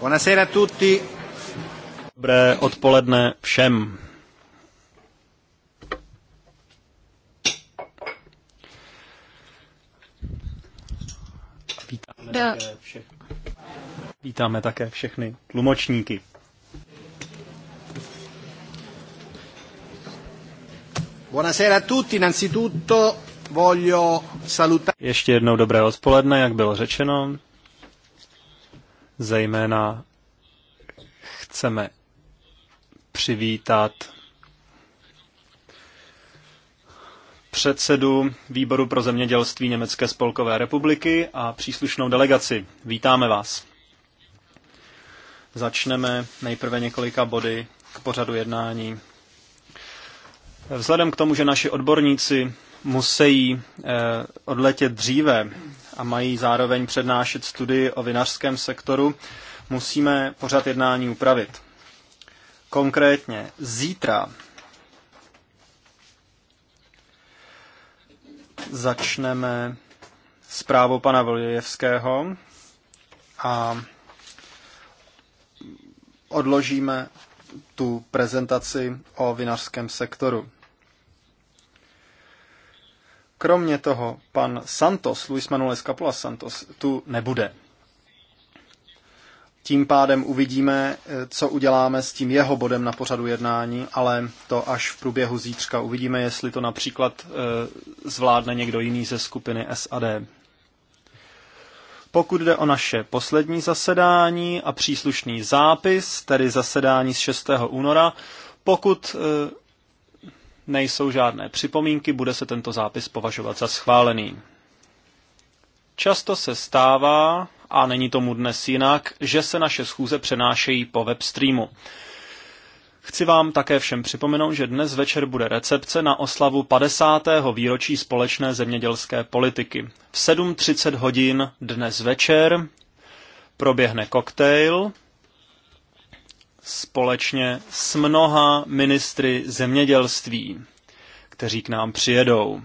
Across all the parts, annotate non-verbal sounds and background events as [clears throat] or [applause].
Buonasera tutti. Dobré odpoledne všem. Vítáme, da. také, všechny. Vítáme také všechny tlumočníky. Buonasera a tutti, innanzitutto voglio salutare. Ještě jednou dobré odpoledne, jak bylo řečeno. Zejména chceme přivítat předsedu Výboru pro zemědělství Německé spolkové republiky a příslušnou delegaci. Vítáme vás. Začneme nejprve několika body k pořadu jednání. Vzhledem k tomu, že naši odborníci musí eh, odletět dříve, a mají zároveň přednášet studii o vinařském sektoru, musíme pořád jednání upravit. Konkrétně zítra začneme zprávou pana Voljevského a odložíme tu prezentaci o vinařském sektoru. Kromě toho pan Santos, Luis Manuel Escapola Santos, tu nebude. Tím pádem uvidíme, eh, co uděláme s tím jeho bodem na pořadu jednání, ale to až v průběhu zítřka. Uvidíme, jestli to například eh, zvládne někdo jiný ze skupiny SAD. Pokud jde o naše poslední zasedání a příslušný zápis, tedy zasedání z 6. února, pokud eh, Nejsou žádné připomínky, bude se tento zápis považovat za schválený. Často se stává, a není tomu dnes jinak, že se naše schůze přenášejí po webstreamu. Chci vám také všem připomenout, že dnes večer bude recepce na oslavu 50. výročí společné zemědělské politiky. V 7.30 hodin dnes večer proběhne koktejl společně s mnoha ministry zemědělství, kteří k nám přijedou.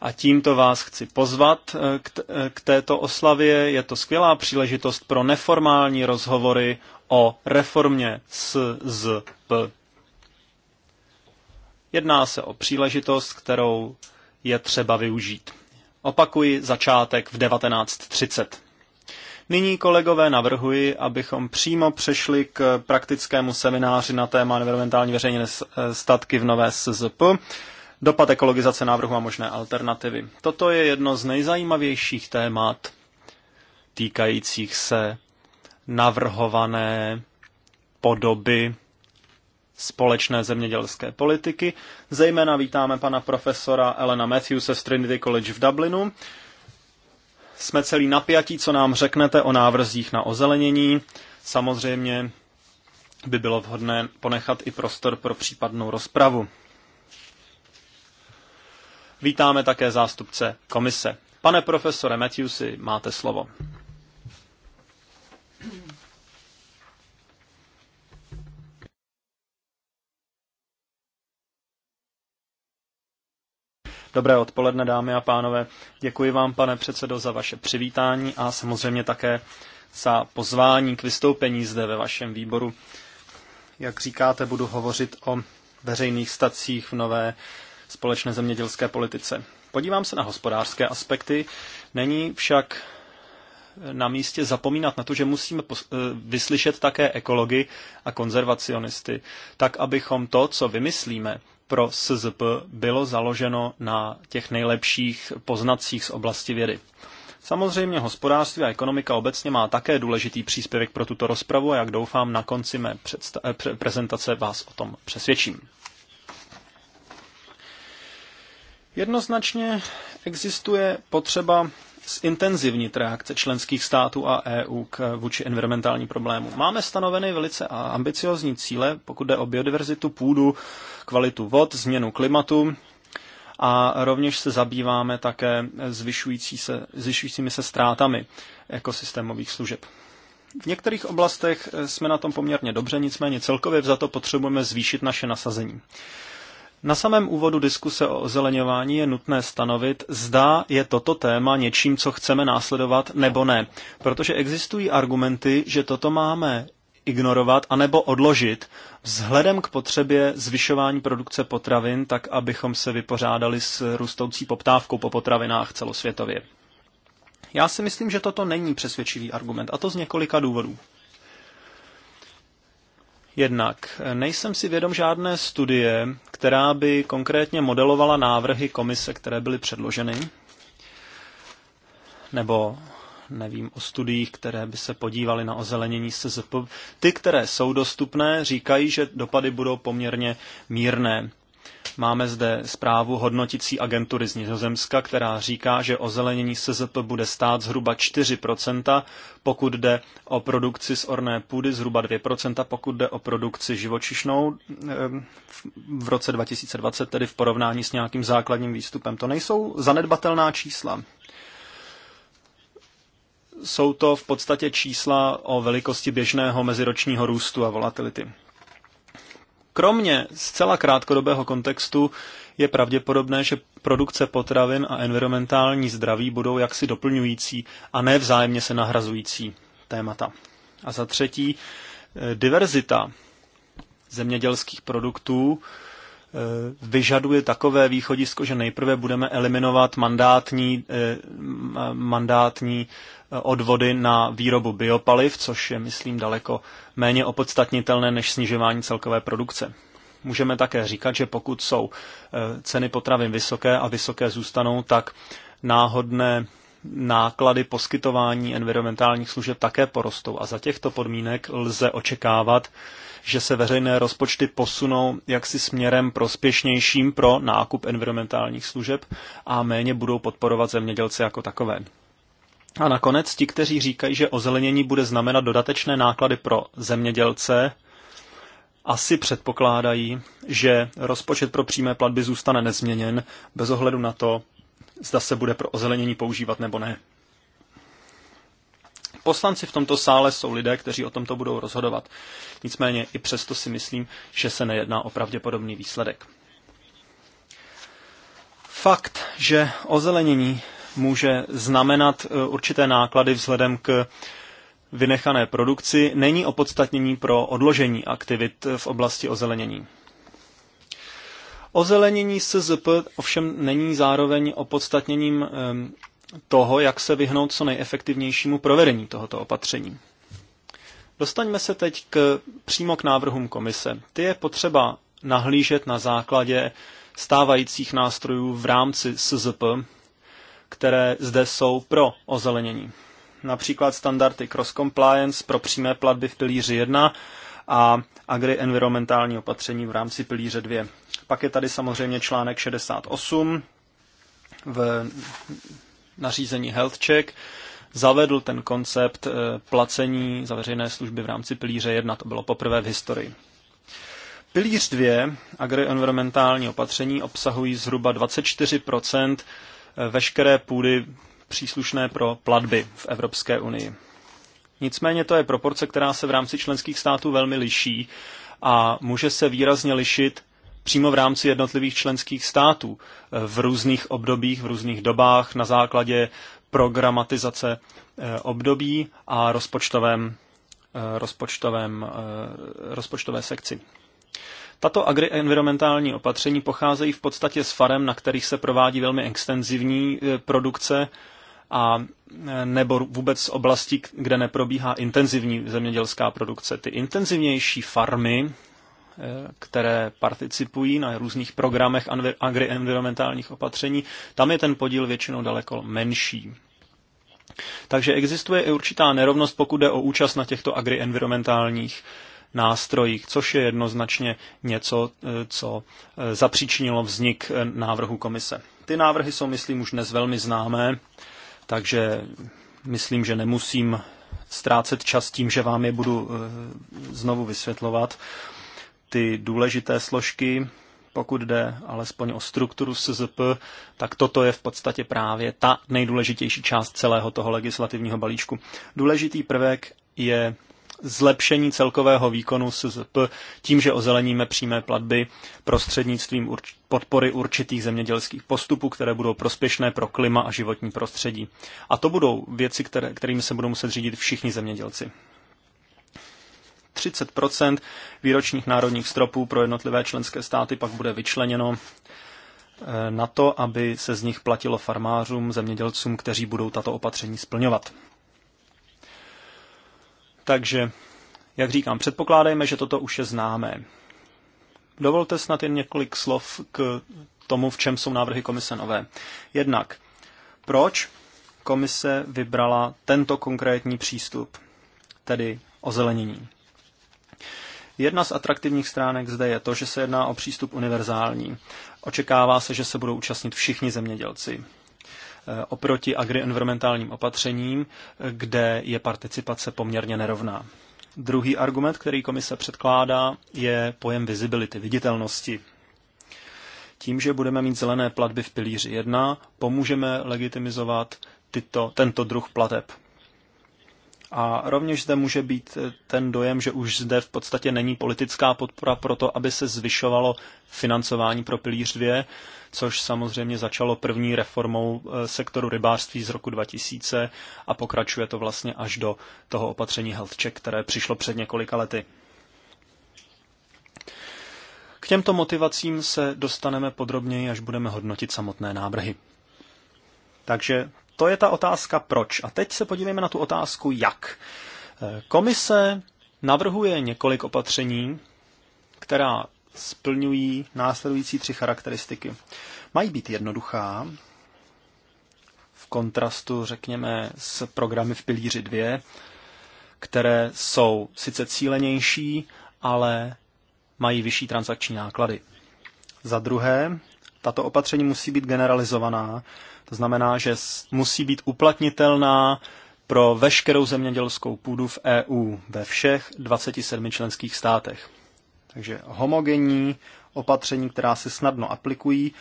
A tímto vás chci pozvat eh, eh, k, této oslavě. Je to skvělá příležitost pro neformální rozhovory o reformě SZP. Jedná se o příležitost, kterou je třeba využít. Opakuji začátek v 1930. Nyní, kolegové, navrhuji, abychom přímo přešli k praktickému semináři na téma environmentální veřejné e, statky v nové SZP. Dopad ekologizace návrhu a možné alternativy. Toto je jedno z nejzajímavějších témat týkajících se navrhované podoby společné zemědělské politiky. Zejména vítáme pana profesora Elena Matthews z Trinity College v Dublinu, jsme celý napjatí, co nám řeknete o návrzích na ozelenění. Samozřejmě by bylo vhodné ponechat i prostor pro případnou rozpravu. Vítáme také zástupce komise. Pane profesore Matthewsi, máte slovo. Dobré odpoledne, dámy a pánové. Děkuji vám, pane předsedo, za vaše přivítání a samozřejmě také za pozvání k vystoupení zde ve vašem výboru. Jak říkáte, budu hovořit o veřejných stacích v nové společné zemědělské politice. Podívám se na hospodářské aspekty, není však na místě zapomínat na to, že musíme eh, vyslyšet také ekology a konzervacionisty, tak abychom to, co vymyslíme, pro SZP bylo založeno na těch nejlepších poznacích z oblasti vědy. Samozřejmě hospodářství a ekonomika obecně má také důležitý příspěvek pro tuto rozpravu a jak doufám na konci mé eh, prezentace vás o tom přesvědčím. Jednoznačně existuje potřeba zintenzivnit reakce členských států a EU k vůči environmentální problému. Máme stanoveny velice ambiciozní cíle, pokud jde o biodiverzitu, půdu, kvalitu vod, změnu klimatu, a rovněž se zabýváme také zvyšující se, zvyšujícími se ztrátami ekosystémových služeb. V některých oblastech jsme na tom poměrně dobře, nicméně celkově za to potřebujeme zvýšit naše nasazení. Na samém úvodu diskuse o ozeleňování je nutné stanovit, zda je toto téma něčím, co chceme následovat nebo ne. Protože existují argumenty, že toto máme ignorovat anebo odložit vzhledem k potřebě zvyšování produkce potravin, tak abychom se vypořádali s růstoucí poptávkou po potravinách celosvětově. Já si myslím, že toto není přesvědčivý argument, a to z několika důvodů. Jednak nejsem si vědom žádné studie, která by konkrétně modelovala návrhy komise, které byly předloženy, nebo nevím o studiích, které by se podívaly na ozelenění SZP. Ty, které jsou dostupné, říkají, že dopady budou poměrně mírné. Máme zde zprávu hodnotící agentury z Nizozemska, která říká, že ozelenění SZP bude stát zhruba 4%, pokud jde o produkci z orné půdy zhruba 2%, pokud jde o produkci živočišnou ehm, v roce 2020, tedy v porovnání s nějakým základním výstupem. To nejsou zanedbatelná čísla jsou to v podstatě čísla o velikosti běžného meziročního růstu a volatility. Kromě zcela krátkodobého kontextu je pravděpodobné, že produkce potravin a environmentální zdraví budou jaksi doplňující a ne vzájemně se nahrazující témata. A za třetí, eh, diverzita zemědělských produktů Eh, vyžaduje takové východisko, že nejprve budeme eliminovat mandátní, eh, mandátní eh, odvody na výrobu biopaliv, což je, myslím, daleko méně opodstatnitelné než snižování celkové produkce. Můžeme také říkat, že pokud jsou ceny potravin vysoké a vysoké zůstanou, tak náhodné náklady poskytování environmentálních služeb také porostou a za těchto podmínek lze očekávat, že se veřejné rozpočty posunou jaksi směrem prospěšnějším pro nákup environmentálních služeb a méně budou podporovat zemědělce jako takové. A nakonec ti, kteří říkají, že ozelenění bude znamenat dodatečné náklady pro zemědělce, asi předpokládají, že rozpočet pro přímé platby zůstane nezměněn bez ohledu na to, zda se bude pro ozelenění používat nebo ne. Poslanci v tomto sále jsou lidé, kteří o tomto budou rozhodovat. Nicméně i přesto si myslím, že se nejedná o pravděpodobný výsledek. Fakt, že ozelenění může znamenat eh, určité náklady vzhledem k vynechané produkci, není opodstatnění pro odložení aktivit v oblasti ozelenění. Ozelenění SZP ovšem není zároveň opodstatněním toho, jak se vyhnout co nejefektivnějšímu provedení tohoto opatření. Dostaňme se teď k, přímo k návrhům komise. Ty je potřeba nahlížet na základě stávajících nástrojů v rámci SZP, které zde jsou pro ozelenění. Například standardy cross compliance pro přímé platby v pilíři 1 a agri-environmentální opatření v rámci pilíře 2. Pak je tady samozřejmě článek 68 v nařízení Health Check. Zavedl ten koncept eh, placení za veřejné služby v rámci pilíře 1. To bylo poprvé v historii. Pilíř 2 agroenvironmentální opatření obsahují zhruba 24 eh, veškeré půdy příslušné pro platby v Evropské unii. Nicméně to je proporce, která se v rámci členských států velmi liší a může se výrazně lišit přímo v rámci jednotlivých členských států eh, v různých obdobích, v různých dobách na základě programatizace eh, období a rozpočtovém, eh, rozpočtovém, rozpočtové sekci. Tato agri-environmentální opatření pocházejí v podstatě z farem, na kterých se provádí velmi extenzivní produkce a nebo vůbec z oblastí, kde neprobíhá intenzivní zemědělská produkce. Ty intenzivnější farmy Eh, které participují na různých programech agri-environmentálních opatření, tam je ten podíl většinou daleko menší. Takže existuje i určitá nerovnost, pokud jde o účast na těchto agri-environmentálních nástrojích, což je jednoznačně něco, eh, co eh, zapříčinilo vznik návrhu komise. Ty návrhy jsou, myslím, už dnes velmi známé, takže myslím, že nemusím ztrácet čas tím, že vám je budu znovu vysvětlovat ty důležité složky, pokud jde alespoň o strukturu SZP, tak toto je v podstatě právě ta nejdůležitější část celého toho legislativního balíčku. Důležitý prvek je zlepšení celkového výkonu SZP tím, že ozeleníme přímé platby prostřednictvím urč- podpory určitých zemědělských postupů, které budou prospěšné pro klima a životní prostředí. A to budou věci, které, kterými se budou muset řídit všichni zemědělci. 30 výročních národních stropů pro jednotlivé členské státy pak bude vyčleněno eh, na to, aby se z nich platilo farmářům, zemědělcům, kteří budou tato opatření splňovat. Takže, jak říkám, předpokládejme, že toto už je známé. Dovolte snad jen několik slov k tomu, v čem jsou návrhy komise nové. Jednak, proč komise vybrala tento konkrétní přístup, tedy ozelenění? Jedna z atraktivních stránek zde je to, že se jedná o přístup univerzální. Očekává se, že se budou účastnit všichni zemědělci e, oproti agrienvironmentálním opatřením, kde je participace poměrně nerovná. Druhý argument, který komise předkládá, je pojem visibility, viditelnosti. Tím, že budeme mít zelené platby v pilíři 1, pomůžeme legitimizovat tyto, tento druh plateb. A rovněž zde může být eh, ten dojem, že už zde v podstatě není politická podpora pro to, aby se zvyšovalo financování pro pilíř 2, což samozřejmě začalo první reformou eh, sektoru rybářství z roku 2000 a pokračuje to vlastně až do toho opatření health check, které přišlo před několika lety. K těmto motivacím se dostaneme podrobněji, až budeme hodnotit samotné návrhy. Takže to je ta otázka proč. A teď se podívejme na tu otázku jak. Komise navrhuje několik opatření, která splňují následující tři charakteristiky. Mají být jednoduchá, v kontrastu, řekněme, s programy v pilíři 2, které jsou sice cílenější, ale mají vyšší transakční náklady. Za druhé, tato opatření musí být generalizovaná, to znamená, že musí být uplatnitelná pro veškerou zemědělskou půdu v EU ve všech 27 členských státech. Takže homogenní opatření, která se snadno aplikují.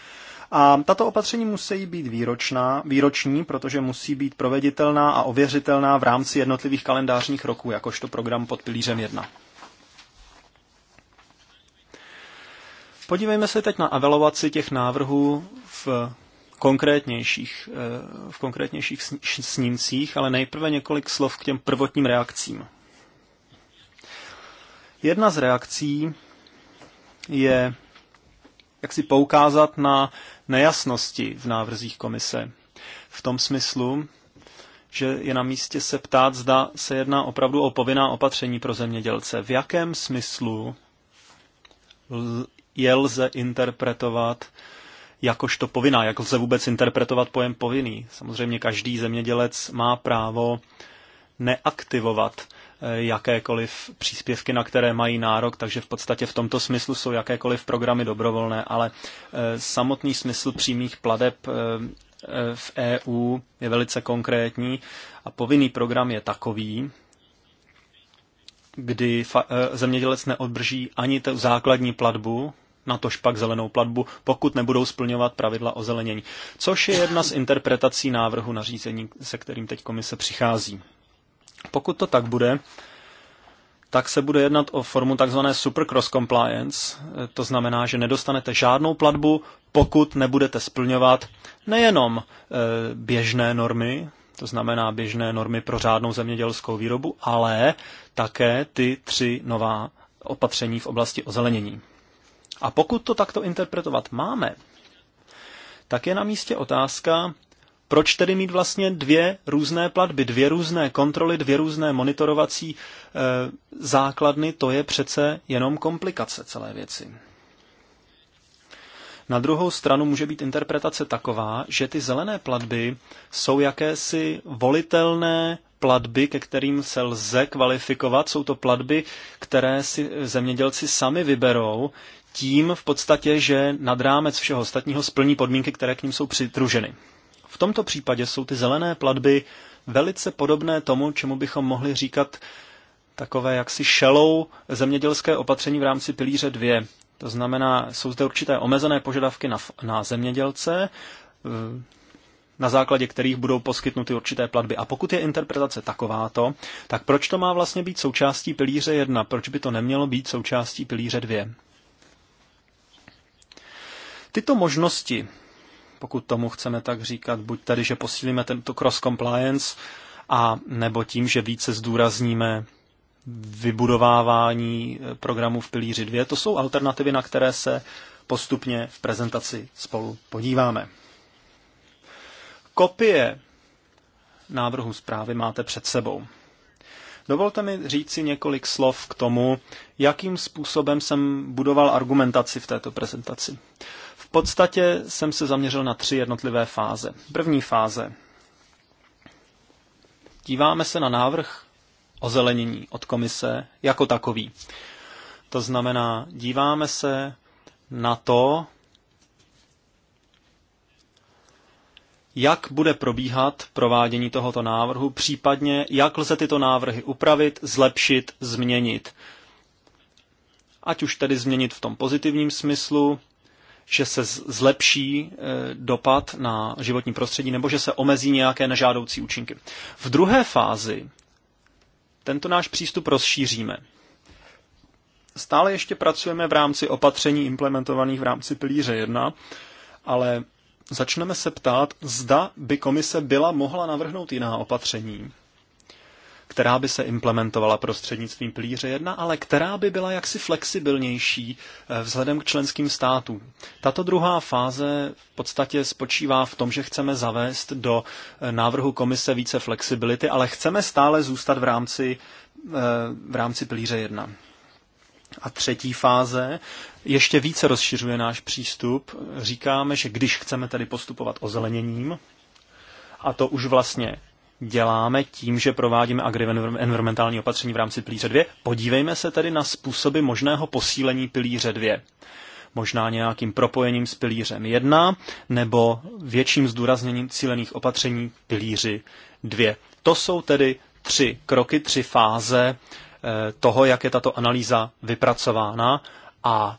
A tato opatření musí být výročná, výroční, protože musí být proveditelná a ověřitelná v rámci jednotlivých kalendářních roků, jakožto program pod pilířem 1. Podívejme se teď na evaluaci těch návrhů v konkrétnějších, eh, v konkrétnějších snímcích, ale nejprve několik slov k těm prvotním reakcím. Jedna z reakcí je jak si poukázat na nejasnosti v návrzích komise. V tom smyslu, že je na místě se ptát, zda se jedná opravdu o povinná opatření pro zemědělce. V jakém smyslu je lze interpretovat jakožto povinná, jak lze vůbec interpretovat pojem povinný. Samozřejmě každý zemědělec má právo neaktivovat eh, jakékoliv příspěvky, na které mají nárok, takže v podstatě v tomto smyslu jsou jakékoliv programy dobrovolné, ale eh, samotný smysl přímých pladeb eh, v EU je velice konkrétní a povinný program je takový, kdy zemědělec neodbrží ani tu základní platbu, na tož pak zelenou platbu, pokud nebudou splňovat pravidla o zelenění. Což je jedna z interpretací návrhu nařízení, se kterým teď komise přichází. Pokud to tak bude, tak se bude jednat o formu tzv. cross compliance. To znamená, že nedostanete žádnou platbu, pokud nebudete splňovat nejenom e, běžné normy, to znamená běžné normy pro řádnou zemědělskou výrobu, ale také ty tři nová opatření v oblasti ozelenění. A pokud to takto interpretovat máme, tak je na místě otázka, proč tedy mít vlastně dvě různé platby, dvě různé kontroly, dvě různé monitorovací e, základny, to je přece jenom komplikace celé věci. Na druhou stranu může být interpretace taková, že ty zelené platby jsou jakési volitelné platby, ke kterým se lze kvalifikovat. Jsou to platby, které si zemědělci sami vyberou, tím v podstatě, že nad rámec všeho ostatního splní podmínky, které k ním jsou přitruženy. V tomto případě jsou ty zelené platby velice podobné tomu, čemu bychom mohli říkat takové jaksi šelou zemědělské opatření v rámci pilíře 2. To znamená, jsou zde určité omezené požadavky na, na zemědělce, eh, na základě kterých budou poskytnuty určité platby. A pokud je interpretace takováto, tak proč to má vlastně být součástí pilíře 1? Proč by to nemělo být součástí pilíře 2? Tyto možnosti, pokud tomu chceme tak říkat, buď tedy, že posílíme tento cross-compliance, a nebo tím, že více zdůrazníme vybudovávání programů v pilíři 2, to jsou alternativy, na které se postupně v prezentaci spolu podíváme. Kopie návrhu zprávy máte před sebou. Dovolte mi říci několik slov k tomu, jakým způsobem jsem budoval argumentaci v této prezentaci. V podstatě jsem se zaměřil na tři jednotlivé fáze. První fáze. Díváme se na návrh ozelenění od komise jako takový. To znamená, díváme se na to, jak bude probíhat provádění tohoto návrhu, případně jak lze tyto návrhy upravit, zlepšit, změnit. Ať už tedy změnit v tom pozitivním smyslu, že se zlepší eh, dopad na životní prostředí nebo že se omezí nějaké nežádoucí účinky. V druhé fázi tento náš přístup rozšíříme. Stále ještě pracujeme v rámci opatření implementovaných v rámci pilíře 1, ale začneme se ptát, zda by komise byla mohla navrhnout jiná opatření, která by se implementovala prostřednictvím pilíře 1, ale která by byla jaksi flexibilnější eh, vzhledem k členským státům. Tato druhá fáze v podstatě spočívá v tom, že chceme zavést do eh, návrhu komise více flexibility, ale chceme stále zůstat v rámci, eh, v rámci pilíře 1. A třetí fáze ještě více rozšiřuje náš přístup. Říkáme, že když chceme tedy postupovat ozeleněním, a to už vlastně děláme tím, že provádíme agri opatření v rámci pilíře 2. Podívejme se tedy na způsoby možného posílení pilíře 2 možná nějakým propojením s pilířem 1 nebo větším zdůrazněním cílených opatření pilíři 2. To jsou tedy tři kroky, tři fáze eh, toho, jak je tato analýza vypracována a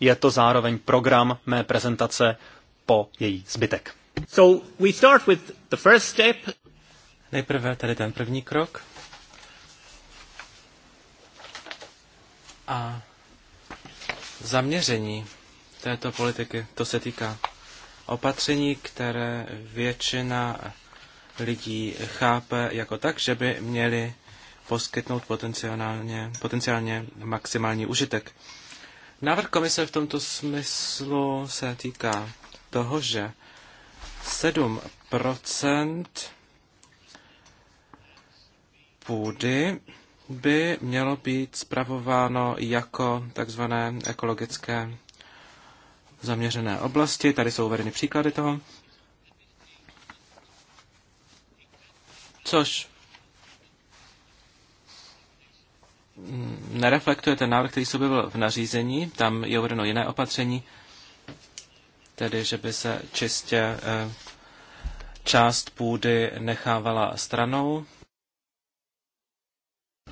je to zároveň program mé prezentace po její zbytek. So we start with the first step. Nejprve tedy ten první krok. A zaměření této politiky, to se týká opatření, které většina lidí chápe jako tak, že by měli poskytnout potenciálně, potenciálně maximální užitek. Návrh komise v tomto smyslu se týká toho, že 7 půdy by mělo být spravováno jako takzvané ekologické zaměřené oblasti. Tady jsou uvedeny příklady toho. Což nereflektuje ten návrh, který se objevil v nařízení. Tam je uvedeno jiné opatření, tedy že by se čistě eh, část půdy nechávala stranou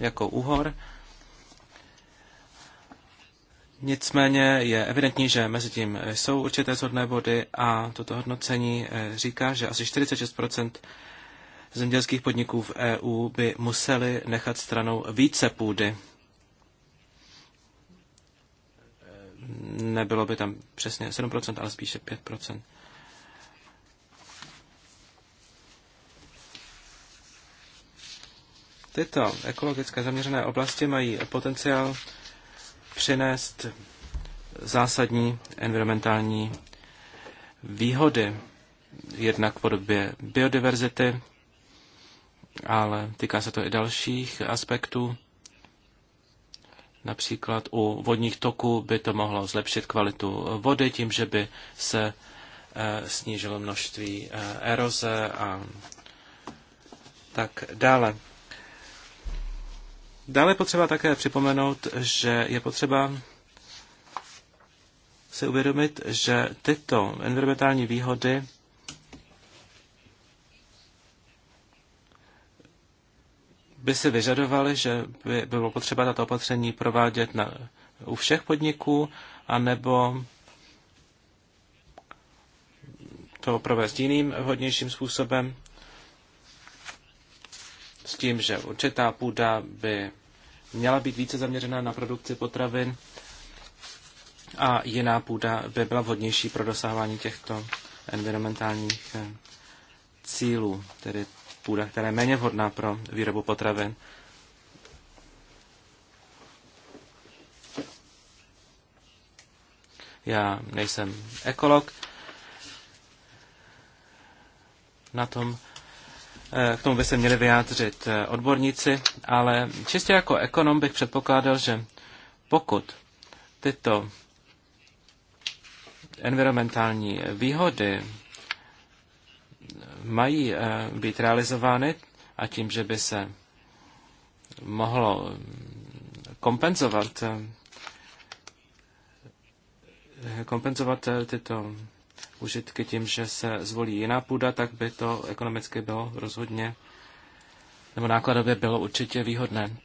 jako úhor. Nicméně je evidentní, že mezi tím jsou určité zhodné body a toto hodnocení eh, říká, že asi 46 zemědělských podniků v EU by museli nechat stranou více půdy. Nebylo by tam přesně 7%, ale spíše 5%. Tyto ekologické zaměřené oblasti mají potenciál přinést zásadní environmentální výhody, jednak v podobě biodiverzity, ale týká se to i dalších aspektů. Například u vodních toků by to mohlo zlepšit kvalitu vody tím, že by se eh, snížilo množství eh, eroze a tak dále. Dále potřeba také připomenout, že je potřeba si uvědomit, že tyto environmentální výhody by si vyžadovaly, že by bylo potřeba tato opatření provádět na, u všech podniků, anebo to provést jiným vhodnějším způsobem, s tím, že určitá půda by měla být více zaměřena na produkci potravin a jiná půda by byla vhodnější pro dosahování těchto environmentálních eh, cílů, tedy půda, která je méně vhodná pro výrobu potravin. Já nejsem ekolog na tom Eh, k tomu by se měli vyjádřit eh, odborníci, ale čistě jako ekonom bych předpokládal, že pokud tyto environmentální výhody eh, mají být realizovány a tím, že by se mohlo mm, kompenzovat kompenzovat tyto užitky tím, že se zvolí jiná půda, tak by to ekonomicky bylo rozhodně, nebo nákladově bylo určitě výhodné.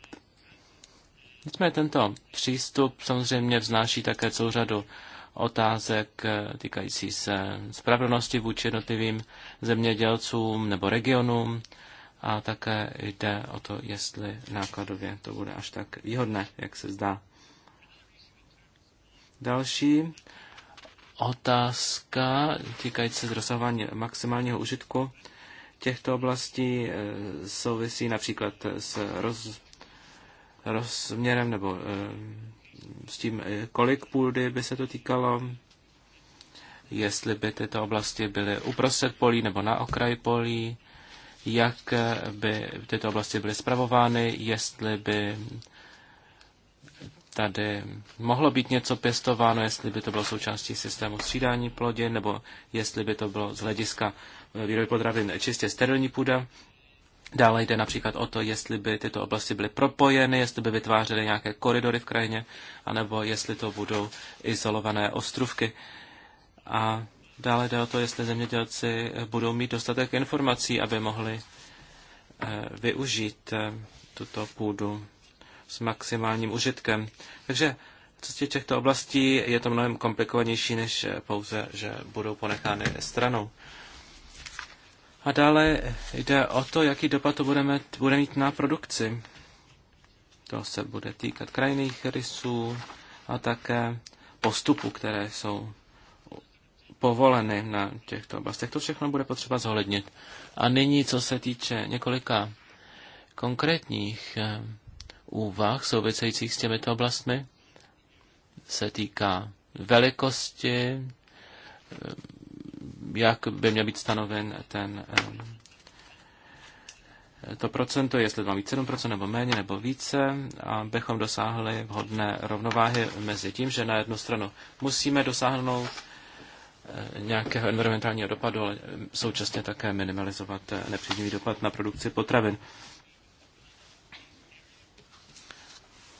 Nicméně tento přístup samozřejmě vznáší také celou řadu otázek eh, týkající se spravedlnosti vůči jednotlivým zemědělcům nebo regionům a také jde o to, jestli nákladově to bude až tak výhodné, jak se zdá. Další otázka týkající se dosahování maximálního užitku těchto oblastí eh, souvisí například s roz, rozměrem nebo eh, s tím, eh, kolik půdy by se to týkalo, jestli by tyto oblasti byly uprostřed polí nebo na okraji polí, jak by tyto oblasti byly zpravovány, jestli by tady mohlo být něco pěstováno, jestli by to bylo součástí systému střídání plodin, nebo jestli by to bylo z hlediska eh, výroby potravin čistě sterilní půda. Dále jde například o to, jestli by tyto oblasti byly propojeny, jestli by vytvářely nějaké koridory v krajině, anebo jestli to budou izolované ostrovky. A dále jde o to, jestli zemědělci eh, budou mít dostatek informací, aby mohli eh, využít tuto půdu s maximálním užitkem. Takže co se těchto oblastí je to mnohem komplikovanější, než pouze, že budou ponechány stranou. A dále jde o to, jaký dopad to budeme, bude mít na produkci. To se bude týkat krajných rysů a také postupů, které jsou povoleny na těchto oblastech. To všechno bude potřeba zohlednit. A nyní, co se týče několika konkrétních eh, úvah souvisejících s těmito oblastmi se týká velikosti, eh, jak by měl být stanoven ten, eh, to procento, jestli to má být 7% nebo méně nebo více, abychom dosáhli vhodné rovnováhy mezi tím, že na jednu stranu musíme dosáhnout eh, nějakého environmentálního dopadu, ale současně také minimalizovat nepříznivý dopad na produkci potravin.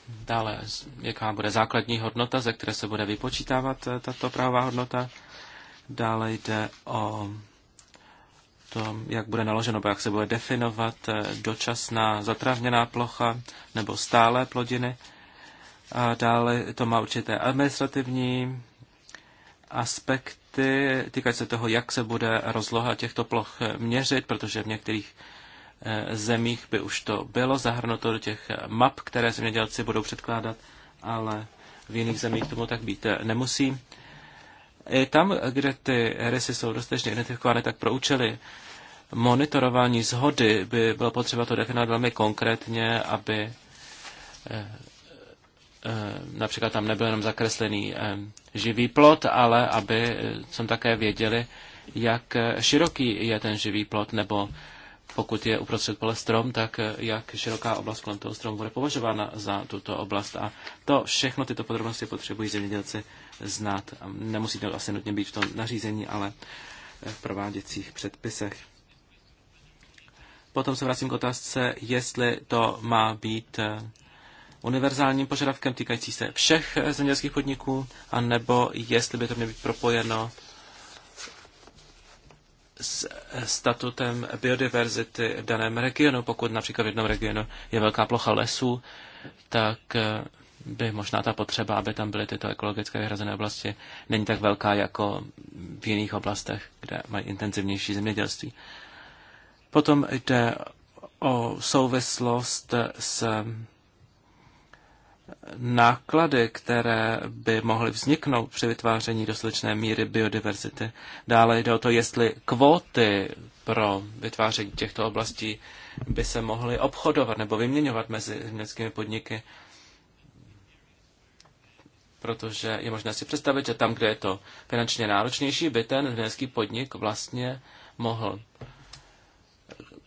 Dále, jaká bude základní hodnota, ze které se bude vypočítávat eh, tato pravá hodnota. Dále jde o to, jak bude naloženo, jak se bude definovat eh, dočasná zatravněná plocha nebo stále plodiny. A dále to má určité administrativní aspekty, týkají se toho, jak se bude rozloha těchto ploch měřit, protože v některých Eh, zemích by už to bylo zahrnuto do těch map, které zemědělci budou předkládat, ale v jiných zemích tomu tak být eh, nemusí. I tam, kde ty rysy jsou dostatečně identifikovány, tak pro účely monitorování zhody by bylo potřeba to definovat velmi konkrétně, aby eh, například tam nebyl jenom zakreslený živý plot, ale aby jsme také věděli, jak široký je ten živý plot, nebo pokud je uprostřed pole strom, tak eh, jak široká oblast kolem toho stromu bude považována za tuto oblast. A to všechno, tyto podrobnosti potřebují zemědělci znát. Nemusí to asi nutně být v tom nařízení, ale eh, v prováděcích předpisech. Potom se vracím k otázce, jestli to má být eh, univerzálním požadavkem týkající se všech zemědělských podniků, anebo jestli by to mělo být propojeno s statutem biodiverzity v daném regionu. Pokud například v jednom regionu je velká plocha lesů, tak eh, by možná ta potřeba, aby tam byly tyto ekologické vyhrazené oblasti, není tak velká jako v jiných oblastech, kde mají intenzivnější zemědělství. Potom jde o souvislost s náklady, které by mohly vzniknout při vytváření dostatečné míry biodiverzity. Dále jde o to, jestli kvóty pro vytváření těchto oblastí by se mohly obchodovat nebo vyměňovat mezi německými podniky, protože je možné si představit, že tam, kde je to finančně náročnější, by ten německý podnik vlastně mohl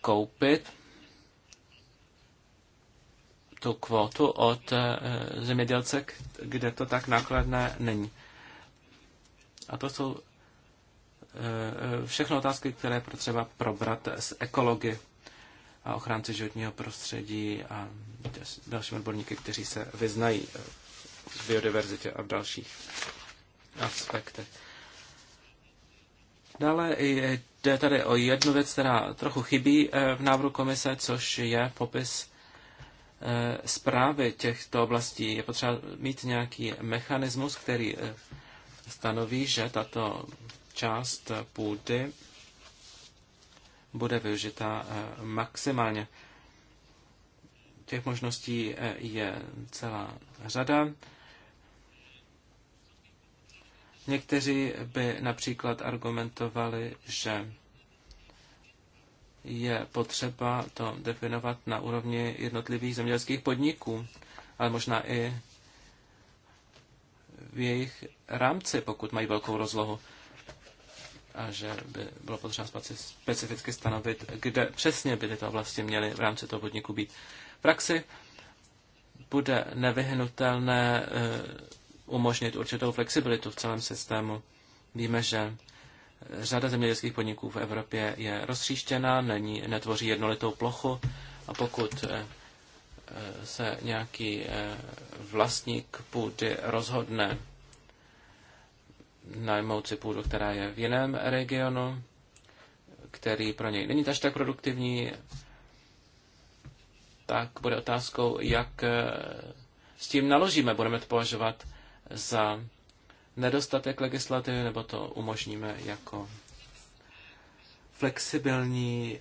koupit tu kvotu od eh, zemědělce, kde to tak nákladné není. A to jsou eh, všechno otázky, které potřeba probrat s ekology a ochránci životního prostředí a další odborníky, kteří se vyznají eh, v biodiverzitě a v dalších aspektech. Dále jde tady o jednu věc, která trochu chybí v návrhu komise, což je popis Eh, zprávy těchto oblastí je potřeba mít nějaký mechanismus, který eh, stanoví, že tato část půdy bude využita eh, maximálně. Těch možností je celá řada. Někteří by například argumentovali, že je potřeba to definovat na úrovni jednotlivých zemědělských podniků, ale možná i v jejich rámci, pokud mají velkou rozlohu. A že by bylo potřeba specificky stanovit, kde přesně by tyto oblasti měly v rámci toho podniku být. V praxi bude nevyhnutelné eh, umožnit určitou flexibilitu v celém systému. Víme, že Řada zemědělských podniků v Evropě je rozstříštěna, není, netvoří jednolitou plochu a pokud eh, eh, se nějaký eh, vlastník půdy rozhodne najmout si půdu, která je v jiném regionu, který pro něj není až tak produktivní, tak bude otázkou, jak s tím naložíme. Budeme to považovat za nedostatek legislativy, nebo to umožníme jako flexibilní,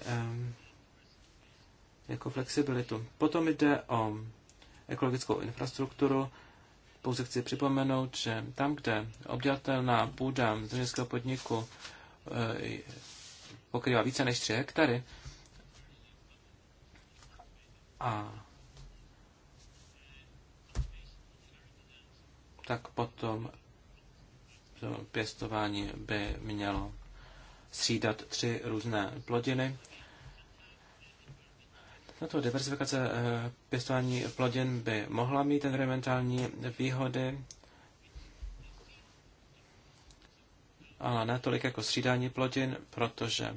jako flexibilitu. Potom jde o ekologickou infrastrukturu. Pouze chci připomenout, že tam, kde obdělatelná půda zemědělského podniku eh, pokrývá více než 3 hektary a tak potom to pěstování by mělo střídat tři různé plodiny. Tato diversifikace eh, pěstování plodin by mohla mít environmentální výhody, ale ne tolik jako střídání plodin, protože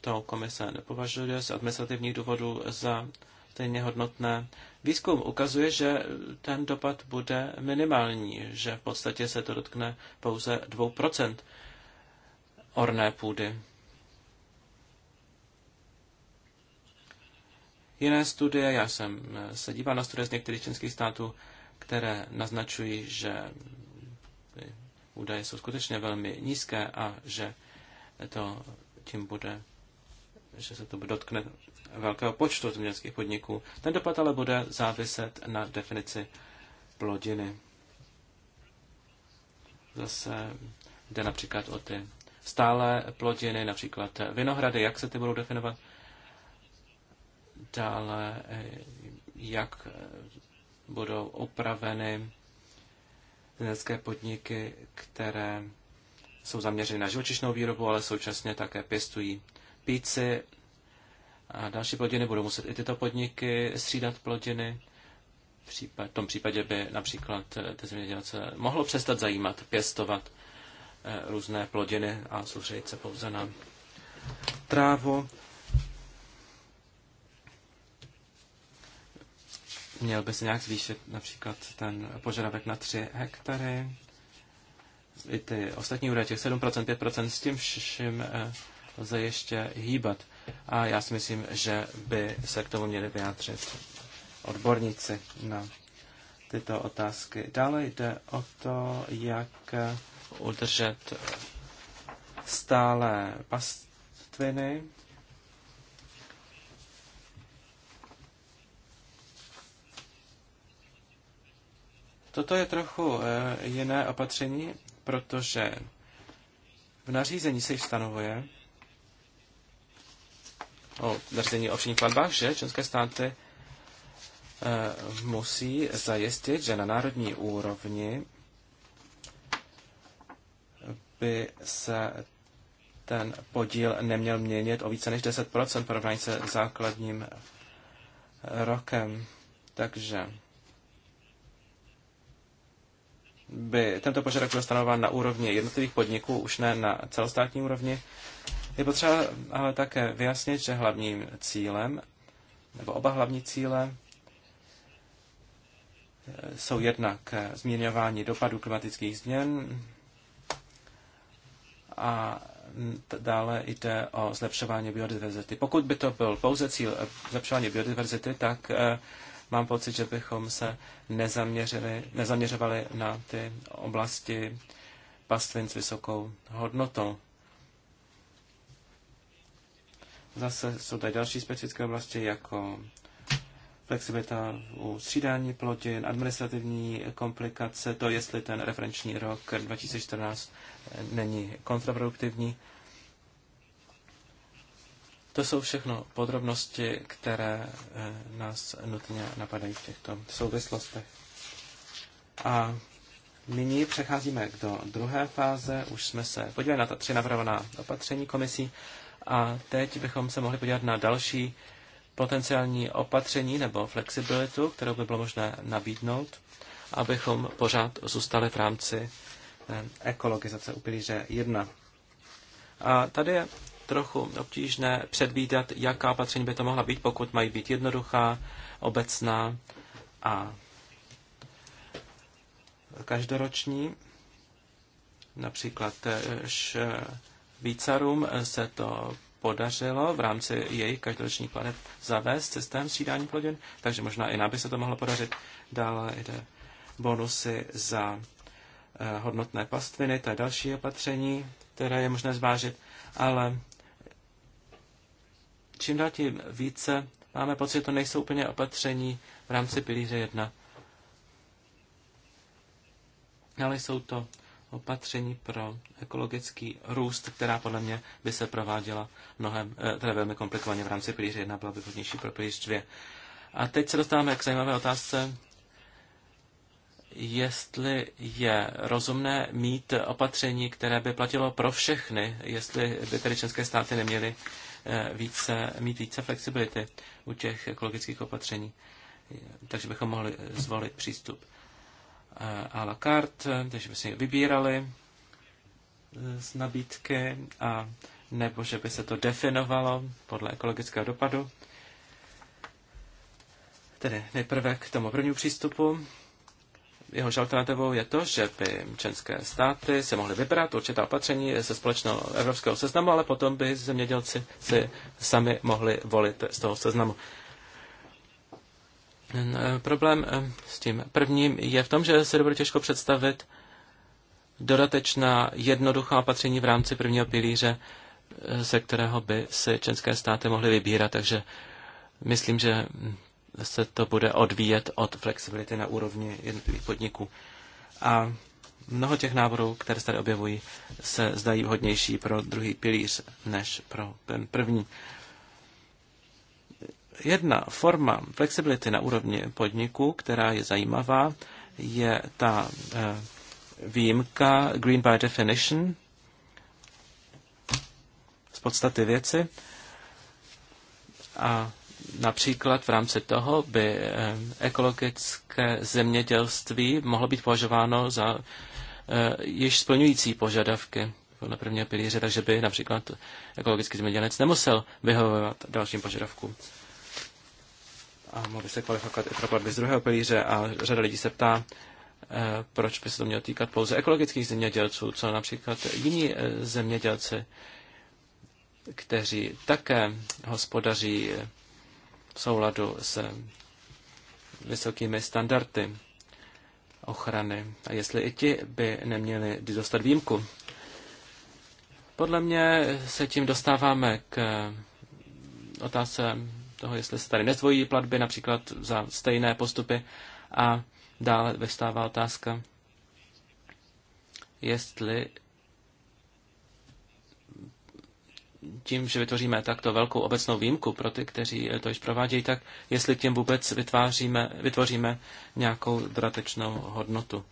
to komise nepovažuje z administrativních důvodů za stejně hodnotné. Výzkum ukazuje, že ten dopad bude minimální, že v podstatě se to dotkne pouze 2% orné půdy. Jiné studie, já jsem se díval na studie z některých členských států, které naznačují, že údaje jsou skutečně velmi nízké a že to tím bude že se to dotkne velkého počtu zemědělských podniků. Ten dopad ale bude záviset na definici plodiny. Zase jde například o ty stále plodiny, například vinohrady, jak se ty budou definovat. Dále, eh, jak eh, budou opraveny zemědělské podniky, které jsou zaměřeny na živočišnou výrobu, ale současně také pěstují píci a další plodiny, budou muset i tyto podniky střídat plodiny. V tom případě by například eh, ty zemědělce mohlo přestat zajímat pěstovat eh, různé plodiny a soustředit se pouze na trávu. Měl by se nějak zvýšit například ten požadavek na 3 hektary. I ty ostatní údaje, těch 7%, 5%, s tím vším eh, lze ještě hýbat. A já si myslím, že by se k tomu měli vyjádřit odborníci na tyto otázky. Dále jde o to, jak udržet stále pastviny. Toto je trochu eh, jiné opatření, protože v nařízení se již stanovuje, o veřejně o platbách, že členské státy eh, musí zajistit, že na národní úrovni by se ten podíl neměl měnit o více než 10% porovnání se základním eh, rokem. Takže by tento požadavek byl stanován na úrovni jednotlivých podniků, už ne na celostátní úrovni. Je potřeba ale také vyjasnit, že hlavním cílem, nebo oba hlavní cíle, jsou jednak zmírňování dopadů klimatických změn a dále jde o zlepšování biodiverzity. Pokud by to byl pouze cíl zlepšování biodiverzity, tak eh, mám pocit, že bychom se nezaměřili, nezaměřovali na ty oblasti pastvin s vysokou hodnotou. Zase jsou tady další specifické oblasti, jako flexibilita u střídání plodin, administrativní komplikace, to jestli ten referenční rok 2014 není kontraproduktivní. To jsou všechno podrobnosti, které eh, nás nutně napadají v těchto souvislostech. A nyní přecházíme do druhé fáze. Už jsme se podívali na ta tři navrhovaná opatření komisí a teď bychom se mohli podívat na další potenciální opatření nebo flexibilitu, kterou by bylo možné nabídnout, abychom pořád zůstali v rámci eh, ekologizace u pilíře 1. A tady je trochu obtížné předvídat, jaká opatření by to mohla být, pokud mají být jednoduchá, obecná a každoroční. Například eh, Vícarům se to podařilo v rámci jejich každoročních planet zavést systém střídání plodin, takže možná i nám by se to mohlo podařit. Dále jde bonusy za eh, hodnotné pastviny, to je další opatření, které je možné zvážit, ale čím dál tím více máme pocit, že to nejsou úplně opatření v rámci pilíře 1. Ale jsou to opatření pro ekologický růst, která podle mě by se prováděla mnohem, eh, teda velmi komplikovaně v rámci pilíře 1, byla by vhodnější pro pilíř 2. A teď se dostáváme k zajímavé otázce, jestli je rozumné mít opatření, které by platilo pro všechny, jestli by tedy české státy neměly eh, více, mít více flexibility u těch ekologických opatření. Takže bychom mohli zvolit přístup à la carte, takže by si vybírali eh, z nabídky a nebo že by se to definovalo podle ekologického dopadu. Tedy nejprve k tomu prvnímu přístupu. Jehož alternativou je to, že by členské státy se mohly vybrat určitá opatření ze společného evropského seznamu, ale potom by zemědělci si sami mohli volit z toho seznamu. E, problém e, s tím prvním je v tom, že se dobře těžko představit dodatečná jednoduchá opatření v rámci prvního pilíře, e, ze kterého by si české státy mohly vybírat. Takže myslím, že se to bude odvíjet od flexibility na úrovni jednotlivých podniků. A mnoho těch návrhů, které se tady objevují, se zdají vhodnější pro druhý pilíř než pro ten první. Jedna forma flexibility na úrovni podniku, která je zajímavá, je ta eh, výjimka Green by Definition z podstaty věci. A například v rámci toho by eh, ekologické zemědělství mohlo být považováno za eh, již splňující požadavky na prvního pilíře, takže by například ekologický zemědělec nemusel vyhovovat dalším požadavkům a mohl by se kvalifikovat i propad platby z druhého pilíře a řada lidí se ptá, eh, proč by se to mělo týkat pouze ekologických zemědělců, co například jiní eh, zemědělci, kteří také hospodaří eh, v souladu s vysokými standardy ochrany a jestli i ti by neměli dostat výjimku. Podle mě se tím dostáváme k otázce toho, jestli se tady nezdvojí platby, například za stejné postupy. A dále vystává otázka, jestli tím, že vytvoříme takto velkou obecnou výjimku pro ty, kteří to již provádějí, tak jestli tím vůbec vytváříme, vytvoříme nějakou dodatečnou hodnotu.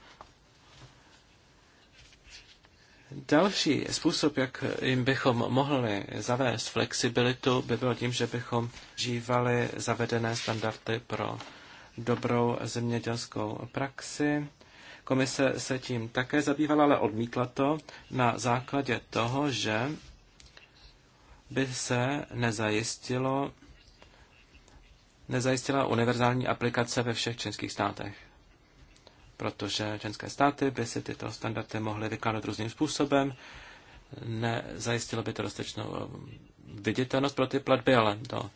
Další způsob, jak jim bychom mohli zavést flexibilitu, by byl tím, že bychom žívali zavedené standardy pro dobrou zemědělskou praxi. Komise se tím také zabývala, ale odmítla to na základě toho, že by se nezajistilo, nezajistila univerzální aplikace ve všech členských státech protože členské státy by si tyto standardy mohly vykládat různým způsobem. Nezajistilo by to dostatečnou eh, viditelnost pro ty platby, ale to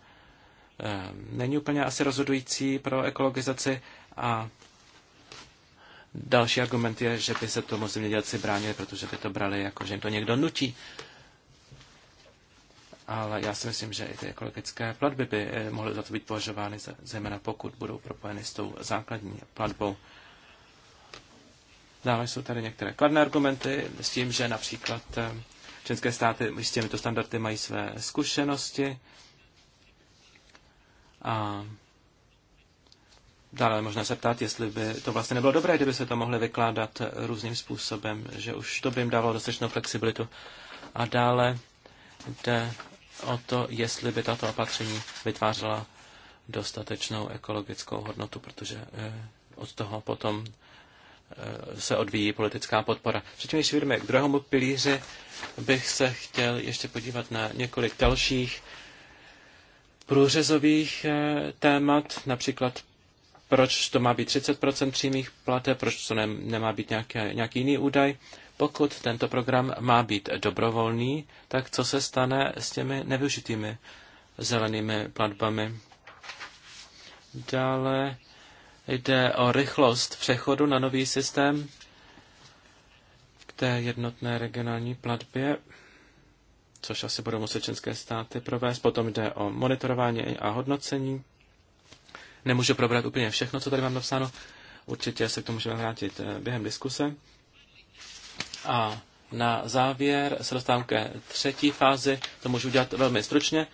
eh, není úplně asi rozhodující pro ekologizaci a další argument je, že by se tomu zemědělci bránili, protože by to brali jako, že jim to někdo nutí. Ale já si myslím, že i ty ekologické platby by eh, mohly za to být považovány, zejména pokud budou propojeny s tou základní platbou. Dále jsou tady některé kladné argumenty s tím, že například eh, české státy s těmito standardy mají své zkušenosti. A dále možná se ptát, jestli by to vlastně nebylo dobré, kdyby se to mohli vykládat eh, různým způsobem, že už to by jim dávalo dostatečnou flexibilitu. A dále jde o to, jestli by tato opatření vytvářela dostatečnou ekologickou hodnotu, protože eh, od toho potom Eh, se odvíjí politická podpora. Předtím, než vyjdeme k druhému pilíři, bych se chtěl ještě podívat na několik dalších průřezových eh, témat, například proč to má být 30% přímých plate, proč to ne, nemá být nějaký nějaký jiný údaj. Pokud tento program má být dobrovolný, tak co se stane s těmi nevyužitými zelenými platbami? Dále Jde o rychlost přechodu na nový systém k té jednotné regionální platbě, což asi budou muset české státy provést. Potom jde o monitorování a hodnocení. Nemůžu probrat úplně všechno, co tady mám napsáno. Určitě se k tomu můžeme vrátit eh, během diskuse. A na závěr se dostávám ke třetí fázi. To můžu udělat velmi stručně.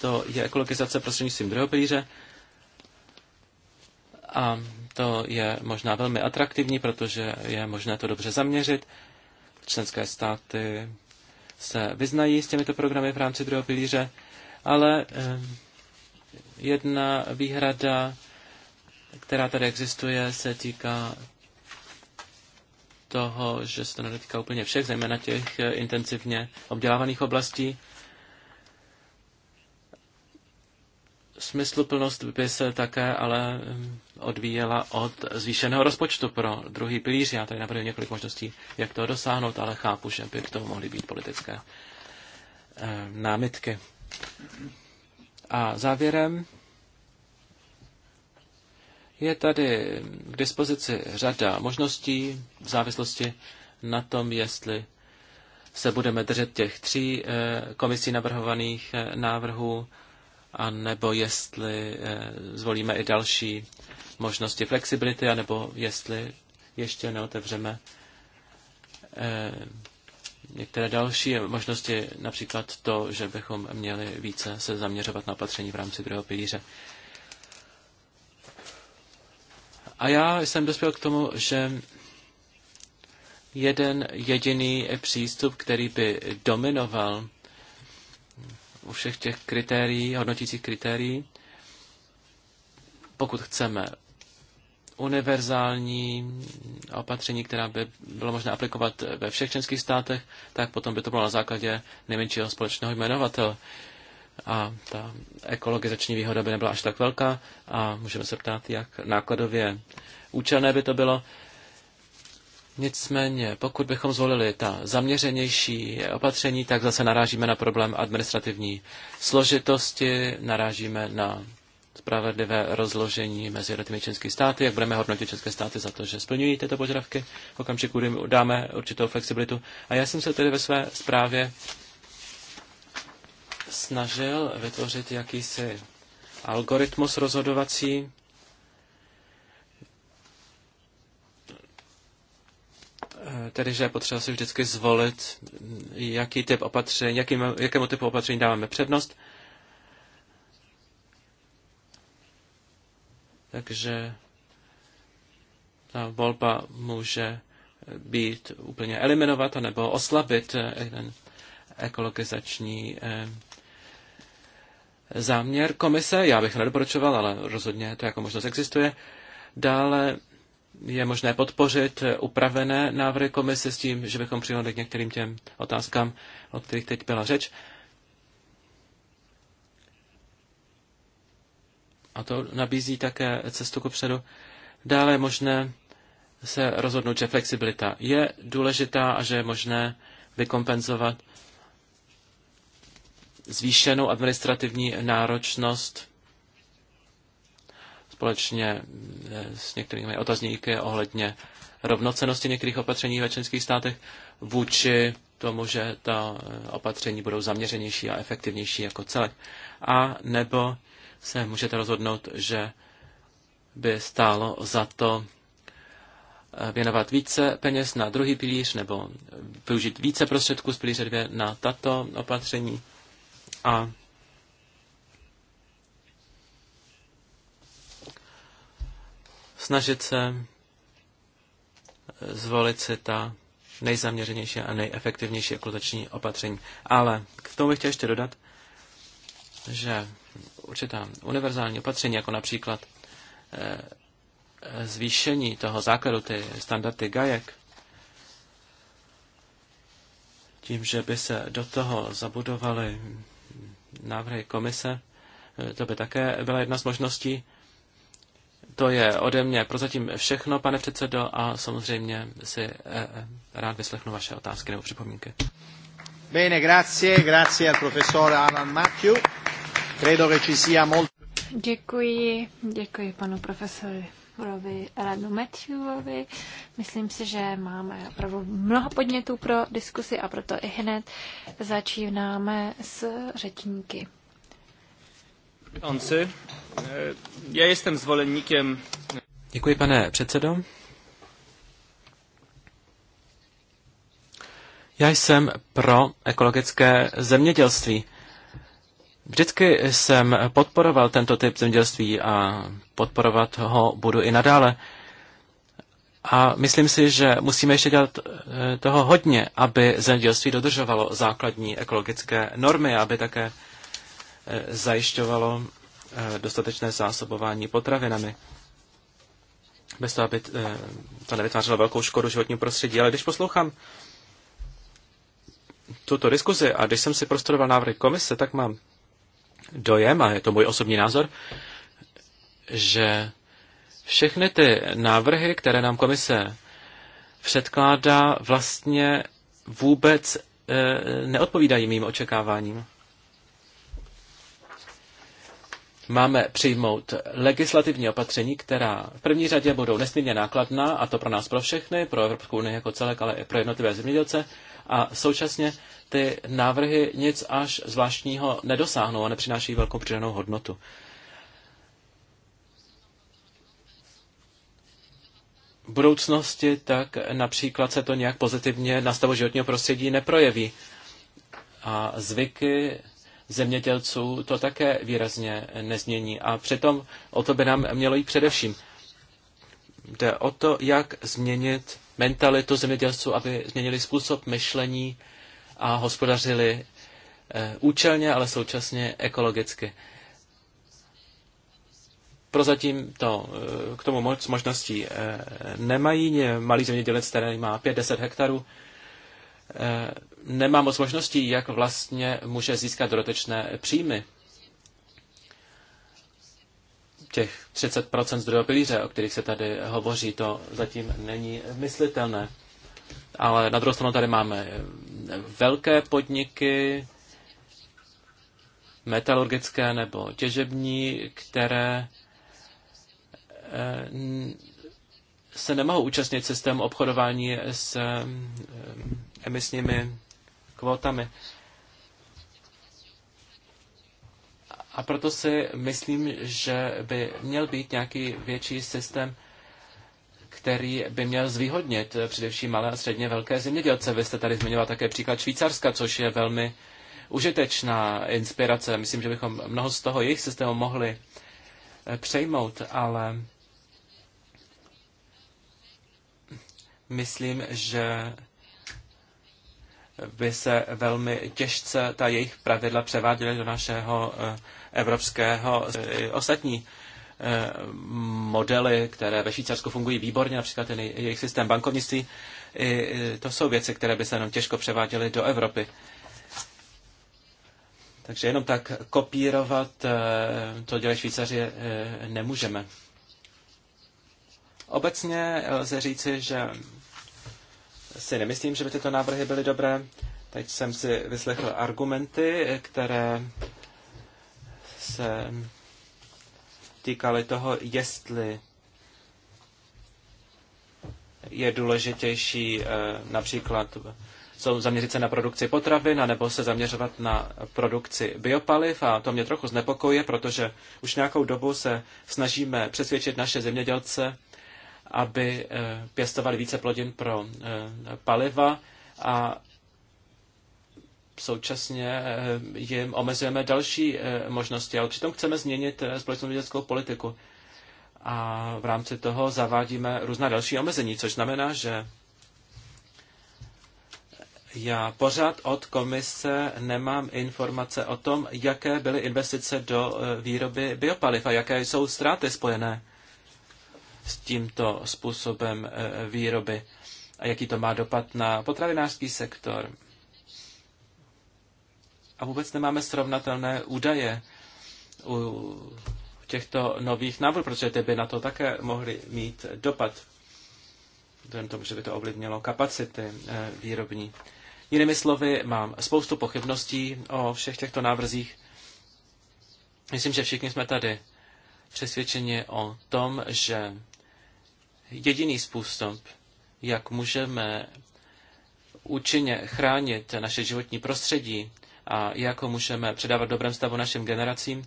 To je ekologizace prostřednictvím druhého pilíře. A to je možná velmi atraktivní, protože je možné to dobře zaměřit. Členské státy se vyznají s těmito programy v rámci druhého pilíře, ale eh, jedna výhrada, která tady existuje, se týká toho, že se to nedotýká úplně všech, zejména těch eh, intenzivně obdělávaných oblastí. Smysluplnost by se také ale odvíjela od zvýšeného rozpočtu pro druhý pilíř. Já tady navrhuji několik možností, jak to dosáhnout, ale chápu, že by k tomu mohly být politické námitky. A závěrem je tady k dispozici řada možností v závislosti na tom, jestli se budeme držet těch tří eh, komisí navrhovaných eh, návrhů a nebo jestli eh, zvolíme i další možnosti flexibility, anebo jestli ještě neotevřeme eh, některé další možnosti, například to, že bychom měli více se zaměřovat na opatření v rámci druhého pilíře. A já jsem dospěl k tomu, že jeden jediný přístup, který by dominoval u všech těch kritérií, hodnotících kritérií. Pokud chceme univerzální opatření, která by bylo možné aplikovat ve všech členských státech, tak potom by to bylo na základě nejmenšího společného jmenovatele. A ta ekologizační výhoda by nebyla až tak velká a můžeme se ptát, jak nákladově účelné by to bylo. Nicméně, pokud bychom zvolili ta zaměřenější opatření, tak zase narážíme na problém administrativní složitosti, narážíme na spravedlivé rozložení mezi jednotlivými členskými státy, jak budeme hodnotit české státy za to, že splňují tyto požadavky, v okamžiku, kdy dáme určitou flexibilitu. A já jsem se tedy ve své zprávě snažil vytvořit jakýsi algoritmus rozhodovací, tedy, že je potřeba si vždycky zvolit, jaký typ opatření, jaký, jakému typu opatření dáváme přednost. Takže ta volba může být úplně eliminovat nebo oslabit ten ekologizační eh, záměr komise. Já bych nedoporučoval, ale rozhodně to jako možnost existuje. Dále je možné podpořit upravené návrhy komise s tím, že bychom přihodli k některým těm otázkám, o kterých teď byla řeč. A to nabízí také cestu kopředu. Dále je možné se rozhodnout, že flexibilita je důležitá a že je možné vykompenzovat zvýšenou administrativní náročnost společně eh, s některými otazníky ohledně rovnocenosti některých opatření ve členských státech vůči tomu, že ta eh, opatření budou zaměřenější a efektivnější jako celek. A nebo se můžete rozhodnout, že by stálo za to eh, věnovat více peněz na druhý pilíř nebo využít více prostředků z pilíře dvě na tato opatření. A snažit se eh, zvolit si ta nejzaměřenější a nejefektivnější ekologiční opatření. Ale k tomu bych chtěl ještě dodat, že určitá univerzální opatření, jako například eh, zvýšení toho základu, ty standardy GAJEK, tím, že by se do toho zabudovaly návrhy komise, eh, to by také byla jedna z možností. To je ode mě prozatím všechno, pane předsedo, a samozřejmě si eh, eh, rád vyslechnu vaše otázky nebo připomínky. Bene, grazie, grazie al professor Alan Matthew. Credo che ci sia molto... Děkuji, děkuji panu profesoru Rovi Radu Matthewovi. Myslím si, že máme opravdu mnoho podnětů pro diskusi a proto i hned začínáme s řečníky. Eh, já jsem zvoleníkem. Děkuji, pane předsedo. Já jsem pro ekologické zemědělství. Vždycky jsem podporoval tento typ zemědělství a podporovat ho budu i nadále. A myslím si, že musíme ještě dělat eh, toho hodně, aby zemědělství dodržovalo základní ekologické normy, aby také zajišťovalo eh, dostatečné zásobování potravinami. Bez toho, aby eh, to nevytvářelo velkou škodu životnímu prostředí. Ale když poslouchám tuto diskuzi a když jsem si prostudoval návrhy komise, tak mám dojem, a je to můj osobní názor, že všechny ty návrhy, které nám komise předkládá, vlastně vůbec eh, neodpovídají mým očekáváním. máme přijmout legislativní opatření, která v první řadě budou nesmírně nákladná, a to pro nás pro všechny, pro Evropskou unii jako celek, ale i pro jednotlivé zemědělce, a současně ty návrhy nic až zvláštního nedosáhnou a nepřináší velkou přidanou hodnotu. V budoucnosti tak například se to nějak pozitivně na stavu životního prostředí neprojeví. A zvyky zemědělců to také výrazně nezmění. A přitom o to by nám mělo jít především. Jde o to, jak změnit mentalitu zemědělců, aby změnili způsob myšlení a hospodařili eh, účelně, ale současně ekologicky. Prozatím to, eh, k tomu moc možností eh, nemají. Malý zemědělec, který má 5-10 hektarů, Eh, nemá moc možností, jak vlastně může získat dodatečné příjmy. Těch 30% z druhého pilíře, o kterých se tady hovoří, to zatím není myslitelné. Ale na druhou stranu tady máme eh, velké podniky, metalurgické nebo těžební, které eh, se nemohou účastnit systém obchodování s eh, eh, emisními kvótami. A proto si myslím, že by měl být nějaký větší systém, který by měl zvýhodnit eh, především malé a středně velké zemědělce. Vy jste tady zmiňoval také příklad Švýcarska, což je velmi užitečná inspirace. Myslím, že bychom mnoho z toho jejich systému mohli přejmout, ale myslím, že by se velmi těžce ta jejich pravidla převáděly do našeho eh, evropského. Eh, ostatní eh, modely, které ve Švýcarsku fungují výborně, například ten jejich systém bankovnictví, to jsou věci, které by se jenom těžko převáděly do Evropy. Takže jenom tak kopírovat, to dělají Švýcaři, nemůžeme. Obecně lze říci, že si nemyslím, že by tyto návrhy byly dobré. Teď jsem si vyslechl argumenty, které se týkaly toho, jestli je důležitější eh, například jsou zaměřit se na produkci potravin, nebo se zaměřovat na produkci biopaliv a to mě trochu znepokojuje, protože už nějakou dobu se snažíme přesvědčit naše zemědělce, aby eh, pěstovali více plodin pro eh, paliva a současně eh, jim omezujeme další možnosti, ale přitom chceme změnit společnou vědeckou politiku. A v rámci toho zavádíme různá další omezení, což znamená, že já pořád od komise nemám informace o tom, jaké byly investice do výroby biopaliv a jaké jsou ztráty spojené s tímto způsobem e, výroby a jaký to má dopad na potravinářský sektor. A vůbec nemáme srovnatelné údaje u těchto nových návrhů, protože ty by na to také mohly mít dopad, vzhledem tomu, že by to ovlivnilo kapacity e, výrobní. Jinými slovy, mám spoustu pochybností o všech těchto návrzích. Myslím, že všichni jsme tady přesvědčeni o tom, že jediný způsob, jak můžeme účinně chránit naše životní prostředí a jak ho můžeme předávat v dobrém stavu našim generacím,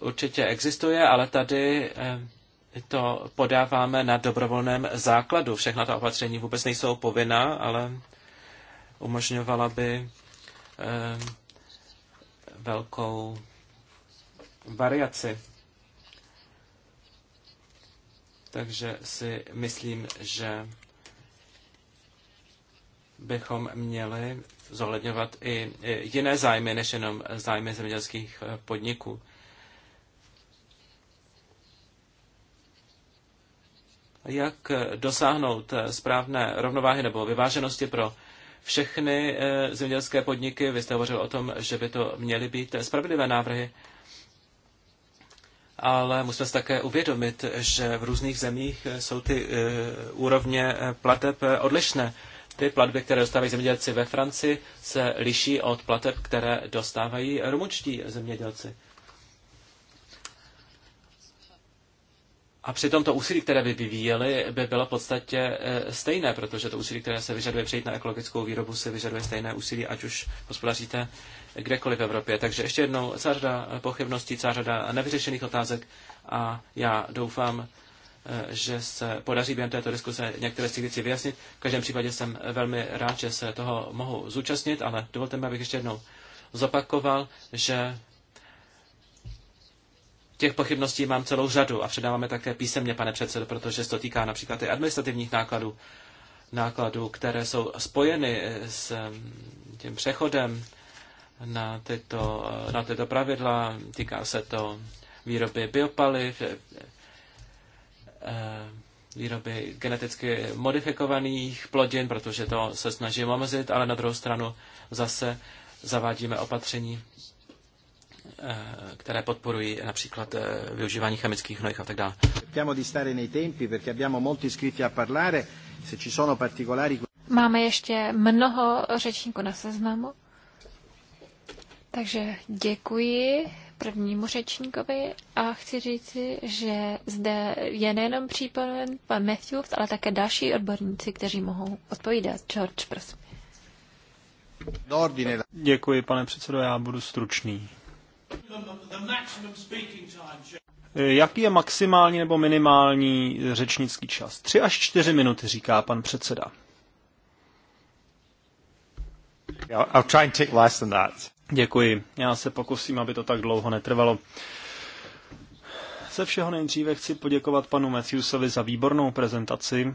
určitě existuje, ale tady eh, to podáváme na dobrovolném základu. Všechna ta opatření vůbec nejsou povinná, ale umožňovala by eh, velkou variaci. Takže si myslím, že bychom měli zohledňovat i jiné zájmy, než jenom zájmy zemědělských eh, podniků. Jak eh, dosáhnout eh, správné rovnováhy nebo vyváženosti pro všechny zemědělské podniky? Vy jste hovořil o tom, že by to měly být spravedlivé návrhy ale musíme si také uvědomit, že v různých zemích jsou ty eh, úrovně eh, plateb eh, odlišné. Ty platby, které dostávají zemědělci ve Francii, se liší od plateb, které dostávají rumunští zemědělci. A přitom to úsilí, které by vyvíjeli, by bylo v podstatě stejné, protože to úsilí, které se vyžaduje přejít na ekologickou výrobu, se vyžaduje stejné úsilí, ať už hospodaříte kdekoliv v Evropě. Takže ještě jednou celá řada pochybností, celá řada nevyřešených otázek a já doufám, eh, že se podaří během této diskuse některé z těch věcí vyjasnit. V každém případě jsem velmi rád, že se toho mohu zúčastnit, ale dovolte mi, abych ještě jednou zopakoval, že těch pochybností mám celou řadu a předáváme také písemně, pane předsedo, protože se to týká například i administrativních nákladů, nákladů, které jsou spojeny s eh, tím přechodem na tyto, na tyto pravidla. Týká se to výroby biopaliv, eh, výroby geneticky modifikovaných plodin, protože to se snažíme omezit, ale na druhou stranu zase zavádíme opatření, eh, které podporují například eh, využívání chemických hnojiv a tak dále. Máme ještě mnoho řečníků na seznamu. Takže děkuji prvnímu řečníkovi a chci říci, že zde je nejenom případen pan Matthews, ale také další odborníci, kteří mohou odpovídat. George, prosím. Děkuji, pane předsedo, já budu stručný. Jaký je maximální nebo minimální řečnický čas? Tři až čtyři minuty, říká pan předseda. I'll try and take less than that. Děkuji. Já se pokusím, aby to tak dlouho netrvalo. Ze všeho nejdříve chci poděkovat panu Matthewsovi za výbornou prezentaci,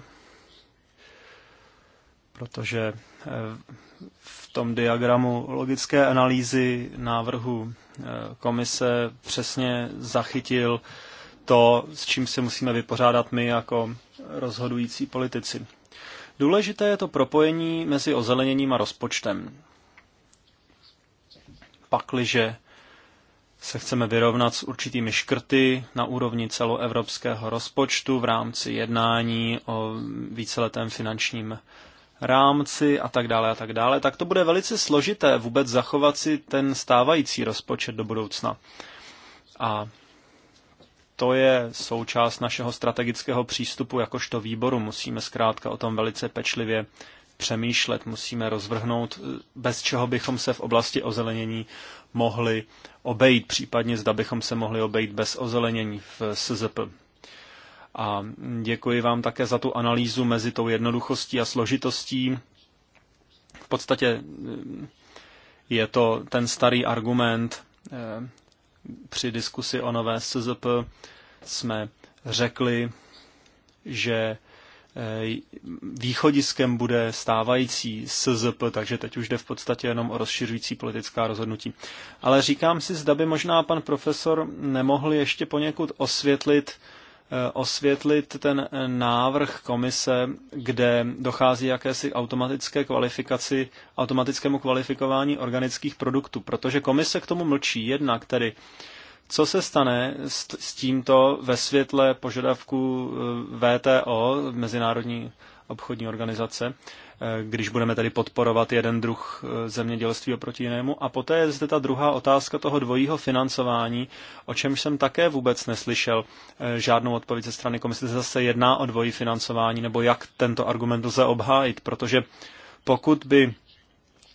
protože eh, v tom diagramu logické analýzy návrhu eh, komise přesně zachytil to, s čím se musíme vypořádat my jako rozhodující politici. Důležité je to propojení mezi ozeleněním a rozpočtem pakliže se chceme vyrovnat s určitými škrty na úrovni celoevropského rozpočtu v rámci jednání o víceletém finančním rámci a tak dále a tak dále, tak to bude velice složité vůbec zachovat si ten stávající rozpočet do budoucna. A to je součást našeho strategického přístupu jakožto výboru. Musíme zkrátka o tom velice pečlivě přemýšlet, musíme rozvrhnout, eh, bez čeho bychom se v oblasti ozelenění mohli obejít, případně zda bychom se mohli obejít bez ozelenění v SZP. A děkuji vám také za tu analýzu mezi tou jednoduchostí a složitostí. V podstatě eh, je to ten starý argument eh, při diskusi o nové SZP jsme řekli, že Eh, východiskem bude stávající SZP, takže teď už jde v podstatě jenom o rozšiřující politická rozhodnutí. Ale říkám si, zda by možná pan profesor nemohl ještě poněkud osvětlit, eh, osvětlit ten eh, návrh komise, kde dochází jakési automatické kvalifikaci, automatickému kvalifikování organických produktů, protože komise k tomu mlčí jednak tedy co se stane s, s tímto ve světle požadavku eh, VTO, Mezinárodní obchodní organizace, eh, když budeme tedy podporovat jeden druh eh, zemědělství oproti jinému. A poté je zde ta druhá otázka toho dvojího financování, o čemž jsem také vůbec neslyšel žádnou odpověď ze strany komise. Zase jedná o dvojí financování, nebo jak tento argument lze obhájit, protože pokud by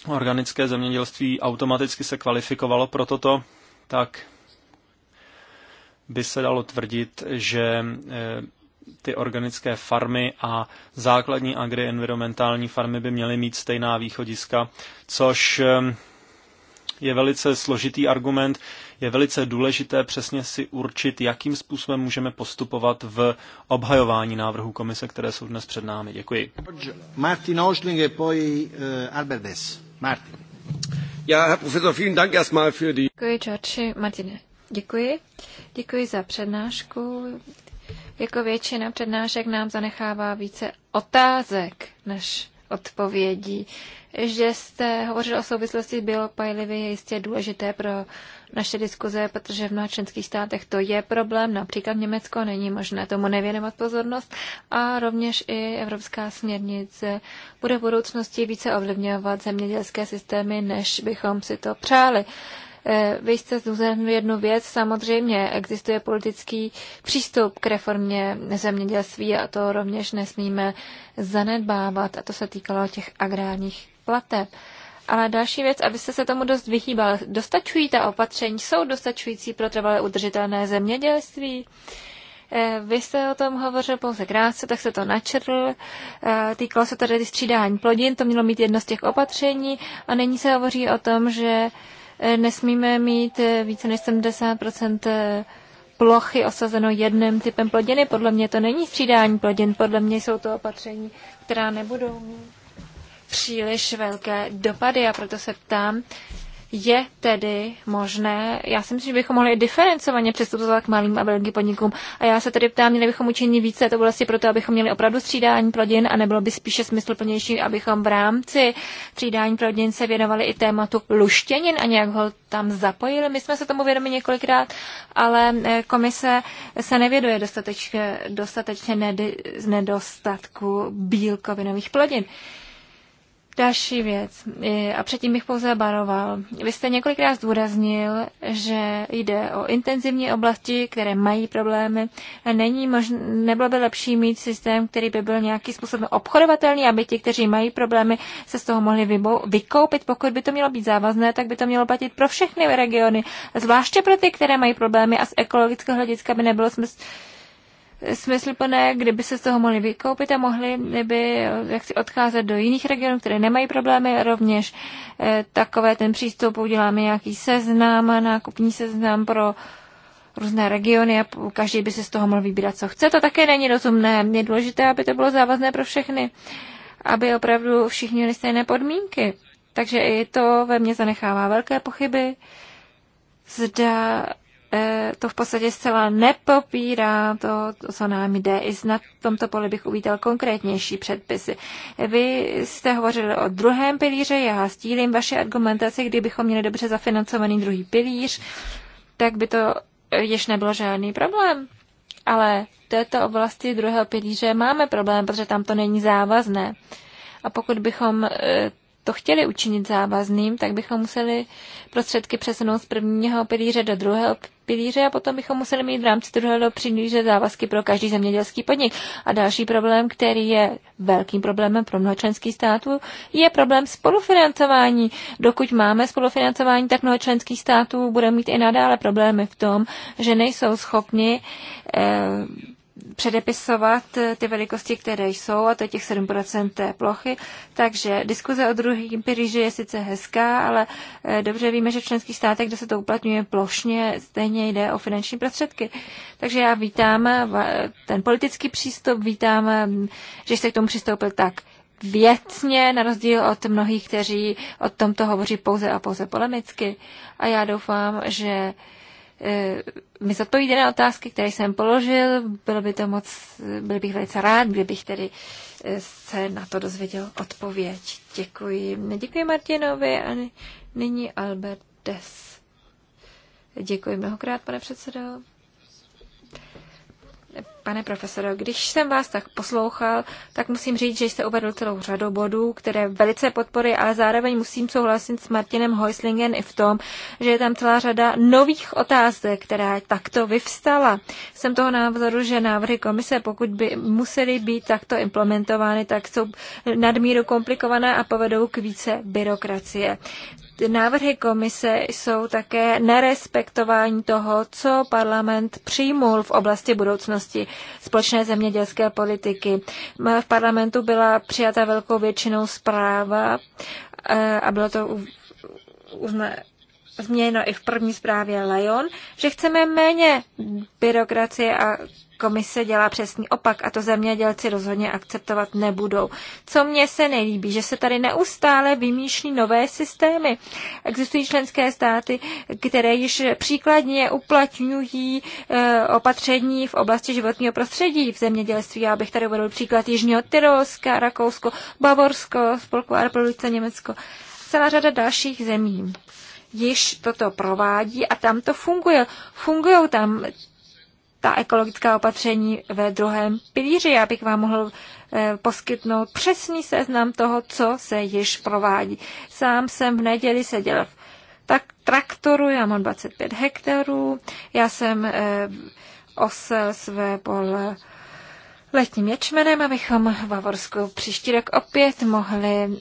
organické zemědělství automaticky se kvalifikovalo pro toto, tak by se dalo tvrdit, že e, ty organické farmy a základní agri-environmentální farmy by měly mít stejná východiska, což e, je velice složitý argument. Je velice důležité přesně si určit, jakým způsobem můžeme postupovat v obhajování návrhů komise, které jsou dnes před námi. Děkuji. Martin Oschling je poi e, Albert Martin. Ja, Herr Professor, vielen Dank erstmal für die... Děkuji, George. Martine. Děkuji. Děkuji za přednášku. Jako většina přednášek nám zanechává více otázek než odpovědí. Že jste hovořil o souvislosti s biopalivy je jistě důležité pro naše diskuze, protože v mnoha členských státech to je problém, například Německo není možné tomu nevěnovat pozornost a rovněž i Evropská směrnice bude v budoucnosti více ovlivňovat zemědělské systémy, než bychom si to přáli. Eh, vy jste zdůraznil jednu věc, samozřejmě existuje politický přístup k reformě zemědělství a to rovněž nesmíme zanedbávat a to se týkalo těch agrárních plateb. Ale další věc, abyste se tomu dost vyhýbal, dostačují ta opatření, jsou dostačující pro trvalé udržitelné zemědělství? Eh, vy jste o tom hovořil pouze krátce, tak se to načrl. Eh, týkalo se tady střídání plodin, to mělo mít jedno z těch opatření a není se hovoří o tom, že nesmíme mít eh, více než 70 eh, plochy osazeno jedným typem plodiny. Podle mě to není střídání plodin, podle mě jsou to opatření, která nebudou mít příliš velké dopady a proto se ptám, je tedy možné, já si myslím, že bychom mohli diferencovaně přistupovat k malým a velkým podnikům. A já se tedy ptám, měli bychom učení více to asi proto, abychom měli opravdu střídání plodin a nebylo by spíše smysluplnější, abychom v rámci střídání plodin se věnovali i tématu luštěnin a nějak ho tam zapojili. My jsme se tomu vědomi několikrát, ale eh, komise se nevěduje dostatečně, dostatečně nedostatku bílkovinových plodin. Další věc, a předtím bych pouze baroval. Vy jste několikrát zdůraznil, že jde o intenzivní oblasti, které mají problémy. Není možn- nebylo by lepší mít systém, který by byl nějaký způsobem obchodovatelný, aby ti, kteří mají problémy, se z toho mohli vykoupit. Pokud by to mělo být závazné, tak by to mělo platit pro všechny regiony, zvláště pro ty, které mají problémy a z ekologického hlediska by nebylo smysl smysluplné, kdyby se z toho mohli vykoupit a mohli by jaksi odcházet do jiných regionů, které nemají problémy. Rovněž eh, takové ten přístup uděláme nějaký seznam, nákupní seznam pro různé regiony a každý by si z toho mohl vybírat, co chce. To také není rozumné. Je důležité, aby to bylo závazné pro všechny, aby opravdu všichni měli stejné podmínky. Takže i to ve mně zanechává velké pochyby. Zda Eh, to v podstatě zcela nepopírá to, co nám jde. I na tomto poli bych uvítal konkrétnější předpisy. Vy jste hovořili o druhém pilíře, já stílím vaše argumentaci, kdybychom měli dobře zafinancovaný druhý pilíř, tak by to eh, již nebylo žádný problém. Ale v této oblasti druhého pilíře máme problém, protože tam to není závazné. A pokud bychom eh, to chtěli učinit závazným, tak bychom museli prostředky přesunout z prvního pilíře do druhého pilíře a potom bychom museli mít v rámci druhého pilíře závazky pro každý zemědělský podnik. A další problém, který je velkým problémem pro mnoho členských států, je problém spolufinancování. Dokud máme spolufinancování, tak mnoho členských států bude mít i nadále problémy v tom, že nejsou schopni eh, předepisovat eh, ty velikosti, které jsou, a to je těch 7% té plochy. Takže diskuze o druhým pilíři je sice hezká, ale eh, dobře víme, že v členských státech, kde se to uplatňuje plošně, stejně jde o finanční prostředky. Takže já vítám eh, ten politický přístup, vítám, že jste k tomu přistoupil tak věcně, na rozdíl od mnohých, kteří o tomto hovoří pouze a pouze polemicky. A já doufám, že Eh, mi zodpovíte na otázky, které jsem položil. Bylo by to moc, byl bych velice rád, kdybych tedy eh, se na to dozvěděl odpověď. Děkuji. Děkuji Martinovi a nyní Albert Des. Děkuji mnohokrát, pane předsedo. Pane profesore, když jsem vás tak poslouchal, tak musím říct, že jste uvedl celou řadu bodů, které velice podpory, ale zároveň musím souhlasit s Martinem Heuslingen i v tom, že je tam celá řada nových otázek, která takto vyvstala. Jsem toho názoru, že návrhy komise, pokud by musely být takto implementovány, tak jsou nadmíru komplikované a povedou k více byrokracie. Ty návrhy komise jsou také nerespektování toho, co parlament přijmul v oblasti budoucnosti společné zemědělské politiky. V parlamentu byla přijata velkou většinou zpráva e, a bylo to uzna, změněno i v první zprávě Lyon, že chceme méně byrokracie a komise dělá přesný opak a to zemědělci rozhodně akceptovat nebudou. Co mně se nelíbí, že se tady neustále vymýšlí nové systémy. Existují členské státy, které již příkladně uplatňují eh, opatření v oblasti životního prostředí v zemědělství. Já bych tady uvedl příklad Jižního Tyrolska, Rakousko, Bavorsko, Spolková republice Německo, celá řada dalších zemí již toto provádí a tam to funguje. Fungují tam ta ekologická opatření ve druhém pilíři. Já bych vám mohl eh, poskytnout přesný seznam toho, co se již provádí. Sám jsem v neděli seděl v tak traktoru, já mám 25 hektarů, já jsem eh, osel své pole letním ječmenem, abychom v Bavorsku příští rok opět mohli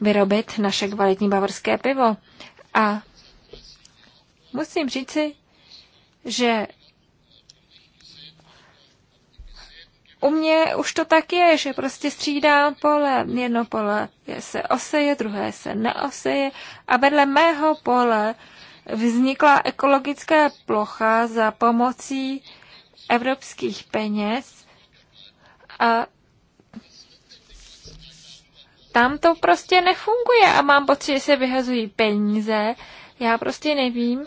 vyrobit naše kvalitní bavorské pivo. A musím říci, že U mě už to tak je, že prostě střídám pole. Jedno pole je se oseje, druhé se neoseje a vedle mého pole vznikla ekologická plocha za pomocí evropských peněz a tam to prostě nefunguje a mám pocit, že se vyhazují peníze. Já prostě nevím.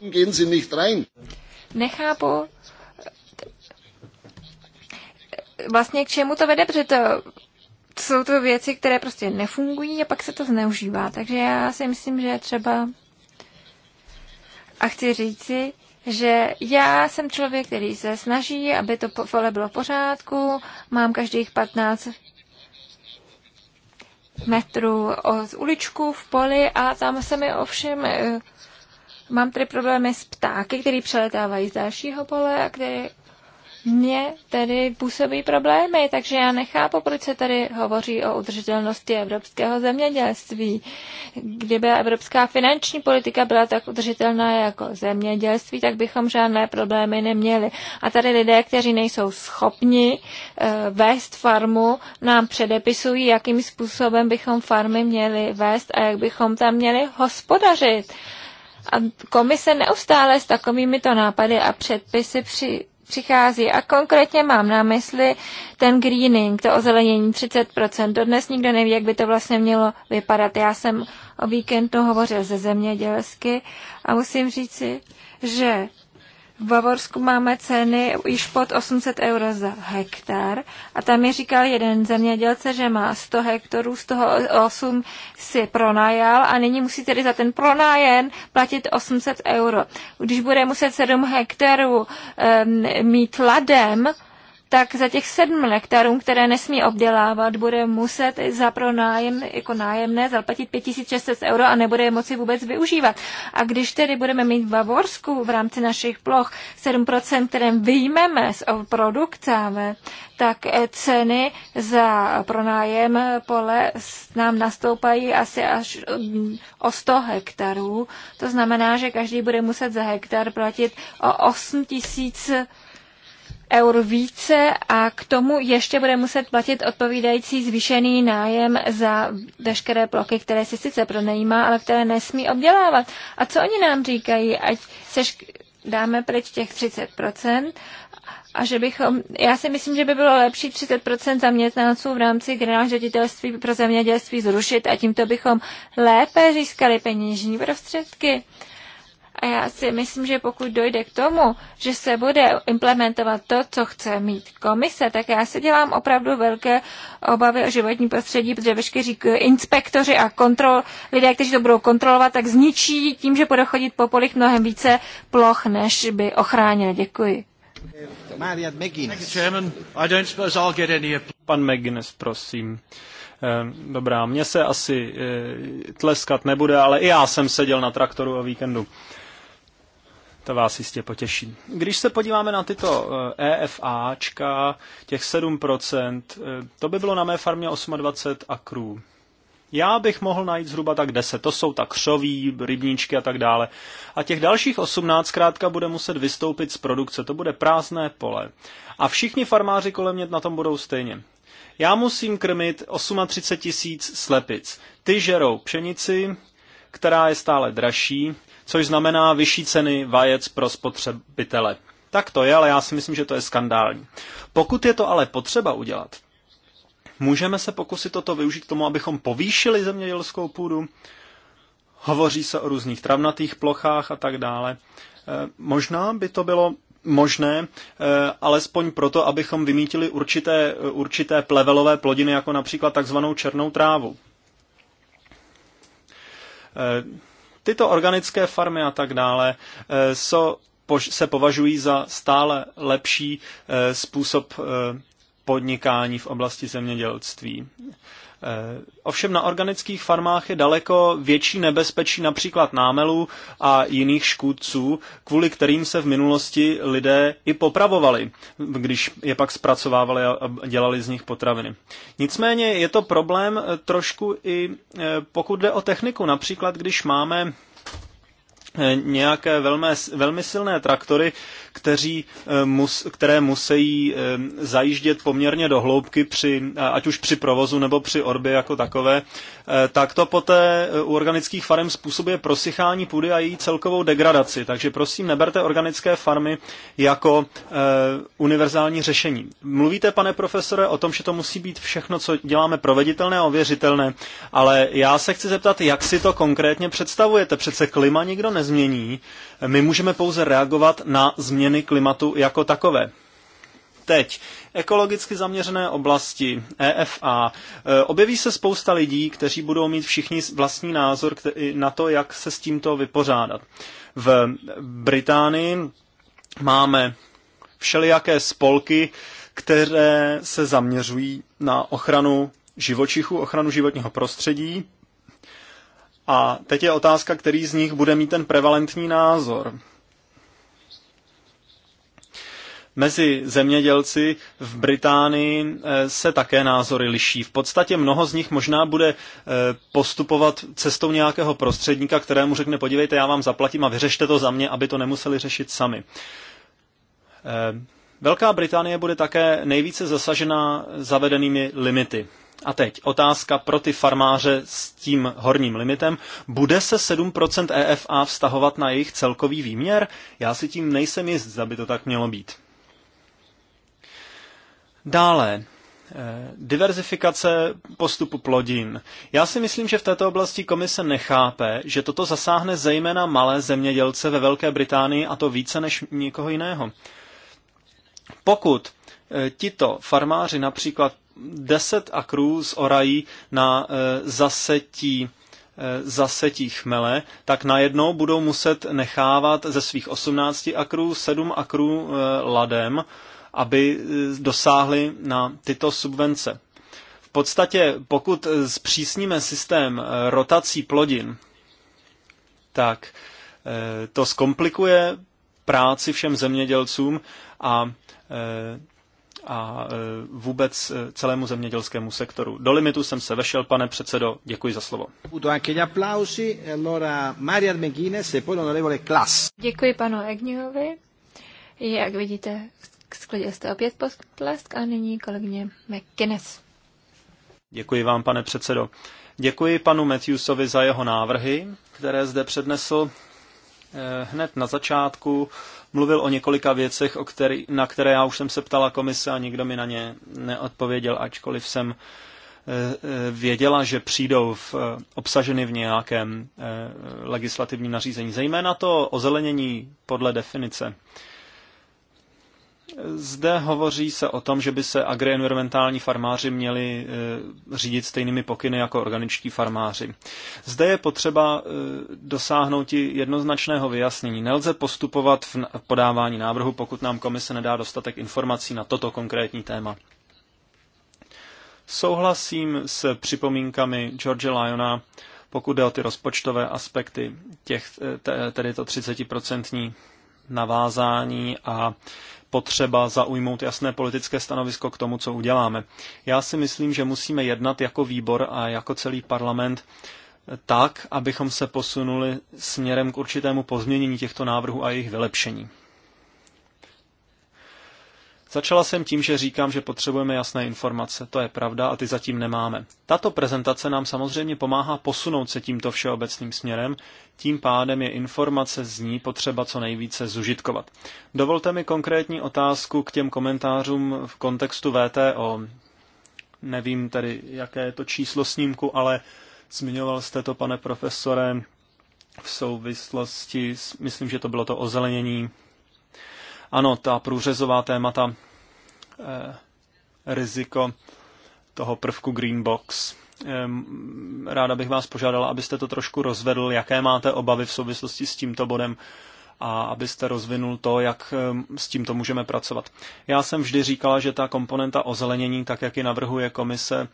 Gehen Sie nicht rein. Nechápu, vlastně k čemu to vede, protože to jsou to věci, které prostě nefungují a pak se to zneužívá. Takže já si myslím, že třeba a chci říci, že já jsem člověk, který se snaží, aby to pole bylo v pořádku, mám každých 15 metrů od uličku v poli a tam se mi ovšem eh, Mám tady problémy s ptáky, které přeletávají z dalšího pole a které mě tedy působí problémy, takže já nechápu, proč se tady hovoří o udržitelnosti evropského zemědělství. Kdyby evropská finanční politika byla tak udržitelná jako zemědělství, tak bychom žádné problémy neměli. A tady lidé, kteří nejsou schopni uh, vést farmu, nám předepisují, jakým způsobem bychom farmy měli vést a jak bychom tam měli hospodařit. A komise neustále s takovými to nápady a předpisy při přichází. A konkrétně mám na mysli ten greening, to ozelenění 30%. Dodnes nikdo neví, jak by to vlastně mělo vypadat. Já jsem o víkendu hovořil ze zemědělsky a musím říci, že v Bavorsku máme ceny již pod 800 euro za hektar a tam mi říkal jeden zemědělce, že má 100 hektarů, z toho 8 si pronajal a nyní musí tedy za ten pronájen platit 800 euro. Když bude muset 7 hektarů um, mít ladem, tak za těch sedm hektarů, které nesmí obdělávat, bude muset za pro nájem, jako nájemné zaplatit 5600 euro a nebude je moci vůbec využívat. A když tedy budeme mít v Bavorsku v rámci našich ploch 7%, které vyjmeme z produkce, tak ceny za pronájem pole nám nastoupají asi až mm, o 100 hektarů. To znamená, že každý bude muset za hektar platit o 8 000 eur více a k tomu ještě bude muset platit odpovídající zvýšený nájem za veškeré ploky, které si sice pronajímá, ale které nesmí obdělávat. A co oni nám říkají, ať se dáme pryč těch 30%, a že bychom, já si myslím, že by bylo lepší 30% zaměstnanců v rámci generálního ředitelství pro zemědělství zrušit a tímto bychom lépe získali peněžní prostředky. A já si myslím, že pokud dojde k tomu, že se bude implementovat to, co chce mít komise, tak já si dělám opravdu velké obavy o životní prostředí, protože veškerí inspektoři a kontrol, lidé, kteří to budou kontrolovat, tak zničí tím, že bude chodit po polích mnohem více ploch, než by ochránili. Děkuji. Pan McGuinness, prosím. Ehm, dobrá, mně se asi eh, tleskat nebude, ale i já jsem seděl na traktoru o víkendu. To vás jistě potěší. Když se podíváme na tyto EFAčka, eh, e těch 7%, eh, to by bylo na mé farmě 28 akrů. Já bych mohl najít zhruba tak 10. To jsou tak křoví, rybníčky a tak dále. A těch dalších 18 krátka bude muset vystoupit z produkce. To bude prázdné pole. A všichni farmáři kolem mě na tom budou stejně. Já musím krmit 38 tisíc slepic. Ty žerou pšenici, která je stále dražší, což znamená vyšší ceny vajec pro spotřebitele. Tak to je, ale já si myslím, že to je skandální. Pokud je to ale potřeba udělat, můžeme se pokusit toto využít k tomu, abychom povýšili zemědělskou půdu. Hovoří se o různých travnatých plochách a tak dále. Eh, možná by to bylo možné, eh, alespoň proto, abychom vymítili určité, eh, určité plevelové plodiny, jako například takzvanou černou trávu. Tyto organické farmy a tak dále eh, so, pož, se považují za stále lepší eh, způsob eh, podnikání v oblasti zemědělství. Eh, ovšem na organických farmách je daleko větší nebezpečí například námelů a jiných škůdců, kvůli kterým se v minulosti lidé i popravovali, když je pak zpracovávali a dělali z nich potraviny. Nicméně je to problém eh, trošku i eh, pokud jde o techniku. Například když máme nějaké velmi, velmi silné traktory, kteří, eh, mus, které musí eh, zajíždět poměrně do hloubky, při, eh, ať už při provozu nebo při orbě jako takové, tak to poté u organických farm způsobuje prosychání půdy a její celkovou degradaci. Takže prosím, neberte organické farmy jako univerzální řešení. Mluvíte, pane profesore, o tom, že to musí být všechno, co děláme, proveditelné a ověřitelné, ale já se chci zeptat, jak si to konkrétně představujete. Přece klima nikdo nez změní. My můžeme pouze reagovat na změny klimatu jako takové. Teď, ekologicky zaměřené oblasti, EFA. E, objeví se spousta lidí, kteří budou mít všichni vlastní názor na to, jak se s tímto vypořádat. V Británii máme všelijaké spolky, které se zaměřují na ochranu živočichů, ochranu životního prostředí a teď je otázka, který z nich bude mít ten prevalentní názor. Mezi zemědělci v Británii eh, se také názory liší. V podstatě mnoho z nich možná bude eh, postupovat cestou nějakého prostředníka, kterému řekne, podívejte, já vám zaplatím a vyřešte to za mě, aby to nemuseli řešit sami. Eh, Velká Británie bude také nejvíce zasažena zavedenými limity. A teď otázka pro ty farmáře s tím horním limitem. Bude se 7% EFA vztahovat na jejich celkový výměr? Já si tím nejsem jist, aby to tak mělo být. Dále, eh, diverzifikace postupu plodin. Já si myslím, že v této oblasti komise nechápe, že toto zasáhne zejména malé zemědělce ve Velké Británii a to více než nikoho jiného. Pokud eh, tito farmáři například Deset akrů z orají na e, zasetí e, zasetí chmele, tak najednou budou muset nechávat ze svých 18 akrů 7 akrů e, ladem, aby dosáhli na tyto subvence. V podstatě, pokud zpřísníme systém rotací plodin, tak to zkomplikuje práci všem zemědělcům a a e, vůbec e, celému zemědělskému sektoru. Do limitu jsem se vešel, pane předsedo, děkuji za slovo. E děkuji panu Egnihovi. Jak vidíte, sklidil jste opět potlesk a nyní kolegyně McInnes. Děkuji vám, pane předsedo. Děkuji panu Matthewsovi za jeho návrhy, které zde přednesl. Hned na začátku mluvil o několika věcech, o který, na které já už jsem se ptala komise a nikdo mi na ně neodpověděl, ačkoliv jsem eh, eh, věděla, že přijdou v, eh, obsaženy v nějakém legislativním nařízení. Zejména to ozelenění podle definice. Zde hovoří se o tom, že by se agroenvironmentální farmáři měli eh, řídit stejnými pokyny jako organičtí farmáři. Zde je potřeba eh, dosáhnout jednoznačného vyjasnění. Nelze postupovat v podávání návrhu, pokud nám komise nedá dostatek informací na toto konkrétní téma. Souhlasím s připomínkami George Lyona, pokud jde o ty rozpočtové aspekty, těch, eh, tedy to 30% navázání a potřeba zaujmout jasné politické stanovisko k tomu, co uděláme. Já si myslím, že musíme jednat jako výbor a jako celý parlament tak, abychom se posunuli směrem k určitému pozměnění těchto návrhů a jejich vylepšení. Začala jsem tím, že říkám, že potřebujeme jasné informace. To je pravda a ty zatím nemáme. Tato prezentace nám samozřejmě pomáhá posunout se tímto všeobecným směrem, tím pádem je informace z ní potřeba co nejvíce zužitkovat. Dovolte mi konkrétní otázku k těm komentářům v kontextu VTO. Nevím tedy, jaké je to číslo snímku, ale zmiňoval jste to, pane profesore, v souvislosti, s, myslím, že to bylo to ozelenění ano, ta průřezová témata, eh, riziko toho prvku Green Box. Ehm, ráda bych vás požádala, abyste to trošku rozvedl, jaké máte obavy v souvislosti s tímto bodem a abyste rozvinul to, jak s tímto můžeme pracovat. Já jsem vždy říkala, že ta komponenta ozelenění, tak jak ji navrhuje komise,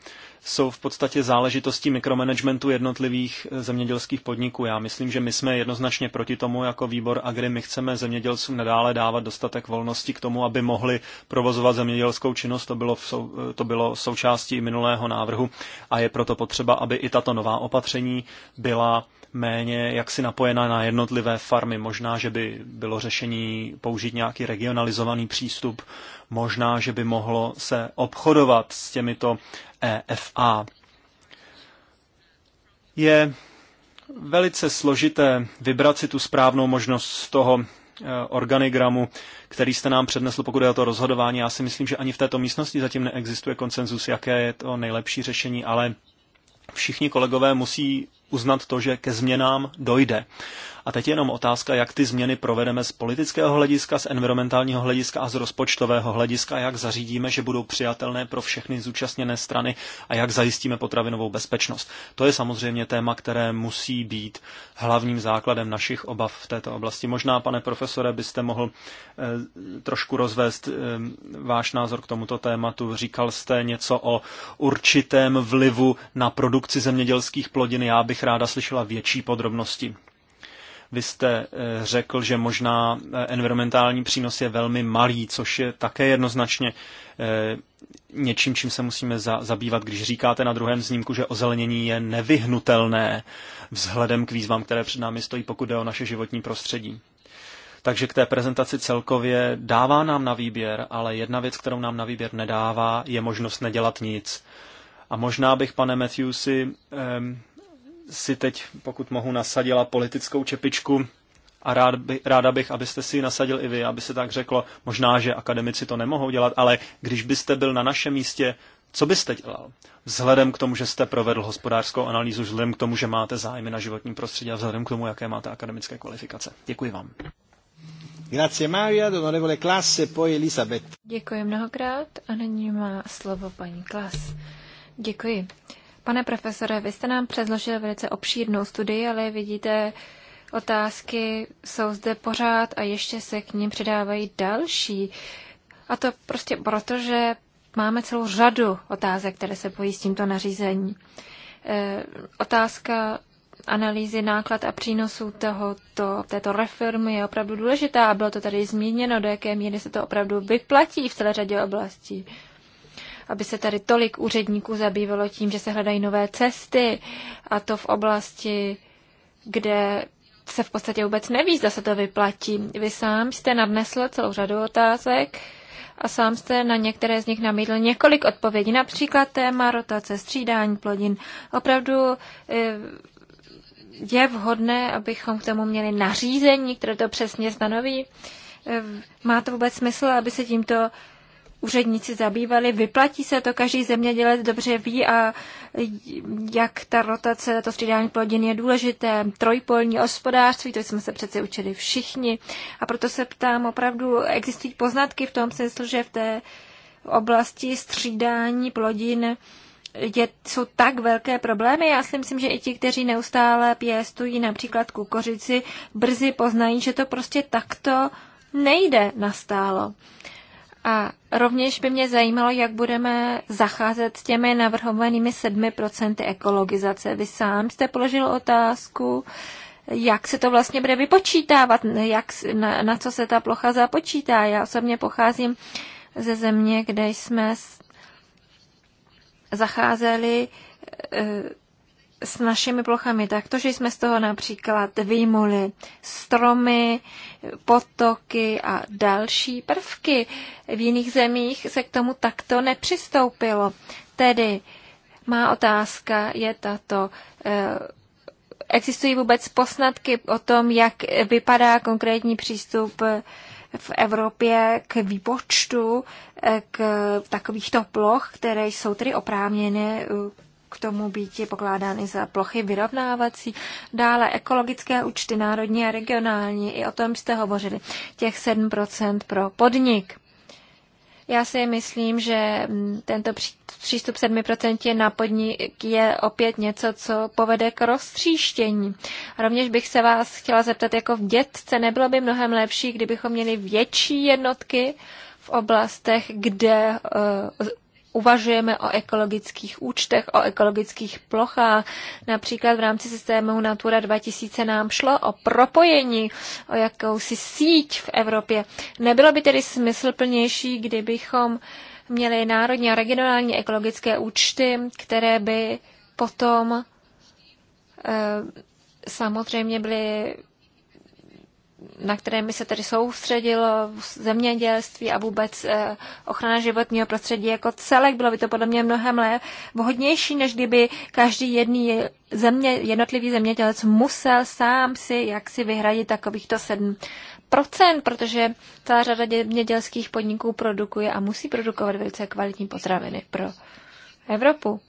jsou v podstatě záležitostí mikromanagementu jednotlivých eh, zemědělských podniků. Já myslím, že my jsme jednoznačně proti tomu jako výbor Agri. My chceme zemědělcům nadále dávat dostatek volnosti k tomu, aby mohli provozovat zemědělskou činnost. To bylo, sou, eh, to bylo součástí minulého návrhu a je proto potřeba, aby i tato nová opatření byla méně jaksi napojená na jednotlivé farmy. Možná, že by bylo řešení použít nějaký regionalizovaný přístup. Možná, že by mohlo se obchodovat s těmito EFA. Je velice složité vybrat si tu správnou možnost z toho eh, organigramu, který jste nám přednesl, pokud je o to rozhodování. Já si myslím, že ani v této místnosti zatím neexistuje konsenzus, jaké je to nejlepší řešení, ale všichni kolegové musí uznat to, že ke změnám dojde. A teď jenom otázka, jak ty změny provedeme z politického hlediska, z environmentálního hlediska a z rozpočtového hlediska, jak zařídíme, že budou přijatelné pro všechny zúčastněné strany a jak zajistíme potravinovou bezpečnost. To je samozřejmě téma, které musí být hlavním základem našich obav v této oblasti. Možná, pane profesore, byste mohl eh, trošku rozvést eh, váš názor k tomuto tématu. Říkal jste něco o určitém vlivu na produkci zemědělských plodin. Já bych ráda slyšela větší podrobnosti. Vy jste eh, řekl, že možná eh, environmentální přínos je velmi malý, což je také jednoznačně eh, něčím, čím se musíme za, zabývat, když říkáte na druhém znímku, že ozelenění je nevyhnutelné vzhledem k výzvám, které před námi stojí, pokud jde o naše životní prostředí. Takže k té prezentaci celkově dává nám na výběr, ale jedna věc, kterou nám na výběr nedává, je možnost nedělat nic. A možná bych, pane Matthewsi, si teď, pokud mohu, nasadila politickou čepičku a rád by, ráda bych, abyste si ji nasadil i vy, aby se tak řeklo, možná, že akademici to nemohou dělat, ale když byste byl na našem místě, co byste dělal? Vzhledem k tomu, že jste provedl hospodářskou analýzu, vzhledem k tomu, že máte zájmy na životním prostředí a vzhledem k tomu, jaké máte akademické kvalifikace. Děkuji vám. Grazie Maria, donorevole Klasse, poi Elisabeth. Děkuji mnohokrát a nyní má slovo paní Klas. Děkuji. Pane profesore, vy jste nám předložil velice obšírnou studii, ale vidíte, otázky jsou zde pořád a ještě se k ním přidávají další. A to prostě proto, že máme celou řadu otázek, které se pojí s tímto nařízení. E, otázka analýzy náklad a přínosů tohoto, této reformy je opravdu důležitá a bylo to tady zmíněno, do jaké míry se to opravdu vyplatí v celé řadě oblastí aby se tady tolik úředníků zabývalo tím, že se hledají nové cesty a to v oblasti, kde se v podstatě vůbec neví, zda se to vyplatí. Vy sám jste nadnesl celou řadu otázek a sám jste na některé z nich namítl několik odpovědí, například téma rotace, střídání plodin. Opravdu eh, je vhodné, abychom k tomu měli nařízení, které to přesně stanoví? Eh, má to vůbec smysl, aby se tímto úředníci zabývali. Vyplatí se to, každý zemědělec dobře ví a jak ta rotace, to střídání plodin je důležité. Trojpolní hospodářství, to jsme se přece učili všichni. A proto se ptám, opravdu existují poznatky v tom smyslu, že v té oblasti střídání plodin je, jsou tak velké problémy. Já si myslím, že i ti, kteří neustále pěstují například kukořici, brzy poznají, že to prostě takto nejde nastálo. A rovněž by mě zajímalo, jak budeme zacházet s těmi navrhovanými 7% ekologizace. Vy sám jste položil otázku, jak se to vlastně bude vypočítávat, jak, na, na co se ta plocha započítá. Já osobně pocházím ze země, kde jsme zacházeli eh, s našimi plochami tak to, že jsme z toho například vyjmuli stromy, potoky a další prvky. V jiných zemích se k tomu takto nepřistoupilo. Tedy má otázka je tato. Eh, existují vůbec posnatky o tom, jak vypadá konkrétní přístup eh, v Evropě k výpočtu eh, k takovýchto ploch, které jsou tedy oprávněné k tomu být je pokládány za plochy vyrovnávací. Dále ekologické účty národní a regionální, i o tom jste hovořili, těch 7% pro podnik. Já si myslím, že mm, tento přístup 7% na podnik je opět něco, co povede k roztříštění. rovněž bych se vás chtěla zeptat, jako v dětce nebylo by mnohem lepší, kdybychom měli větší jednotky v oblastech, kde eh, uvažujeme o ekologických účtech, o ekologických plochách. Například v rámci systému Natura 2000 nám šlo o propojení, o jakousi síť v Evropě. Nebylo by tedy smyslplnější, kdybychom měli národní a regionální ekologické účty, které by potom e, samozřejmě byly na které by se tedy soustředilo eh, zemědělství a vůbec eh, ochrana životního prostředí jako celek. Bylo by to podle mě mnohem lep, vhodnější, než kdyby každý jedný země, jednotlivý zemědělec musel sám si jak si vyhradit takovýchto 7%, protože celá řada zemědělských podniků produkuje a musí produkovat velice kvalitní potraviny pro Evropu.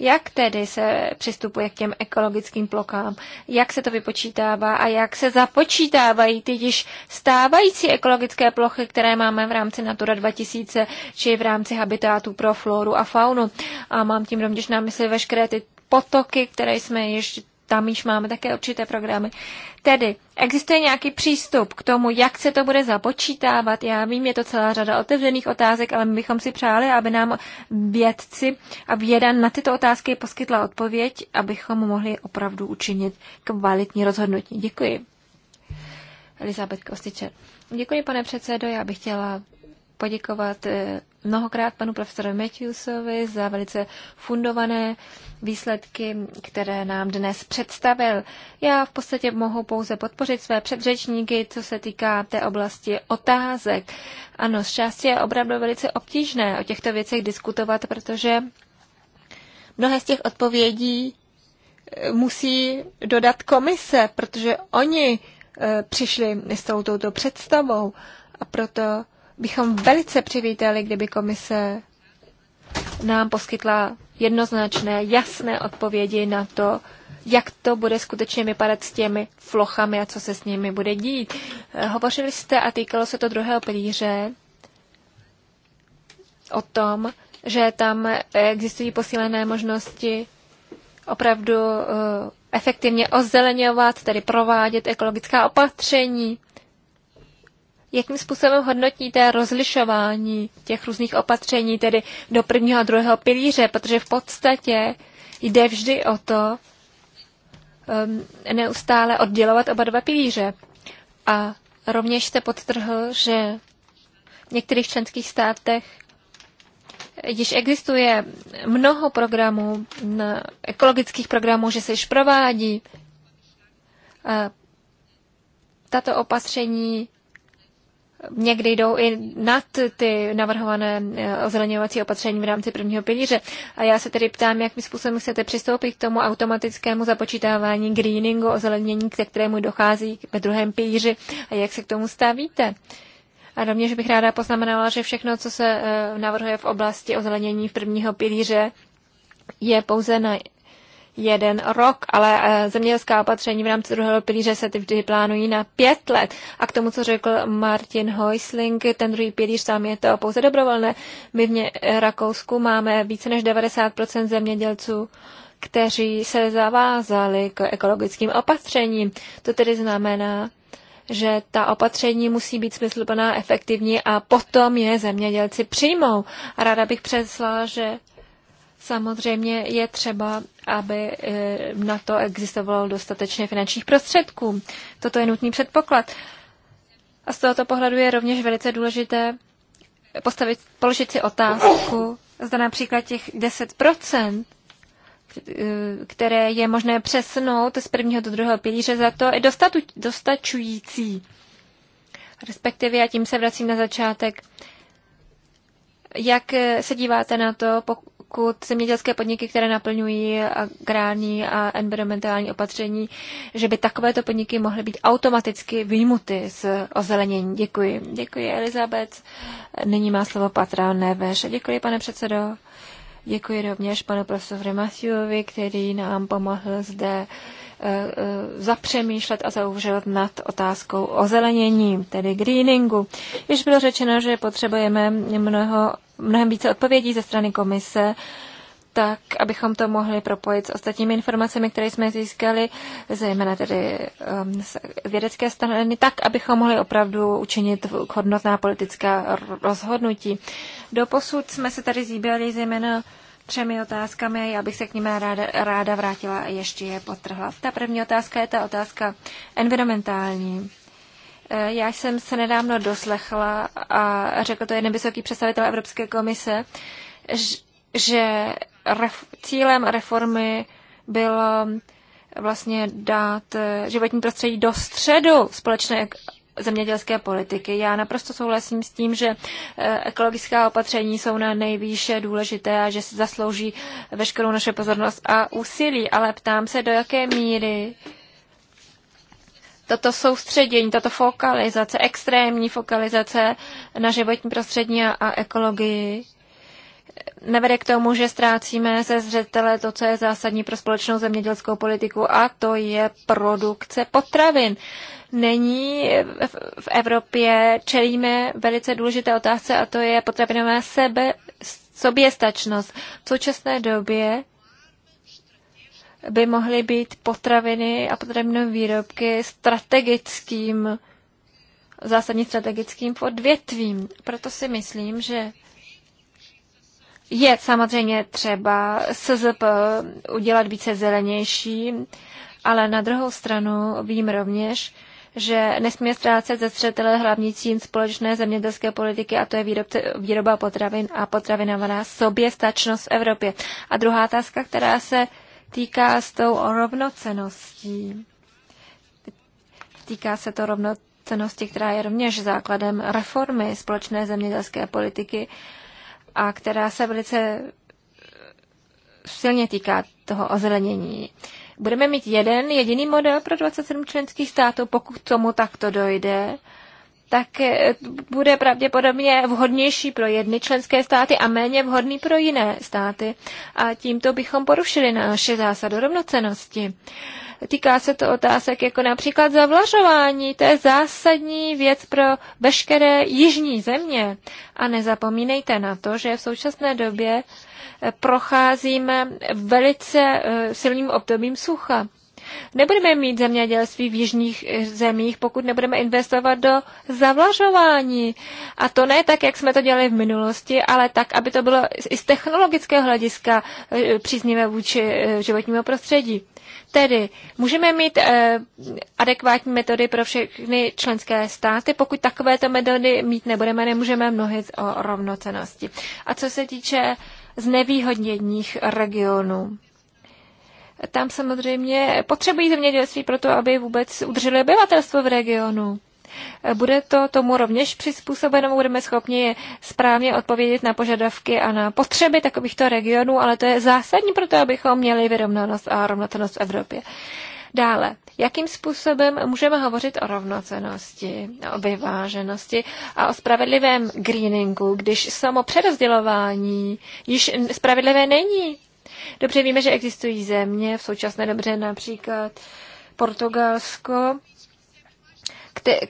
Jak tedy se přistupuje k těm ekologickým plokám? Jak se to vypočítává a jak se započítávají ty již stávající ekologické plochy, které máme v rámci Natura 2000 či v rámci habitátů pro floru a faunu? A mám tím rovněž na mysli veškeré ty potoky, které jsme již tam již máme také určité programy. Tedy existuje nějaký přístup k tomu, jak se to bude započítávat. Já vím, je to celá řada otevřených otázek, ale my bychom si přáli, aby nám vědci a věda na tyto otázky poskytla odpověď, abychom mohli opravdu učinit kvalitní rozhodnutí. Děkuji. Elizabeth Kostičer. Děkuji, pane předsedo. Já bych chtěla poděkovat eh, mnohokrát panu profesoru Matthewsovi za velice fundované výsledky, které nám dnes představil. Já v podstatě mohu pouze podpořit své předřečníky, co se týká té oblasti otázek. Ano, z části je opravdu velice obtížné o těchto věcech diskutovat, protože mnohé z těch odpovědí eh, musí dodat komise, protože oni eh, přišli s touto představou a proto bychom velice přivítali, kdyby komise nám poskytla jednoznačné, jasné odpovědi na to, jak to bude skutečně vypadat s těmi flochami a co se s nimi bude dít. Eh, hovořili jste a týkalo se to druhého pilíře o tom, že tam existují posílené možnosti opravdu eh, efektivně ozeleňovat, tedy provádět ekologická opatření jakým způsobem hodnotíte rozlišování těch různých opatření, tedy do prvního a druhého pilíře, protože v podstatě jde vždy o to um, neustále oddělovat oba dva pilíře. A rovněž jste podtrhl, že v některých členských státech již existuje mnoho programů, ekologických programů, že se již provádí. A tato opatření někdy jdou i nad ty navrhované eh, ozeleňovací opatření v rámci prvního pilíře. A já se tedy ptám, jak mi způsobem chcete přistoupit k tomu automatickému započítávání greeningu, ozelenění, ke kterému dochází ve druhém pilíři a jak se k tomu stavíte. A rovněž bych ráda poznamenala, že všechno, co se eh, navrhuje v oblasti ozelenění v prvního pilíře, je pouze na jeden rok, ale eh, zemědělská opatření v rámci druhého pilíře se vždy plánují na pět let. A k tomu, co řekl Martin Heusling, ten druhý pilíř tam je to pouze dobrovolné. My v Rakousku máme více než 90% zemědělců, kteří se zavázali k ekologickým opatřením. To tedy znamená, že ta opatření musí být smysluplná, efektivní a potom je zemědělci přijmou. A ráda bych přeslala, že Samozřejmě je třeba, aby eh, na to existovalo dostatečně finančních prostředků. Toto je nutný předpoklad. A z tohoto pohledu je rovněž velice důležité postavit, položit si otázku, zda například těch 10%, eh, které je možné přesunout z prvního do druhého pilíře, za to je dostatu, dostačující. Respektive, a tím se vracím na začátek, jak eh, se díváte na to, pokud zemědělské podniky, které naplňují agrární a environmentální opatření, že by takovéto podniky mohly být automaticky vyjmuty z ozelenění. Děkuji. Děkuji, Elizabet. Nyní má slovo Patra Neveš. Děkuji, pane předsedo. Děkuji rovněž panu profesoru Matthewovi, který nám pomohl zde uh, Eh, eh, zapřemýšlet a zauvažovat nad otázkou ozelenění, tedy greeningu. Již bylo řečeno, že potřebujeme mnoho, mnohem více odpovědí ze strany komise, tak, abychom to mohli propojit s ostatními informacemi, které jsme získali, zejména tedy um, ehm, z vědecké strany, tak, abychom mohli opravdu učinit hodnotná politická rozhodnutí. Doposud jsme se tady zíbali zejména třemi otázkami. Já bych se k ním ráda, ráda vrátila a ještě je potrhla. Ta první otázka je ta otázka environmentální. E, já jsem se nedávno doslechla a řekl to jeden vysoký představitel Evropské komise, že ref, cílem reformy bylo vlastně dát e, životní prostředí do středu společné zemědělské politiky. Já naprosto souhlasím s tím, že eh, ekologická opatření jsou na nejvýše důležité a že se zaslouží veškerou naše pozornost a úsilí, ale ptám se, do jaké míry toto soustředění, tato fokalizace, extrémní fokalizace na životní prostředí a ekologii nevede k tomu, že ztrácíme ze zřetele to, co je zásadní pro společnou zemědělskou politiku a to je produkce potravin není. V Evropě čelíme velice důležité otázce a to je potravinová sebe, soběstačnost. V současné době by mohly být potraviny a potravinové výrobky strategickým, zásadně strategickým odvětvím. Proto si myslím, že je samozřejmě třeba SZP udělat více zelenější, ale na druhou stranu vím rovněž, že nesmí ztrácet ze střetele hlavní cíl společné zemědělské politiky, a to je výrobce, výroba potravin a potravinovaná soběstačnost v Evropě. A druhá otázka, která se týká s tou rovnoceností. Týká se to rovnocenosti, která je rovněž základem reformy společné zemědělské politiky a která se velice silně týká toho ozelenění budeme mít jeden jediný model pro 27 členských států, pokud tomu takto dojde, tak eh, bude pravděpodobně vhodnější pro jedny členské státy a méně vhodný pro jiné státy. A tímto bychom porušili naše zásadu rovnocenosti. Týká se to otázek jako například zavlažování. To je zásadní věc pro veškeré jižní země. A nezapomínejte na to, že v současné době procházíme velice eh, silným obdobím sucha. Nebudeme mít zemědělství v jižních eh, zemích, pokud nebudeme investovat do zavlažování. A to ne tak, jak jsme to dělali v minulosti, ale tak, aby to bylo i z technologického hlediska eh, příznivé vůči životnímu prostředí. Tedy můžeme mít adekvátní metody pro všechny členské státy. Pokud takovéto metody mít nebudeme, nemůžeme mnohit o rovnocenosti. A co se týče z znevýhodněních regionů. Tam samozřejmě potřebují zemědělství pro to, aby vůbec udrželi obyvatelstvo v regionu. Bude to tomu rovněž přizpůsobeno, budeme schopni správně odpovědět na požadavky a na potřeby takovýchto regionů, ale to je zásadní pro to, abychom měli vyrovnanost a rovnatelnost v Evropě. Dále, jakým způsobem můžeme hovořit o rovnocenosti, o vyváženosti a o spravedlivém greeningu, když samo přerozdělování již spravedlivé není? Dobře víme, že existují země, v současné dobře například Portugalsko,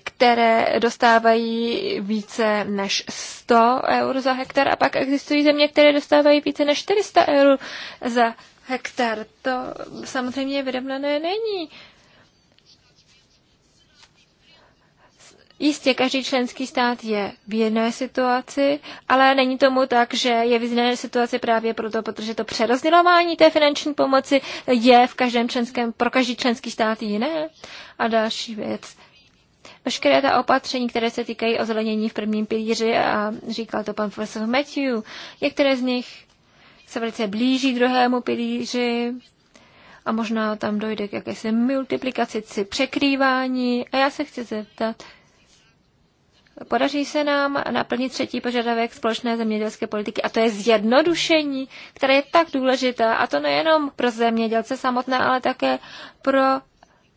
které dostávají více než 100 eur za hektar a pak existují země, které dostávají více než 400 eur za hektar. To samozřejmě vyrovnané není. Jistě, každý členský stát je v jedné situaci, ale není tomu tak, že je v jiné situaci právě proto, protože to přerozdělování té finanční pomoci je v každém členském, pro každý členský stát jiné. A další věc. Veškeré ta opatření, které se týkají ozelenění v prvním pilíři, a říkal to pan profesor Matthew, některé z nich se velice blíží druhému pilíři a možná tam dojde k jakési multiplikaci, si překrývání. A já se chci zeptat, Podaří se nám naplnit třetí požadavek společné zemědělské politiky a to je zjednodušení, které je tak důležité a to nejenom pro zemědělce samotné, ale také pro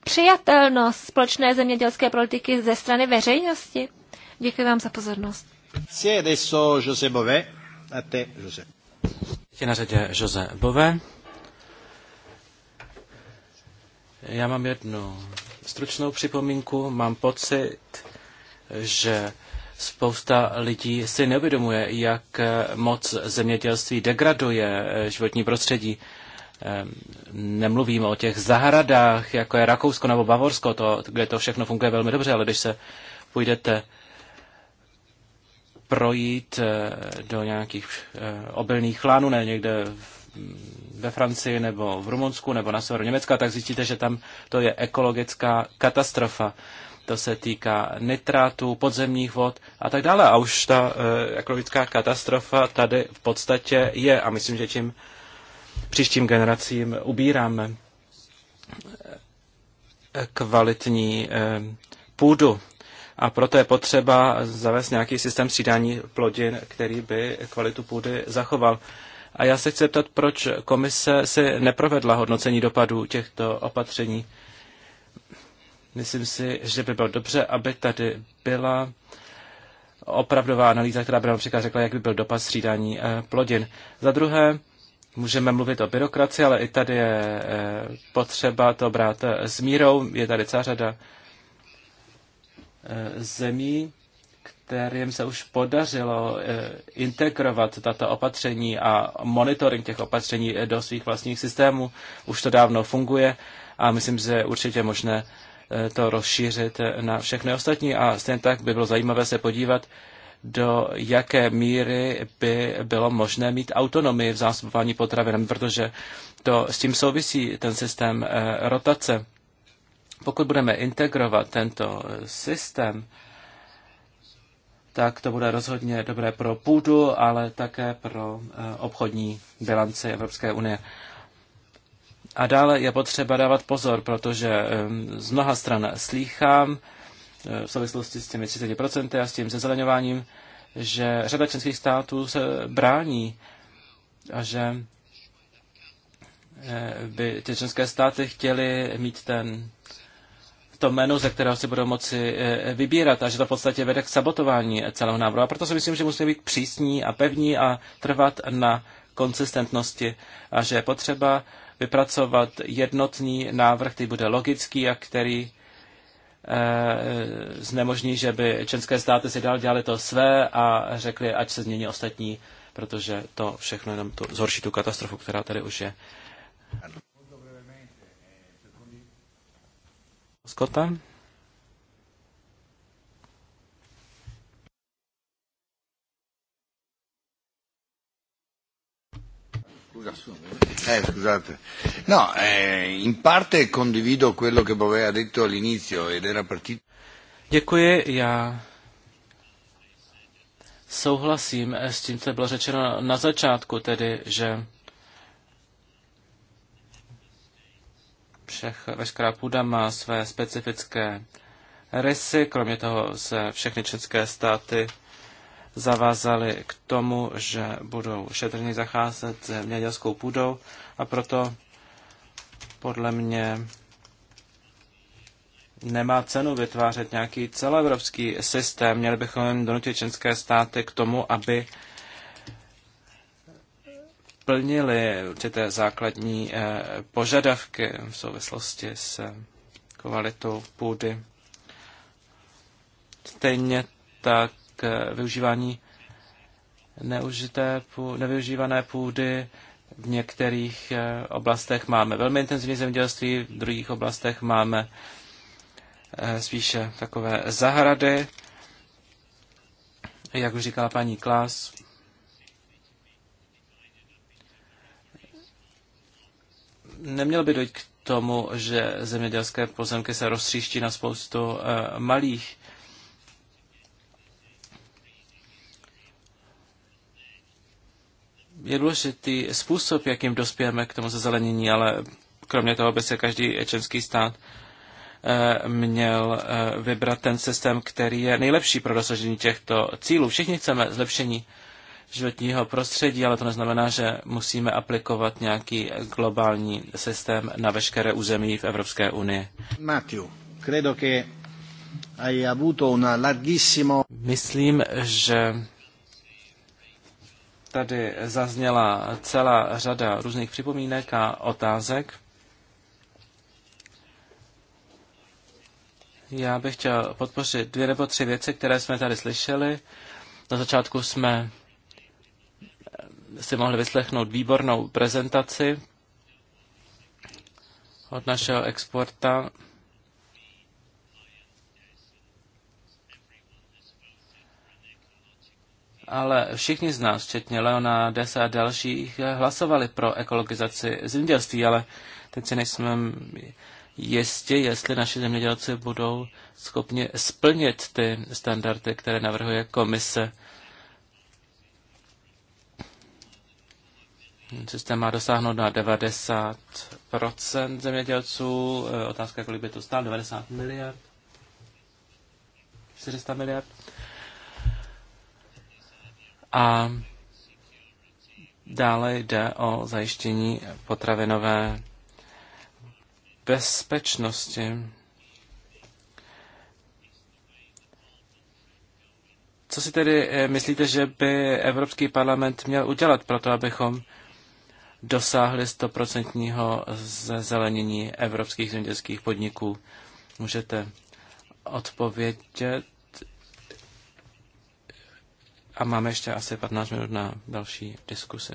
přijatelnost společné zemědělské politiky ze strany veřejnosti. Děkuji vám za pozornost. José Bové. A te, José. Je na řadě Jose Bové. Já mám jednu stručnou připomínku. Mám pocit, že spousta lidí si neuvědomuje, jak moc zemědělství degraduje životní prostředí. Ehm, nemluvím o těch zahradách, jako je Rakousko nebo Bavorsko, to, kde to všechno funguje velmi dobře, ale když se půjdete projít eh, do nějakých eh, obilných chlánů, ne někde ve Francii nebo v Rumunsku nebo na severu Německa, tak zjistíte, že tam to je ekologická katastrofa. To se týká nitrátů, podzemních vod a tak dále. A už ta eh, ekologická katastrofa tady v podstatě je a myslím, že tím příštím generacím ubíráme kvalitní půdu a proto je potřeba zavést nějaký systém střídání plodin, který by kvalitu půdy zachoval. A já se chci zeptat, proč komise si neprovedla hodnocení dopadů těchto opatření. Myslím si, že by bylo dobře, aby tady byla opravdová analýza, která by například řekla, jak by byl dopad střídání eh, plodin. Za druhé, můžeme mluvit o byrokracii, ale i tady je eh, potřeba to brát eh, s mírou. Je tady celá řada Eh, zemí, kterým se už podařilo eh, integrovat tato opatření a monitoring těch opatření do svých vlastních systémů. Už to dávno funguje a myslím, že je určitě možné eh, to rozšířit na všechny ostatní a stejně tak by bylo zajímavé se podívat, do jaké míry by bylo možné mít autonomii v zásobování potravinami, protože to s tím souvisí ten systém rotace pokud budeme integrovat tento systém, tak to bude rozhodně dobré pro půdu, ale také pro eh, obchodní bilanci Evropské unie. A dále je potřeba dávat pozor, protože eh, z mnoha stran slýchám eh, v souvislosti s těmi 30% a s tím zezeleňováním, že řada členských států se brání a že by ty členské státy chtěly mít ten to menu, ze kterého si budou moci eh, vybírat a že to v podstatě vede k sabotování celého návrhu. A proto si myslím, že musíme být přísní a pevní a trvat na konsistentnosti a že je potřeba vypracovat jednotný návrh, který bude logický a který e, znemožní, že by české státy si dál dělali to své a řekli, ať se změní ostatní, protože to všechno jenom tu, zhorší tu katastrofu, která tady už je. Eh, scusate. No, eh, in parte condivido quello che Bovea ha detto all'inizio ed era partito. Děkuji, já souhlasím s tím, co bylo řečeno na začátku, tedy, že všech, veškerá půda má své specifické rysy, kromě toho se všechny české státy zavázaly k tomu, že budou šetrně zacházet s mědělskou půdou a proto podle mě nemá cenu vytvářet nějaký celoevropský systém. Měli bychom donutit české státy k tomu, aby splnili určité základní eh, požadavky v souvislosti s eh, kvalitou půdy. Stejně tak eh, využívání neužité, nevyužívané půdy. V některých oblastech máme velmi intenzivní zemědělství, v druhých oblastech máme spíše takové zahrady. Jak už říkala paní Klas. nemělo by dojít k tomu, že zemědělské pozemky se roztříští na spoustu eh, malých je důležitý způsob, jakým dospějeme k tomu zazelenění, ale kromě toho by se každý členský stát eh, měl eh, vybrat ten systém, který je nejlepší pro dosažení těchto cílů. Všichni chceme zlepšení životního prostředí, ale to neznamená, že musíme aplikovat nějaký globální systém na veškeré území v Evropské unii. Matthew, credo che hai avuto una larghissimo... Myslím, že tady zazněla celá řada různých připomínek a otázek. Já bych chtěl podpořit dvě nebo tři věci, které jsme tady slyšeli. Na začátku jsme si mohli vyslechnout výbornou prezentaci od našeho exporta. Ale všichni z nás, včetně Leona, Desa a dalších, hlasovali pro ekologizaci zemědělství, ale teď si nejsme jistě, jestli naši zemědělci budou schopni splnit ty standardy, které navrhuje komise Systém má dosáhnout na 90 zemědělců. E, otázka, kolik by to stál, 90 miliard. 400 miliard. A dále jde o zajištění potravinové bezpečnosti. Co si tedy e, myslíte, že by Evropský parlament měl udělat pro to, abychom dosáhli 100% zelenění evropských zemědělských podniků. Můžete odpovědět. A máme ještě asi 15 minut na další diskusi.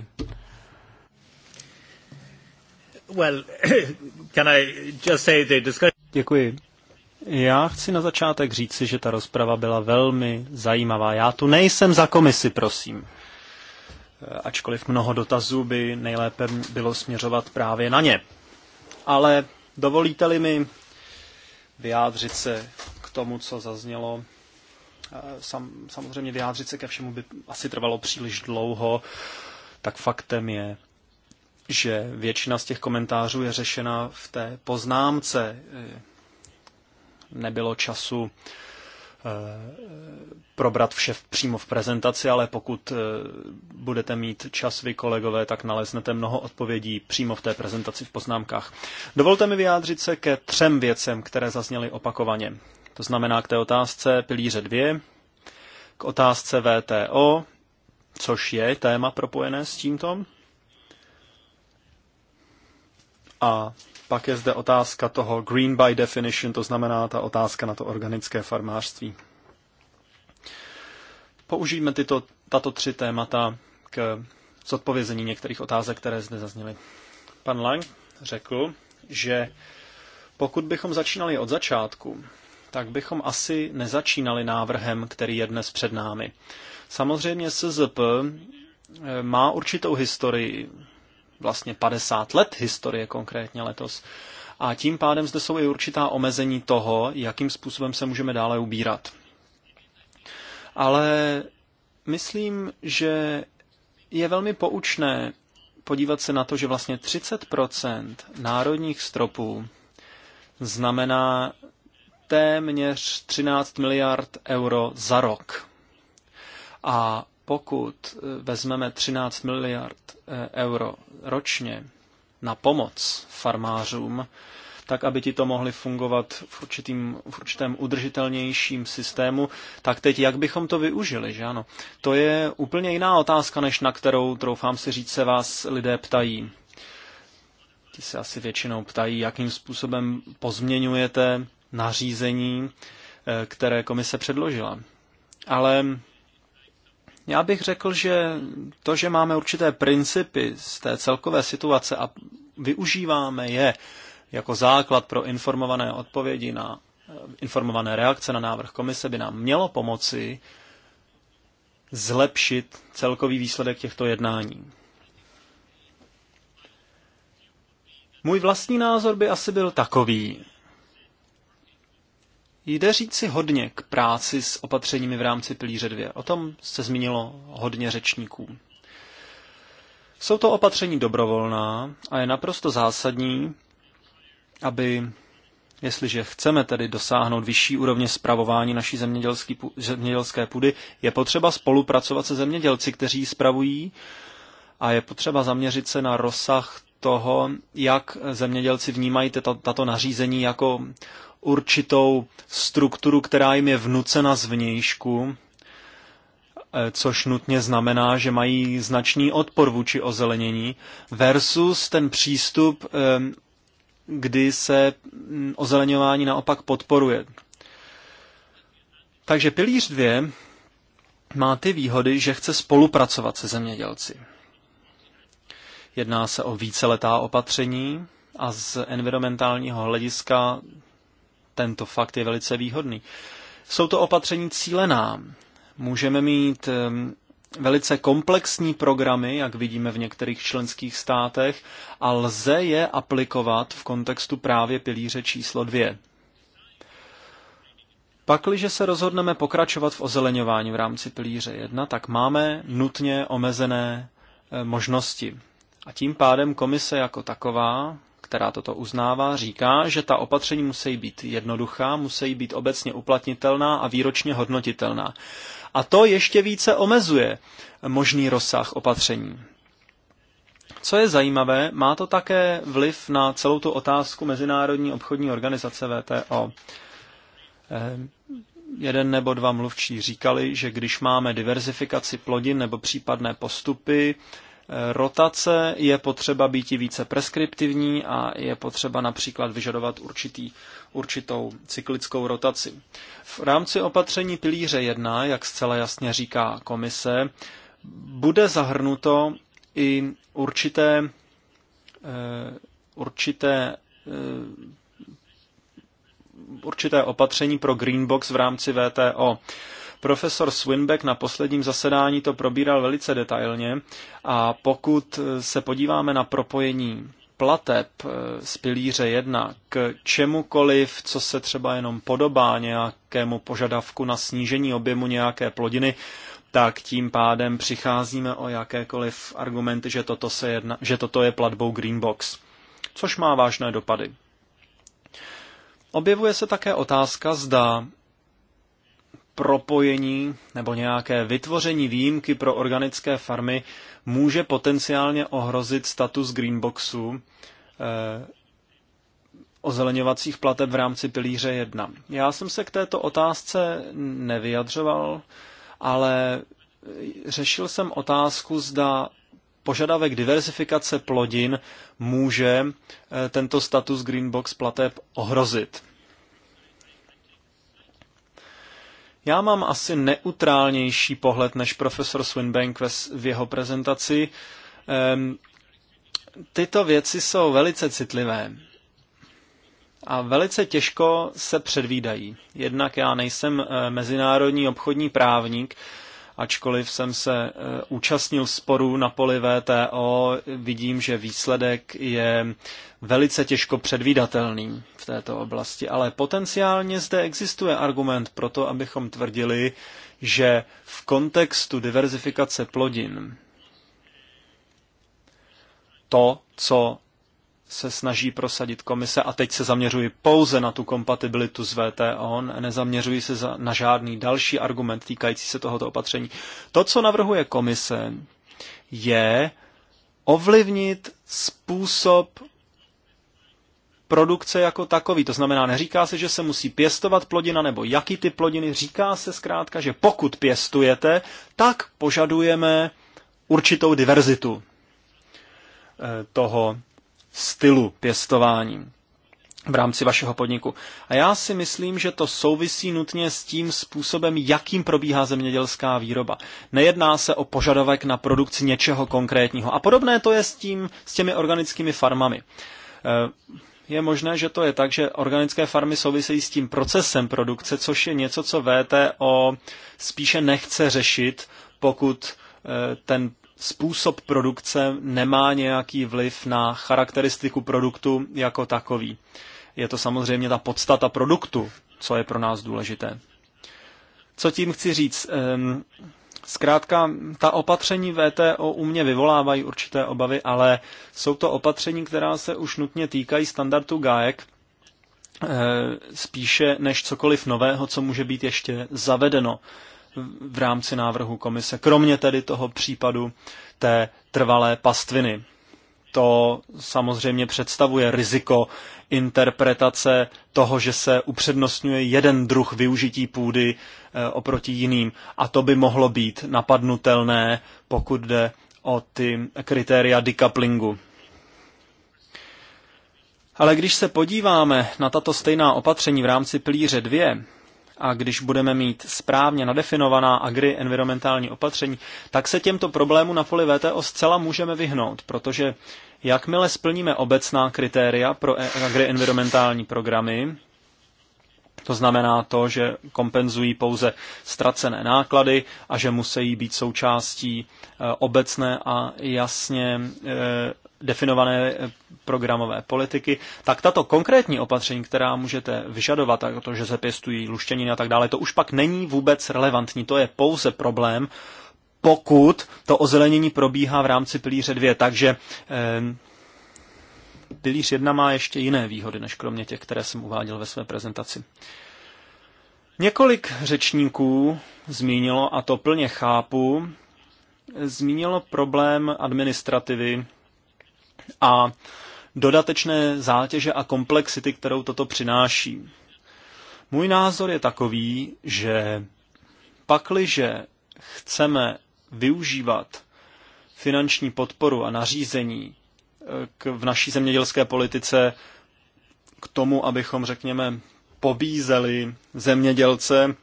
Well, [coughs] can I just say the discussion... Děkuji. Já chci na začátek říci, že ta rozprava byla velmi zajímavá. Já tu nejsem za komisi, prosím. Eh, ačkoliv mnoho dotazů by nejlépe bylo směřovat právě na ně. Ale dovolíte-li mi vyjádřit se k tomu, co zaznělo, eh, sam, samozřejmě vyjádřit se ke všemu by asi trvalo příliš dlouho, tak faktem je, že většina z těch komentářů je řešena v té poznámce. Eh, nebylo času Eh, probrat vše přímo v prezentaci, ale pokud eh, budete mít čas vy kolegové, tak naleznete mnoho odpovědí přímo v té prezentaci v poznámkách. Dovolte mi vyjádřit se ke třem věcem, které zazněly opakovaně. To znamená k té otázce pilíře 2, k otázce VTO, což je téma propojené s tímto, a pak je zde otázka toho green by definition, to znamená ta otázka na to organické farmářství. Použijeme tyto, tato tři témata k zodpovězení některých otázek, které zde zazněly. Pan Lang řekl, že pokud bychom začínali od začátku, tak bychom asi nezačínali návrhem, který je dnes před námi. Samozřejmě SZP eh, má určitou historii vlastně 50 let historie konkrétně letos. A tím pádem zde jsou i určitá omezení toho, jakým způsobem se můžeme dále ubírat. Ale myslím, že je velmi poučné podívat se na to, že vlastně 30% národních stropů znamená téměř 13 miliard euro za rok. A pokud eh, vezmeme 13 miliard eh, euro ročně na pomoc farmářům, tak aby ti to mohli fungovat v, určitým, v určitém udržitelnějším systému, tak teď jak bychom to využili, že ano? To je úplně jiná otázka, než na kterou, troufám si říct, se vás lidé ptají. Ti se asi většinou ptají, jakým způsobem pozměňujete nařízení, eh, které komise předložila. Ale já bych řekl, že to, že máme určité principy z té celkové situace a využíváme je jako základ pro informované odpovědi na eh, informované reakce na návrh komise, by nám mělo pomoci zlepšit celkový výsledek těchto jednání. Můj vlastní názor by asi byl takový, Jde říci hodně k práci s opatřeními v rámci pilíře 2. O tom se zmínilo hodně řečníků. Jsou to opatření dobrovolná a je naprosto zásadní, aby, jestliže chceme tedy dosáhnout vyšší úrovně spravování naší zemědělské půdy, je potřeba spolupracovat se zemědělci, kteří ji spravují a je potřeba zaměřit se na rozsah toho, jak zemědělci vnímají tato nařízení jako určitou strukturu, která jim je vnucena zvnějšku, eh, což nutně znamená, že mají značný odpor vůči ozelenění, versus ten přístup, eh, kdy se mm, ozeleňování naopak podporuje. Takže pilíř dvě má ty výhody, že chce spolupracovat se zemědělci. Jedná se o víceletá opatření a z environmentálního hlediska tento fakt je velice výhodný. Jsou to opatření cílená. Můžeme mít velice komplexní programy, jak vidíme v některých členských státech, a lze je aplikovat v kontextu právě pilíře číslo dvě. Pakliže se rozhodneme pokračovat v ozeleňování v rámci pilíře 1, tak máme nutně omezené možnosti. A tím pádem komise jako taková, která toto uznává, říká, že ta opatření musí být jednoduchá, musí být obecně uplatnitelná a výročně hodnotitelná. A to ještě více omezuje možný rozsah opatření. Co je zajímavé, má to také vliv na celou tu otázku Mezinárodní obchodní organizace VTO. Eh, jeden nebo dva mluvčí říkali, že když máme diverzifikaci plodin nebo případné postupy, rotace, je potřeba být i více preskriptivní a je potřeba například vyžadovat určitý, určitou cyklickou rotaci. V rámci opatření pilíře 1, jak zcela jasně říká komise, bude zahrnuto i určité, eh, určité eh, určité opatření pro Greenbox v rámci VTO. Profesor Swinbeck na posledním zasedání to probíral velice detailně a pokud eh, se podíváme na propojení plateb eh, z pilíře 1 k čemukoliv, co se třeba jenom podobá nějakému požadavku na snížení objemu nějaké plodiny, tak tím pádem přicházíme o jakékoliv argumenty, že toto, se jedna, že toto je platbou Greenbox, což má vážné dopady. Objevuje se také otázka, zda propojení nebo nějaké vytvoření výjimky pro organické farmy může potenciálně ohrozit status greenboxu eh, zeleněvacích plateb v rámci pilíře 1. Já jsem se k této otázce nevyjadřoval, ale řešil jsem otázku, zda požadavek diversifikace plodin může eh, tento status Greenbox plateb ohrozit. Já mám asi neutrálnější pohled než profesor Swinbank v jeho prezentaci. Ehm, tyto věci jsou velice citlivé a velice těžko se předvídají. Jednak já nejsem eh, mezinárodní obchodní právník, ačkoliv jsem se eh, účastnil sporu na poli VTO, vidím, že výsledek je velice těžko předvídatelný v této oblasti. Ale potenciálně zde existuje argument pro to, abychom tvrdili, že v kontextu diverzifikace plodin to, co se snaží prosadit komise, a teď se zaměřuji pouze na tu kompatibilitu s VTO, nezaměřuji se za, na žádný další argument týkající se tohoto opatření. To, co navrhuje komise, je ovlivnit způsob produkce jako takový. To znamená, neříká se, že se musí pěstovat plodina nebo jaký ty plodiny. Říká se zkrátka, že pokud pěstujete, tak požadujeme určitou diverzitu eh, toho stylu pěstování v rámci vašeho podniku. A já si myslím, že to souvisí nutně s tím způsobem, jakým probíhá zemědělská výroba. Nejedná se o požadavek na produkci něčeho konkrétního. A podobné to je s, tím, s těmi organickými farmami. Eh, je možné, že to je tak, že organické farmy souvisejí s tím procesem produkce, což je něco, co VTO spíše nechce řešit, pokud eh, ten způsob produkce nemá nějaký vliv na charakteristiku produktu jako takový. Je to samozřejmě ta podstata produktu, co je pro nás důležité. Co tím chci říct? Ehm, zkrátka, ta opatření VTO u mě vyvolávají určité obavy, ale jsou to opatření, která se už nutně týkají standardu GAEC, eh, spíše než cokoliv nového, co může být ještě zavedeno v rámci návrhu komise, kromě tedy toho případu té trvalé pastviny. To samozřejmě představuje riziko interpretace toho, že se upřednostňuje jeden druh využití půdy eh, oproti jiným. A to by mohlo být napadnutelné, pokud jde o ty kritéria decouplingu. Ale když se podíváme na tato stejná opatření v rámci pilíře 2, a když budeme mít správně nadefinovaná agri-environmentální opatření, tak se těmto problémům na poli VTO zcela můžeme vyhnout, protože jakmile splníme obecná kritéria pro e- agri-environmentální programy, to znamená to, že kompenzují pouze ztracené náklady a že musí být součástí e, obecné a jasně e, definované eh, programové politiky, tak tato konkrétní opatření, která můžete vyžadovat, tak to, že se pěstují luštěniny a tak dále, to už pak není vůbec relevantní. To je pouze problém, pokud to ozelenění probíhá v rámci pilíře 2. Takže eh, pilíř 1 má ještě jiné výhody, než kromě těch, které jsem uváděl ve své prezentaci. Několik řečníků zmínilo, a to plně chápu, zmínilo problém administrativy a dodatečné zátěže a komplexity, kterou toto přináší. Můj názor je takový, že pakliže chceme využívat finanční podporu a nařízení eh, k, v naší zemědělské politice k tomu, abychom, řekněme, pobízeli zemědělce,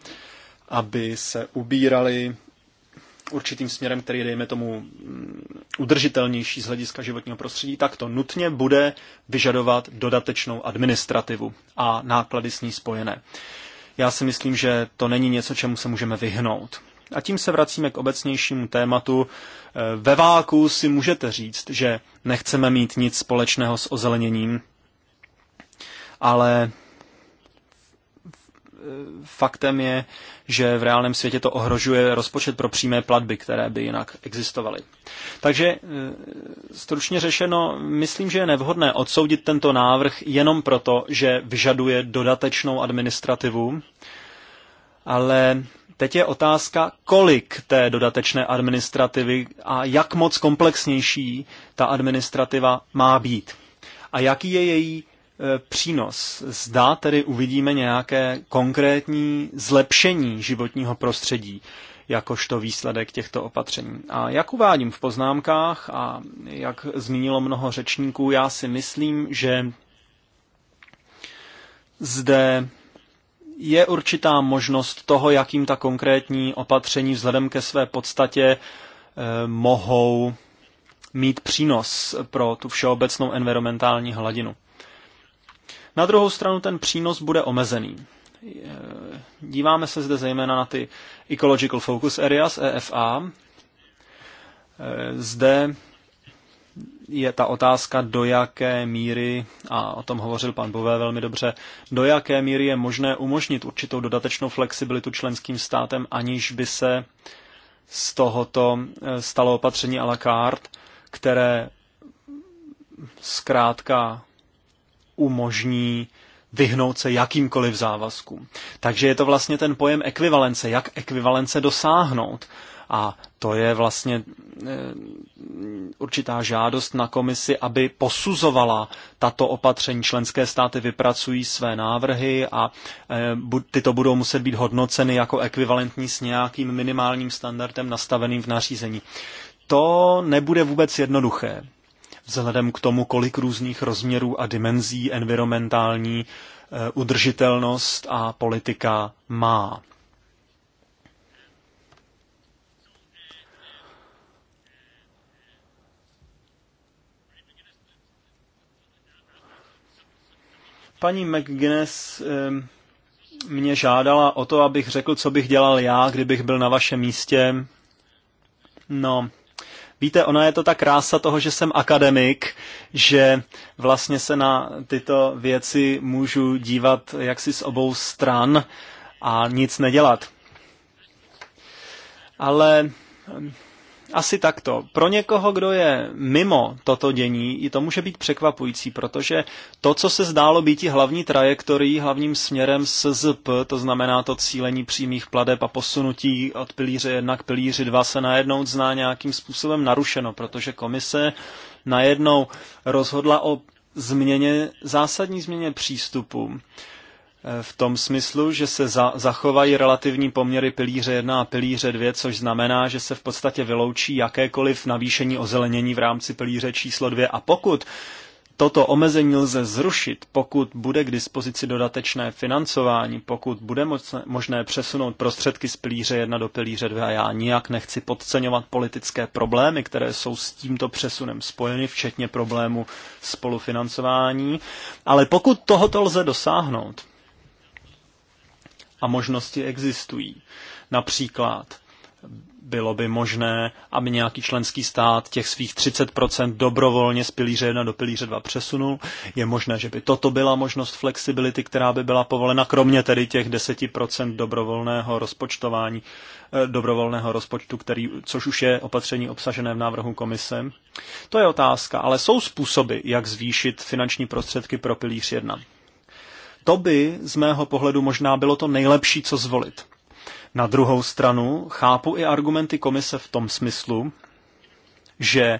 aby se ubírali určitým směrem, který je, dejme tomu, mm, udržitelnější z hlediska životního prostředí, tak to nutně bude vyžadovat dodatečnou administrativu a náklady s ní spojené. Já si myslím, že to není něco, čemu se můžeme vyhnout. A tím se vracíme k obecnějšímu tématu. E, ve váku si můžete říct, že nechceme mít nic společného s ozeleněním, ale faktem je, že v reálném světě to ohrožuje rozpočet pro přímé platby, které by jinak existovaly. Takže e, stručně řešeno, myslím, že je nevhodné odsoudit tento návrh jenom proto, že vyžaduje dodatečnou administrativu, ale teď je otázka, kolik té dodatečné administrativy a jak moc komplexnější ta administrativa má být a jaký je její Eh, přínos. Zdá tedy uvidíme nějaké konkrétní zlepšení životního prostředí jakožto výsledek těchto opatření. A jak uvádím v poznámkách a jak zmínilo mnoho řečníků, já si myslím, že zde je určitá možnost toho, jakým ta konkrétní opatření vzhledem ke své podstatě eh, mohou mít přínos pro tu všeobecnou environmentální hladinu. Na druhou stranu ten přínos bude omezený. Díváme se zde zejména na ty Ecological Focus Areas, EFA. Zde je ta otázka, do jaké míry, a o tom hovořil pan Bové velmi dobře, do jaké míry je možné umožnit určitou dodatečnou flexibilitu členským státem, aniž by se z tohoto eh, stalo opatření à la carte, které zkrátka umožní vyhnout se jakýmkoliv závazkům. Takže je to vlastně ten pojem ekvivalence, jak ekvivalence dosáhnout. A to je vlastně eh, určitá žádost na komisi, aby posuzovala tato opatření. Členské státy vypracují své návrhy a eh, tyto budou muset být hodnoceny jako ekvivalentní s nějakým minimálním standardem nastaveným v nařízení. To nebude vůbec jednoduché vzhledem k tomu, kolik různých rozměrů a dimenzí environmentální eh, udržitelnost a politika má. Paní McGuinness eh, mě žádala o to, abych řekl, co bych dělal já, kdybych byl na vašem místě. No, Víte, ona je to ta krása toho, že jsem akademik, že vlastně se na tyto věci můžu dívat jaksi z obou stran a nic nedělat. Ale asi takto. Pro někoho, kdo je mimo toto dění, i to může být překvapující, protože to, co se zdálo být i hlavní trajektorií, hlavním směrem SZP, to znamená to cílení přímých pladeb a posunutí od pilíře 1 k pilíři 2, se najednou zná nějakým způsobem narušeno, protože komise najednou rozhodla o změně, zásadní změně přístupu v tom smyslu, že se za, zachovají relativní poměry pilíře 1 a pilíře 2, což znamená, že se v podstatě vyloučí jakékoliv navýšení ozelenění v rámci pilíře číslo 2. A pokud toto omezení lze zrušit, pokud bude k dispozici dodatečné financování, pokud bude možné přesunout prostředky z pilíře 1 do pilíře 2. A já nijak nechci podceňovat politické problémy, které jsou s tímto přesunem spojeny, včetně problému spolufinancování. Ale pokud tohoto lze dosáhnout, a možnosti existují. Například bylo by možné, aby nějaký členský stát těch svých 30% dobrovolně z pilíře 1 do pilíře 2 přesunul. Je možné, že by toto byla možnost flexibility, která by byla povolena, kromě tedy těch 10% dobrovolného rozpočtování, eh, dobrovolného rozpočtu, který, což už je opatření obsažené v návrhu komise. To je otázka, ale jsou způsoby, jak zvýšit finanční prostředky pro pilíř 1. To by z mého pohledu možná bylo to nejlepší, co zvolit. Na druhou stranu chápu i argumenty komise v tom smyslu, že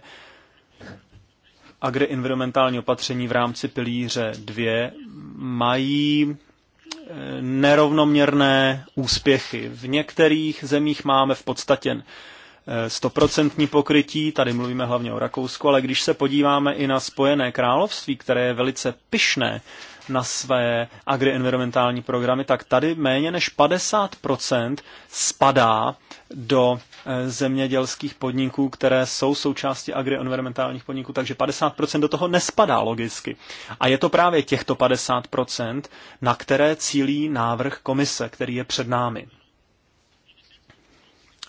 agroenvironmentální opatření v rámci pilíře 2 mají eh, nerovnoměrné úspěchy. V některých zemích máme v podstatě eh, stoprocentní pokrytí, tady mluvíme hlavně o Rakousku, ale když se podíváme i na Spojené království, které je velice pyšné na své agrienvironmentální programy, tak tady méně než 50% spadá do eh, zemědělských podniků, které jsou součástí agrienvironmentálních podniků, takže 50% do toho nespadá logicky. A je to právě těchto 50%, na které cílí návrh komise, který je před námi.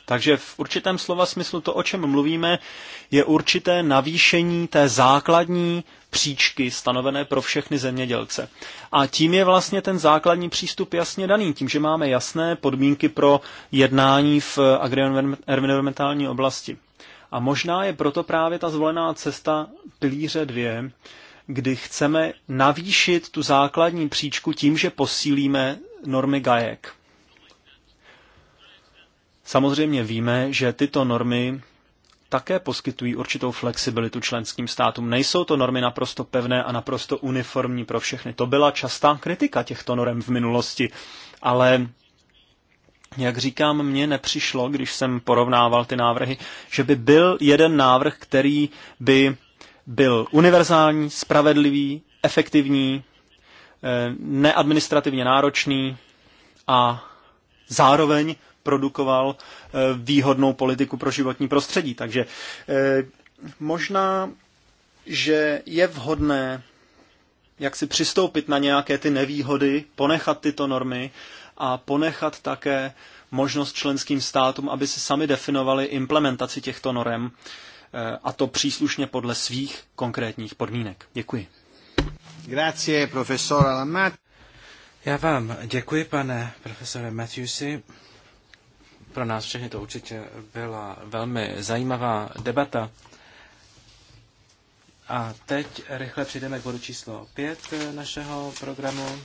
Takže v určitém slova smyslu to, o čem mluvíme, je určité navýšení té základní příčky stanovené pro všechny zemědělce. A tím je vlastně ten základní přístup jasně daný, tím, že máme jasné podmínky pro jednání v agroenvironmentální oblasti. A možná je proto právě ta zvolená cesta pilíře dvě, kdy chceme navýšit tu základní příčku tím, že posílíme normy GAEK. Samozřejmě víme, že tyto normy také poskytují určitou flexibilitu členským státům. Nejsou to normy naprosto pevné a naprosto uniformní pro všechny. To byla častá kritika těchto norm v minulosti, ale jak říkám, mně nepřišlo, když jsem porovnával ty návrhy, že by byl jeden návrh, který by byl univerzální, spravedlivý, efektivní, eh, neadministrativně náročný a zároveň produkoval eh, výhodnou politiku pro životní prostředí. Takže eh, možná, že je vhodné jak si přistoupit na nějaké ty nevýhody, ponechat tyto normy a ponechat také možnost členským státům, aby si sami definovali implementaci těchto norem eh, a to příslušně podle svých konkrétních podmínek. Děkuji. Grazie, profesora Lamat. Já vám děkuji, pane profesore Matthewsi. Pro nás všechny to určitě byla velmi zajímavá debata. A teď rychle přijdeme k bodu číslo 5 eh, našeho programu.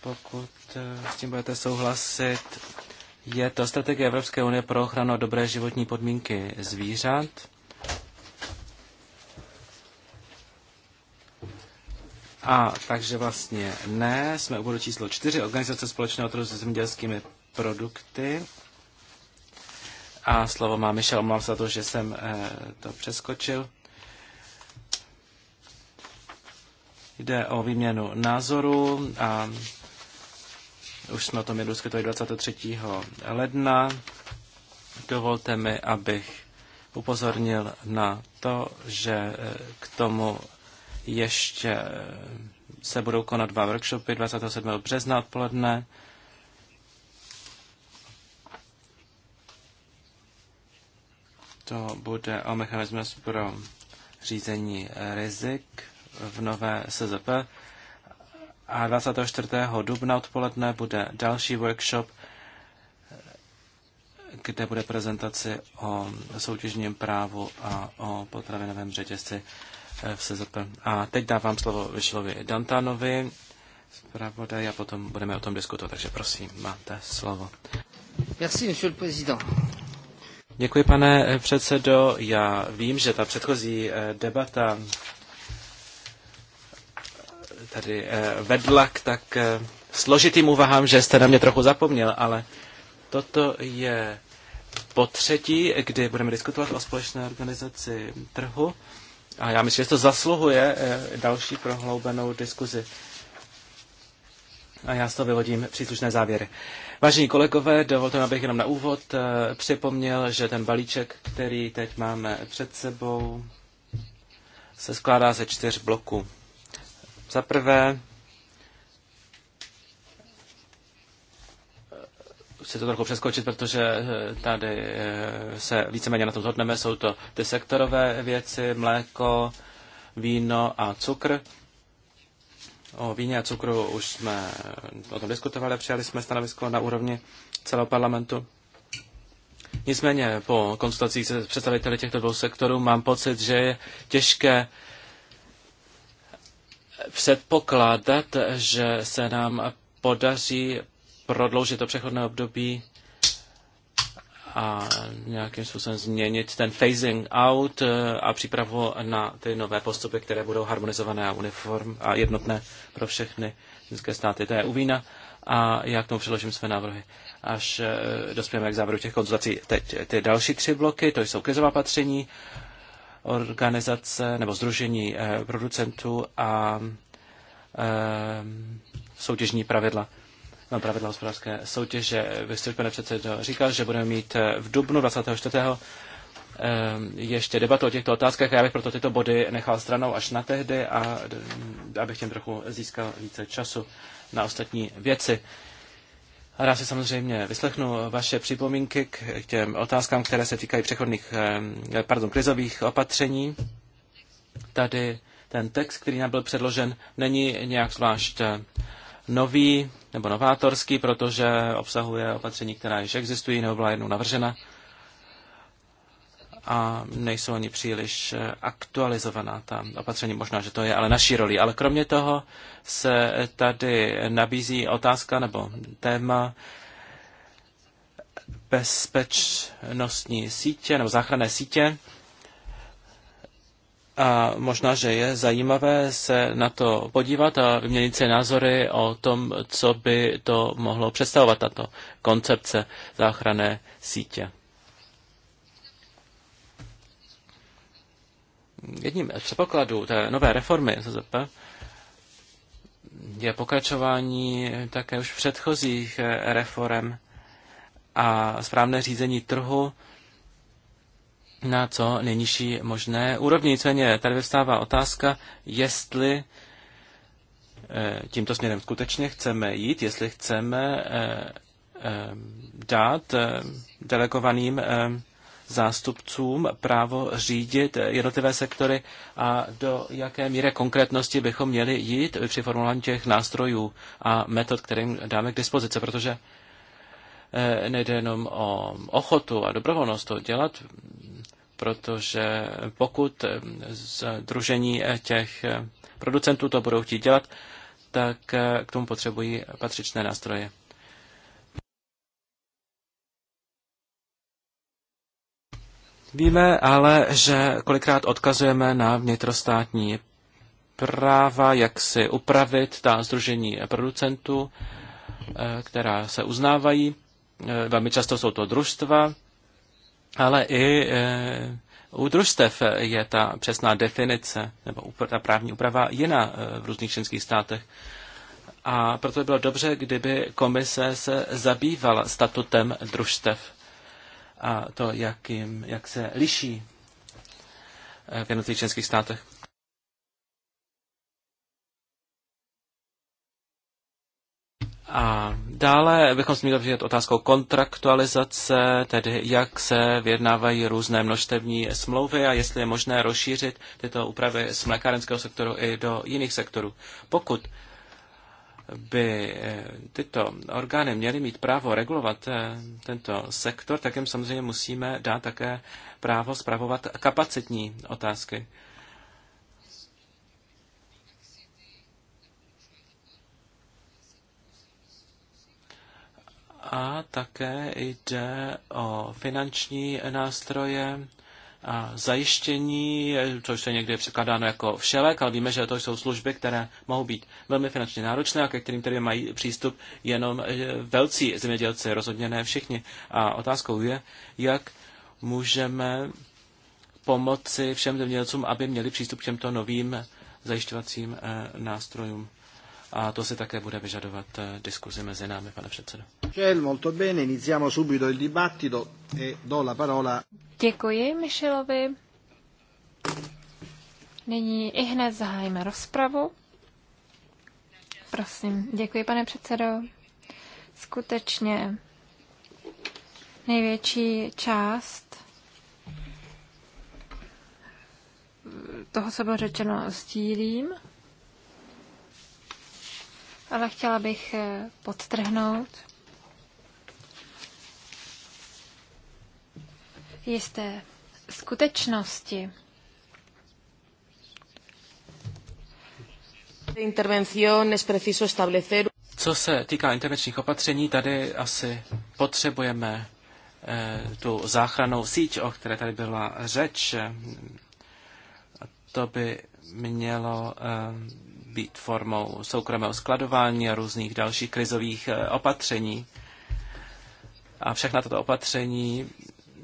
Pokud eh, s tím budete souhlasit, je to strategie Evropské unie pro ochranu dobré životní podmínky zvířat. A takže vlastně ne, jsme u bodu číslo 4, organizace společného trhu se zemědělskými produkty. A slovo má Michel, mám za to, že jsem eh, to přeskočil. Jde o výměnu názoru a už jsme o tom jednou diskutovali 23. ledna. Dovolte mi, abych upozornil na to, že eh, k tomu ještě eh, se budou konat dva workshopy 27. března odpoledne To bude o mechanismus pro řízení rizik v nové SZP. A 24. dubna odpoledne bude další workshop, kde bude prezentaci o soutěžním právu a o potravinovém řetězci v SZP. A teď dávám slovo Vyšlovi Dantanovi, zpravodaj, a potom budeme o tom diskutovat, takže prosím, máte slovo. Merci, monsieur le président. Děkuji, pane eh, předsedo. Já vím, že ta předchozí eh, debata eh, tady vedla k tak složitým úvahám, že jste na mě trochu zapomněl, ale toto je po třetí, kdy budeme diskutovat o společné organizaci trhu. A já myslím, že to zasluhuje další prohloubenou diskuzi a já z toho vyvodím příslušné závěry. Vážení kolegové, dovolte mi, abych jenom na úvod eh, připomněl, že ten balíček, který teď máme před sebou, se skládá ze čtyř bloků. Za prvé chci eh, to trochu přeskočit, protože eh, tady se víceméně na tom zhodneme. Jsou to ty sektorové věci, mléko, víno a cukr. O víně a cukru už jsme o tom diskutovali přijali jsme stanovisko na úrovni celého parlamentu. Nicméně po konzultacích se představiteli těchto dvou sektorů mám pocit, že je těžké předpokládat, že se nám podaří prodloužit to přechodné období a nějakým způsobem změnit ten phasing out eh, a přípravu na ty nové postupy, které budou harmonizované a uniform a jednotné pro všechny české státy. To je u vína a já k tomu přiložím své návrhy, až eh, dospějeme k závěru těch konzultací. Teď ty další tři bloky, to jsou krizová patření, organizace nebo združení eh, producentů a soutěžní pravidla no, pravidla hospodářské soutěže. Vy jste už, pane předsedo, říkal, že budeme mít eh, v dubnu 24. Eh, ještě debatu o těchto otázkách já bych proto tyto body nechal stranou až na tehdy a abych těm trochu získal více času na ostatní věci. A já si samozřejmě vyslechnu vaše připomínky k těm otázkám, které se týkají přechodných, eh, pardon, krizových opatření. Tady ten text, který nám byl předložen, není nějak zvlášť nový nebo novátorský, protože obsahuje opatření, která již existují nebo byla jednou navržena a nejsou ani příliš aktualizovaná ta opatření. Možná, že to je ale naší roli. Ale kromě toho se tady nabízí otázka nebo téma bezpečnostní sítě nebo záchranné sítě. A možná, že je zajímavé se na to podívat a vyměnit si názory o tom, co by to mohlo představovat, tato koncepce záchranné sítě. Jedním z předpokladů té nové reformy SZP je pokračování také už předchozích eh, reform a správné řízení trhu na co nejnižší možné úrovni. Nicméně tady vystává otázka, jestli eh, tímto směrem skutečně chceme jít, jestli chceme eh, eh, dát delegovaným zástupcům právo řídit jednotlivé sektory a do jaké míry konkrétnosti bychom měli jít při formulování těch nástrojů a metod, kterým dáme k dispozici, protože nejde jenom o ochotu a dobrovolnost to dělat protože pokud združení těch producentů to budou chtít dělat, tak k tomu potřebují patřičné nástroje. Víme ale, že kolikrát odkazujeme na vnitrostátní práva, jak si upravit ta združení producentů, eh, která se uznávají. Eh, velmi často jsou to družstva, ale i e, u družstev je ta přesná definice nebo ta právní úprava jiná e, v různých členských státech. A proto by bylo dobře, kdyby komise se zabývala statutem družstev a to, jak, jim, jak se liší e, v jednotlivých členských státech. A dále bychom se měli přijít otázkou kontraktualizace, tedy jak se vyjednávají různé množstevní smlouvy a jestli je možné rozšířit tyto úpravy z mlékárenského sektoru i do jiných sektorů. Pokud by eh, tyto orgány měly mít právo regulovat eh, tento sektor, tak jim samozřejmě musíme dát také právo zpravovat kapacitní otázky. a také jde o finanční nástroje a zajištění, což se někdy překládáno jako všelek, ale víme, že to jsou služby, které mohou být velmi finančně náročné a ke kterým tedy mají přístup jenom eh, velcí zemědělci, rozhodně ne všichni. A otázkou je, jak můžeme pomoci všem zemědělcům, aby měli přístup k těmto novým zajišťovacím eh, nástrojům a to se také bude vyžadovat eh, diskuzi mezi námi, pane předsedo. E děkuji Michelovi. Nyní i hned zahájíme rozpravu. Prosím, děkuji, pane předsedo. Skutečně největší část toho, co bylo řečeno, sdílím ale chtěla bych eh, podtrhnout jisté skutečnosti. Co se týká intervenčních opatření, tady asi potřebujeme eh, tu záchranou síť, o které tady byla řeč. To by mělo eh, být formou soukromého skladování a různých dalších krizových eh, opatření. A všechna tato opatření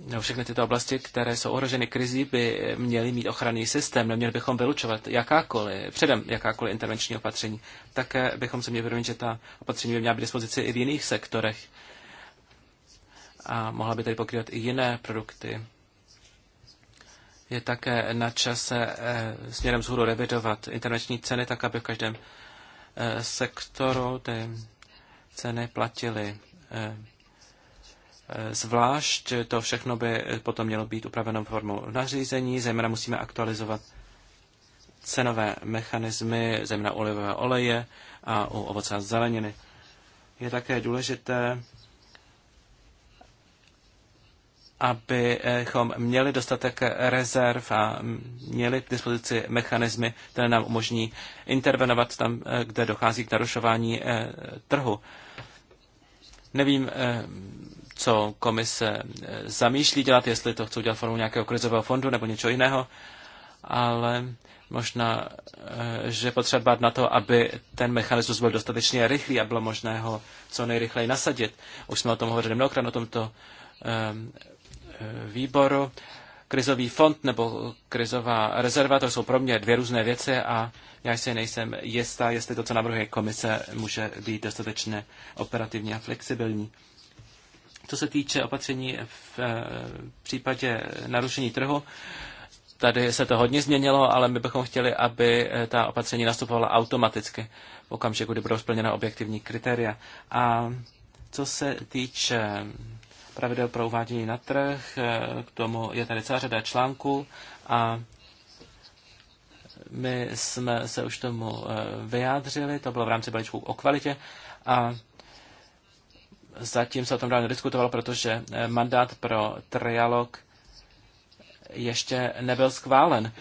No, všechny tyto oblasti, které jsou ohroženy krizí, by měly mít ochranný systém. Neměli bychom vylučovat jakákoliv, předem jakákoliv intervenční opatření. Také bychom se měli vědomit, že ta opatření by měla být dispozici i v jiných sektorech. A mohla by tedy pokrývat i jiné produkty, je také na čase eh, směrem zhůru revidovat internační ceny tak, aby v každém eh, sektoru ty ceny platily eh, zvlášť. To všechno by potom mělo být upraveno formou nařízení, zejména musíme aktualizovat cenové mechanismy, zejména olivové oleje a u ovoce a zeleniny. Je také důležité abychom měli dostatek rezerv a měli k dispozici mechanismy, které nám umožní intervenovat tam, eh, kde dochází k narušování eh, trhu. Nevím, eh, co komise zamýšlí dělat, jestli to chce dělat formou nějakého krizového fondu nebo něčeho jiného, ale možná, že potřeba dbát na to, aby ten mechanismus byl dostatečně rychlý a bylo možné ho co nejrychleji nasadit. Už jsme o tom hovořili mnohokrát, o tomto výboru. Krizový fond nebo krizová rezerva, to jsou pro mě dvě různé věci a já si nejsem jistá, jestli to, co navrhuje komise, může být dostatečně operativní a flexibilní. Co se týče opatření v eh, případě narušení trhu, tady se to hodně změnilo, ale my bychom chtěli, aby eh, ta opatření nastupovala automaticky v okamžiku, kdy budou splněna objektivní kritéria. A co se týče pravidel pro uvádění na trh, eh, k tomu je tady celá řada článků a my jsme se už tomu eh, vyjádřili, to bylo v rámci balíčku o kvalitě a zatím se o tom dále nediskutovalo, protože eh, mandát pro trialog ještě nebyl schválen.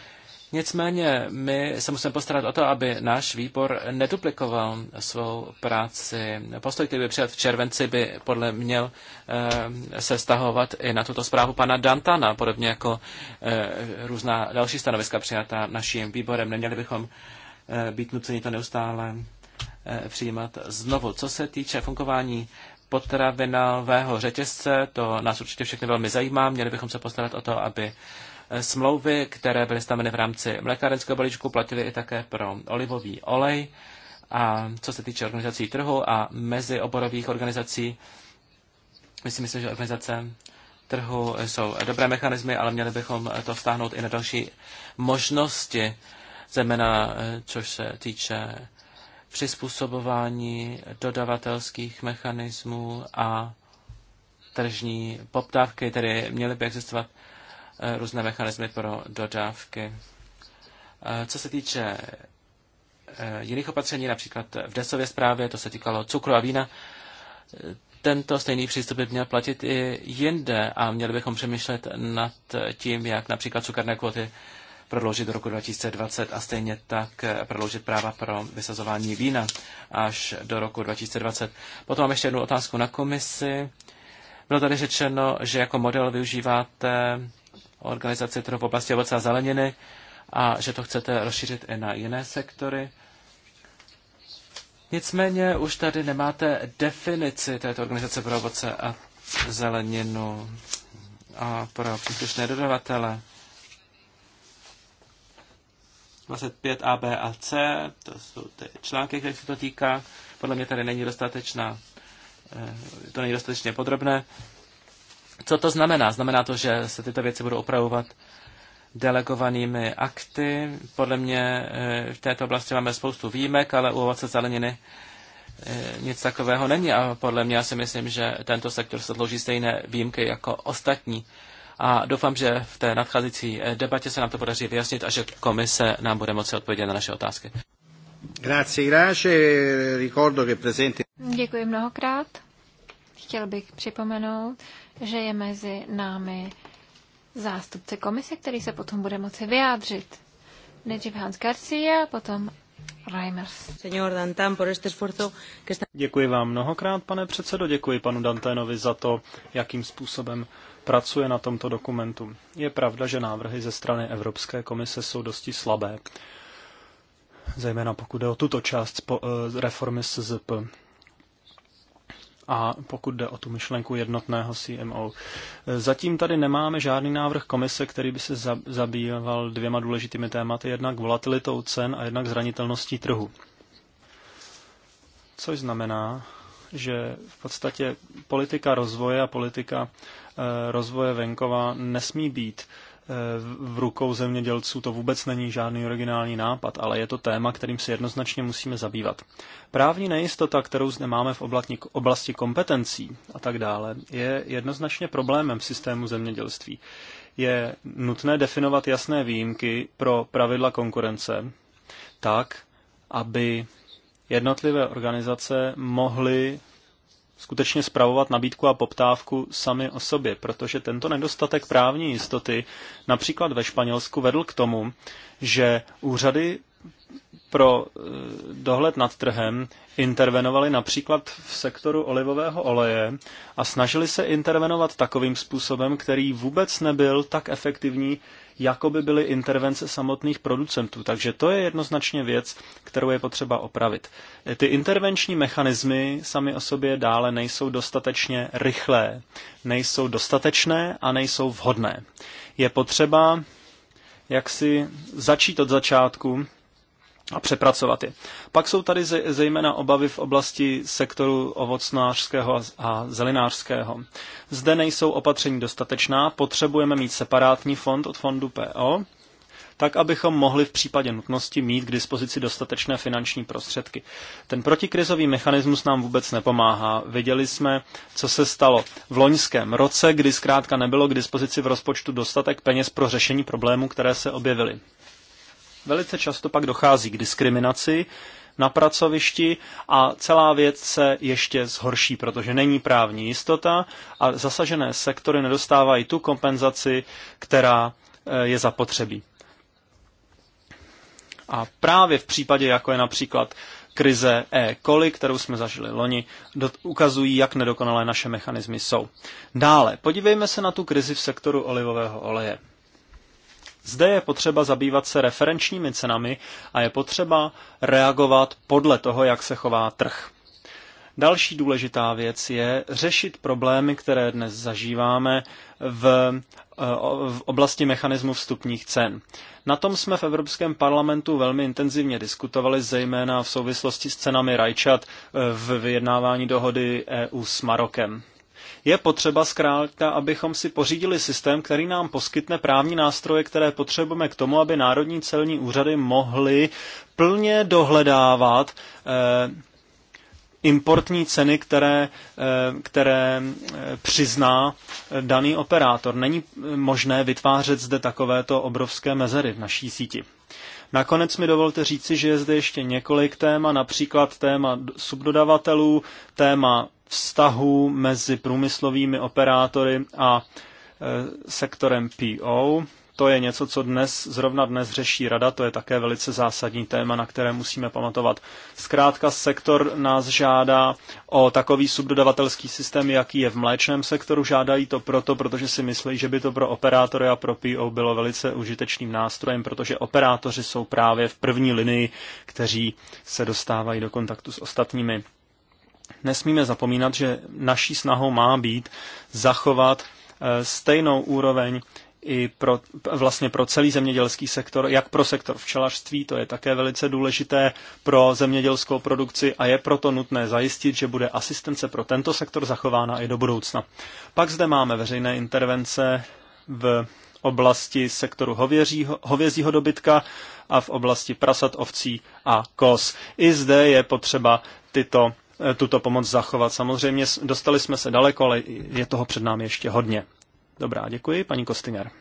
Nicméně my se musíme postarat o to, aby náš výbor neduplikoval svou práci. Postoj, který by přijat v červenci, by podle měl eh, se stahovat i na tuto zprávu pana Dantana, podobně jako eh, různá další stanoviska přijatá naším výborem. Neměli bychom eh, být nuceni to neustále přijímat znovu. Co se týče fungování potravinového řetězce, to nás určitě všechny velmi zajímá. Měli bychom se postarat o to, aby Smlouvy, které byly staveny v rámci mlékárenského balíčku, platily i také pro olivový olej. A co se týče organizací trhu a mezioborových organizací, my si myslím, že organizace trhu jsou dobré mechanismy, ale měli bychom to vztáhnout i na další možnosti, zejména což se týče přizpůsobování dodavatelských mechanismů a tržní poptávky, tedy měly by existovat Eh, různé mechanismy pro dodávky. Eh, co se týče eh, jiných opatření, například v desově zprávě, to se týkalo cukru a vína, tento stejný přístup by měl platit i jinde a měli bychom přemýšlet nad tím, jak například cukerné kvoty prodloužit do roku 2020 a stejně tak prodloužit práva pro vysazování vína až do roku 2020. Potom mám ještě jednu otázku na komisi. Bylo tady řečeno, že jako model využíváte organizaci trhu v oblasti ovoce a zeleniny a že to chcete rozšířit i na jiné sektory. Nicméně už tady nemáte definici této organizace pro ovoce a zeleninu a pro příslušné dodavatele. 25 A, B a C, to jsou ty články, které se to týká. Podle mě tady není dostatečná, eh, to není dostatečně podrobné. Co to znamená? Znamená to, že se tyto věci budou opravovat delegovanými akty. Podle mě eh, v této oblasti máme spoustu výjimek, ale u ovoce zeleniny eh, nic takového není a podle mě já si myslím, že tento sektor se dlouží stejné výjimky jako ostatní. A doufám, že v té nadcházející eh, debatě se nám to podaří vyjasnit a že komise nám bude moci odpovědět na naše otázky. Děkuji mnohokrát. Chtěl bych připomenout, že je mezi námi zástupce komise, který se potom bude moci vyjádřit. Nejdřív Hans Garcia, potom Reimers. Děkuji vám mnohokrát, pane předsedo, děkuji panu Danténovi za to, jakým způsobem pracuje na tomto dokumentu. Je pravda, že návrhy ze strany Evropské komise jsou dosti slabé, zejména pokud je o tuto část eh, reformy SZP. A pokud jde o tu myšlenku jednotného CMO, zatím tady nemáme žádný návrh komise, který by se zabýval dvěma důležitými tématy, jednak volatilitou cen a jednak zranitelností trhu. Což znamená, že v podstatě politika rozvoje a politika eh, rozvoje venkova nesmí být v rukou zemědělců, to vůbec není žádný originální nápad, ale je to téma, kterým se jednoznačně musíme zabývat. Právní nejistota, kterou zde máme v oblasti kompetencí a tak dále, je jednoznačně problémem v systému zemědělství. Je nutné definovat jasné výjimky pro pravidla konkurence tak, aby jednotlivé organizace mohly skutečně spravovat nabídku a poptávku sami o sobě, protože tento nedostatek právní jistoty například ve Španělsku vedl k tomu, že úřady pro eh, dohled nad trhem intervenovali například v sektoru olivového oleje a snažili se intervenovat takovým způsobem, který vůbec nebyl tak efektivní, jako by byly intervence samotných producentů. Takže to je jednoznačně věc, kterou je potřeba opravit. Eh, ty intervenční mechanismy sami o sobě dále nejsou dostatečně rychlé, nejsou dostatečné a nejsou vhodné. Je potřeba jak si začít od začátku a přepracovat je. Pak jsou tady zejména obavy v oblasti sektoru ovocnářského a zelinářského. Zde nejsou opatření dostatečná, potřebujeme mít separátní fond od fondu PO, tak abychom mohli v případě nutnosti mít k dispozici dostatečné finanční prostředky. Ten protikrizový mechanismus nám vůbec nepomáhá. Viděli jsme, co se stalo v loňském roce, kdy zkrátka nebylo k dispozici v rozpočtu dostatek peněz pro řešení problémů, které se objevily. Velice často pak dochází k diskriminaci na pracovišti a celá věc se ještě zhorší, protože není právní jistota a zasažené sektory nedostávají tu kompenzaci, která eh, je zapotřebí. A právě v případě, jako je například krize E. coli, kterou jsme zažili loni, ukazují, jak nedokonalé naše mechanismy jsou. Dále, podívejme se na tu krizi v sektoru olivového oleje. Zde je potřeba zabývat se referenčními cenami a je potřeba reagovat podle toho, jak se chová trh. Další důležitá věc je řešit problémy, které dnes zažíváme v, eh, v oblasti mechanismu vstupních cen. Na tom jsme v Evropském parlamentu velmi intenzivně diskutovali, zejména v souvislosti s cenami rajčat eh, v vyjednávání dohody EU s Marokem. Je potřeba zkrátka, abychom si pořídili systém, který nám poskytne právní nástroje, které potřebujeme k tomu, aby národní celní úřady mohly plně dohledávat eh, importní ceny, které, eh, které eh, přizná daný operátor. Není možné vytvářet zde takovéto obrovské mezery v naší síti. Nakonec mi dovolte říci, že je zde ještě několik téma, například téma subdodavatelů, téma vztahů mezi průmyslovými operátory a e, sektorem PO. To je něco, co dnes, zrovna dnes řeší rada, to je také velice zásadní téma, na které musíme pamatovat. Zkrátka sektor nás žádá o takový subdodavatelský systém, jaký je v mléčném sektoru. Žádají to proto, protože si myslí, že by to pro operátory a pro PO bylo velice užitečným nástrojem, protože operátoři jsou právě v první linii, kteří se dostávají do kontaktu s ostatními. Nesmíme zapomínat, že naší snahou má být zachovat eh, stejnou úroveň i pro, vlastně pro celý zemědělský sektor, jak pro sektor včelařství, to je také velice důležité pro zemědělskou produkci a je proto nutné zajistit, že bude asistence pro tento sektor zachována i do budoucna. Pak zde máme veřejné intervence v oblasti sektoru hověřího, hovězího dobytka a v oblasti prasat, ovcí a kos. I zde je potřeba tyto tuto pomoc zachovat. Samozřejmě dostali jsme se daleko, ale je toho před námi ještě hodně. Dobrá, děkuji, paní Kostinger.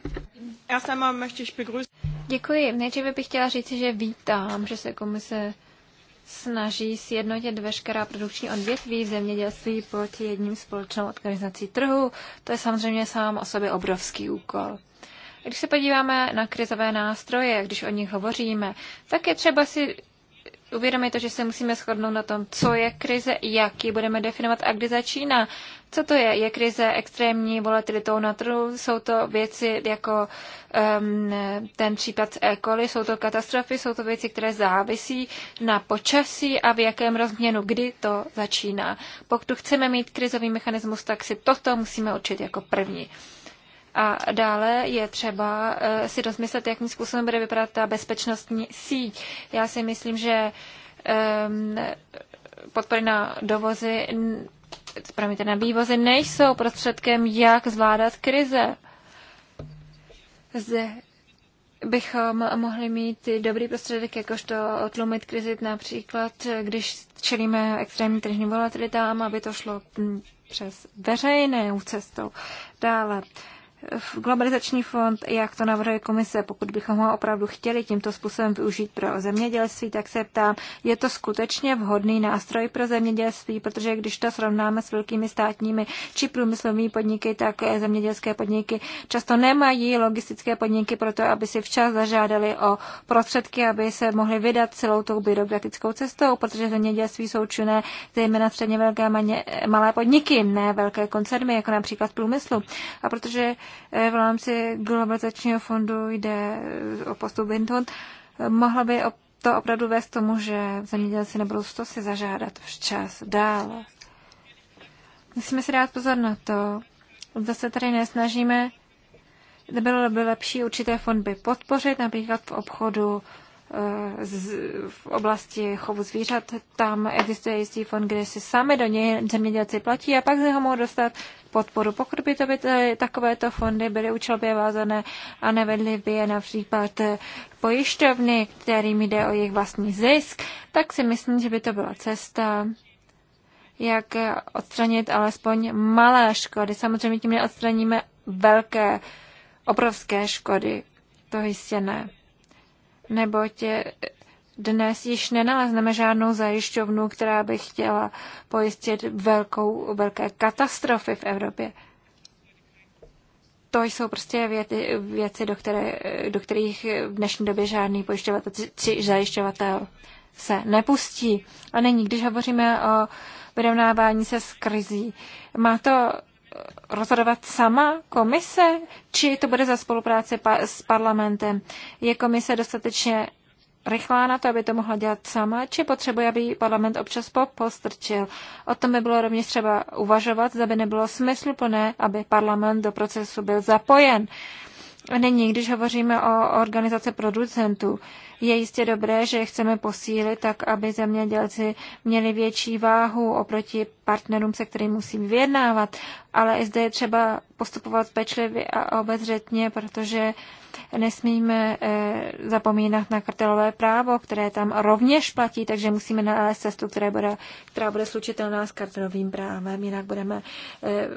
Děkuji. Nejdříve bych chtěla říct, že vítám, že se komise snaží sjednotit veškerá produkční odvětví v zemědělství pod jedním společnou organizací trhu. To je samozřejmě sám o sobě obrovský úkol. Když se podíváme na krizové nástroje, když o nich hovoříme, tak je třeba si uvědomit to, že se musíme shodnout na tom, co je krize, jak ji budeme definovat a kdy začíná. Co to je? Je krize extrémní volatilitou na trhu? Jsou to věci jako um, ten případ z E. koli Jsou to katastrofy? Jsou to věci, které závisí na počasí a v jakém rozměnu, kdy to začíná? Pokud chceme mít krizový mechanismus, tak si toto musíme určit jako první. A dále je třeba eh, si rozmyslet, jakým způsobem bude vypadat ta bezpečnostní síť. Já si myslím, že ehm, podpory na dovozy, promiňte, na vývozy nejsou prostředkem, jak zvládat krize. Zde bychom mohli mít dobrý prostředek, jakožto otlumit krizi například, když čelíme extrémní tržní volatilitám, aby to šlo hm, přes veřejné cestou. Dále Globalizační fond, jak to navrhuje komise, pokud bychom ho opravdu chtěli tímto způsobem využít pro zemědělství, tak se ptám, je to skutečně vhodný nástroj pro zemědělství, protože když to srovnáme s velkými státními či průmyslovými podniky, tak zemědělské podniky často nemají logistické podniky pro to, aby si včas zažádali o prostředky, aby se mohli vydat celou tou byrokratickou cestou, protože zemědělství jsou činné zejména středně velké malé podniky, ne velké koncerny, jako například průmyslu. A protože Eh, v rámci globalizačního fondu jde o postup Vinton, mohla by to opravdu vést tomu, že zemědělci nebudou to si zažádat včas dál. Musíme si dát pozor na to, zase tady nesnažíme, nebylo by lepší určité fondy podpořit, například v obchodu Eh, v oblasti chovu zvířat, tam existuje jistý fond, kde si sami do něj zemědělci platí a pak z něho mohou dostat podporu. Pokud by to by takovéto fondy byly účelově vázané a nevedly by je například eh, pojišťovny, kterým jde o jejich vlastní zisk, tak si myslím, že by to byla cesta jak odstranit alespoň malé škody. Samozřejmě tím neodstraníme velké, obrovské škody. To jistě ne neboť dnes již nenalezneme žádnou zajišťovnu, která by chtěla pojistit velkou, velké katastrofy v Evropě. To jsou prostě věty, věci, do, které, do kterých v dnešní době žádný pojišťovatel či zajišťovatel se nepustí. A není, když hovoříme o vyrovnávání se s krizí, má to rozhodovat sama komise, či to bude za spolupráce pa- s parlamentem? Je komise dostatečně rychlá na to, aby to mohla dělat sama, či potřebuje, aby parlament občas postrčil. O tom by bylo rovněž třeba uvažovat, zda by nebylo smysluplné, aby parlament do procesu byl zapojen. Uh, Není, když hovoříme o organizace producentů, je jistě dobré, že je chceme posílit tak, aby zemědělci měli větší váhu oproti partnerům, se kterými musí vyjednávat, ale i zde je třeba postupovat pečlivě a obezřetně, protože nesmíme eh, zapomínat na kartelové právo, které tam rovněž platí, takže musíme nalézt cestu, která bude, která bude slučitelná s kartelovým právem, jinak budeme eh,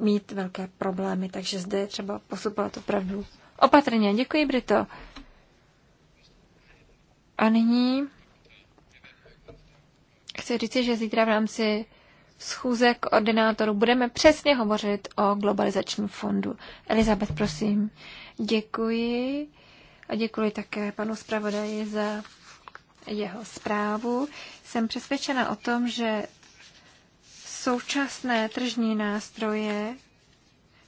mít velké problémy, takže zde je třeba postupovat opravdu Opatrně, děkuji, Brito. A nyní chci říct, že zítra v rámci schůze koordinátorů budeme přesně hovořit o globalizačním fondu. Elizabeth, prosím. Děkuji a děkuji také panu zpravodaji za jeho zprávu. Jsem přesvědčena o tom, že současné tržní nástroje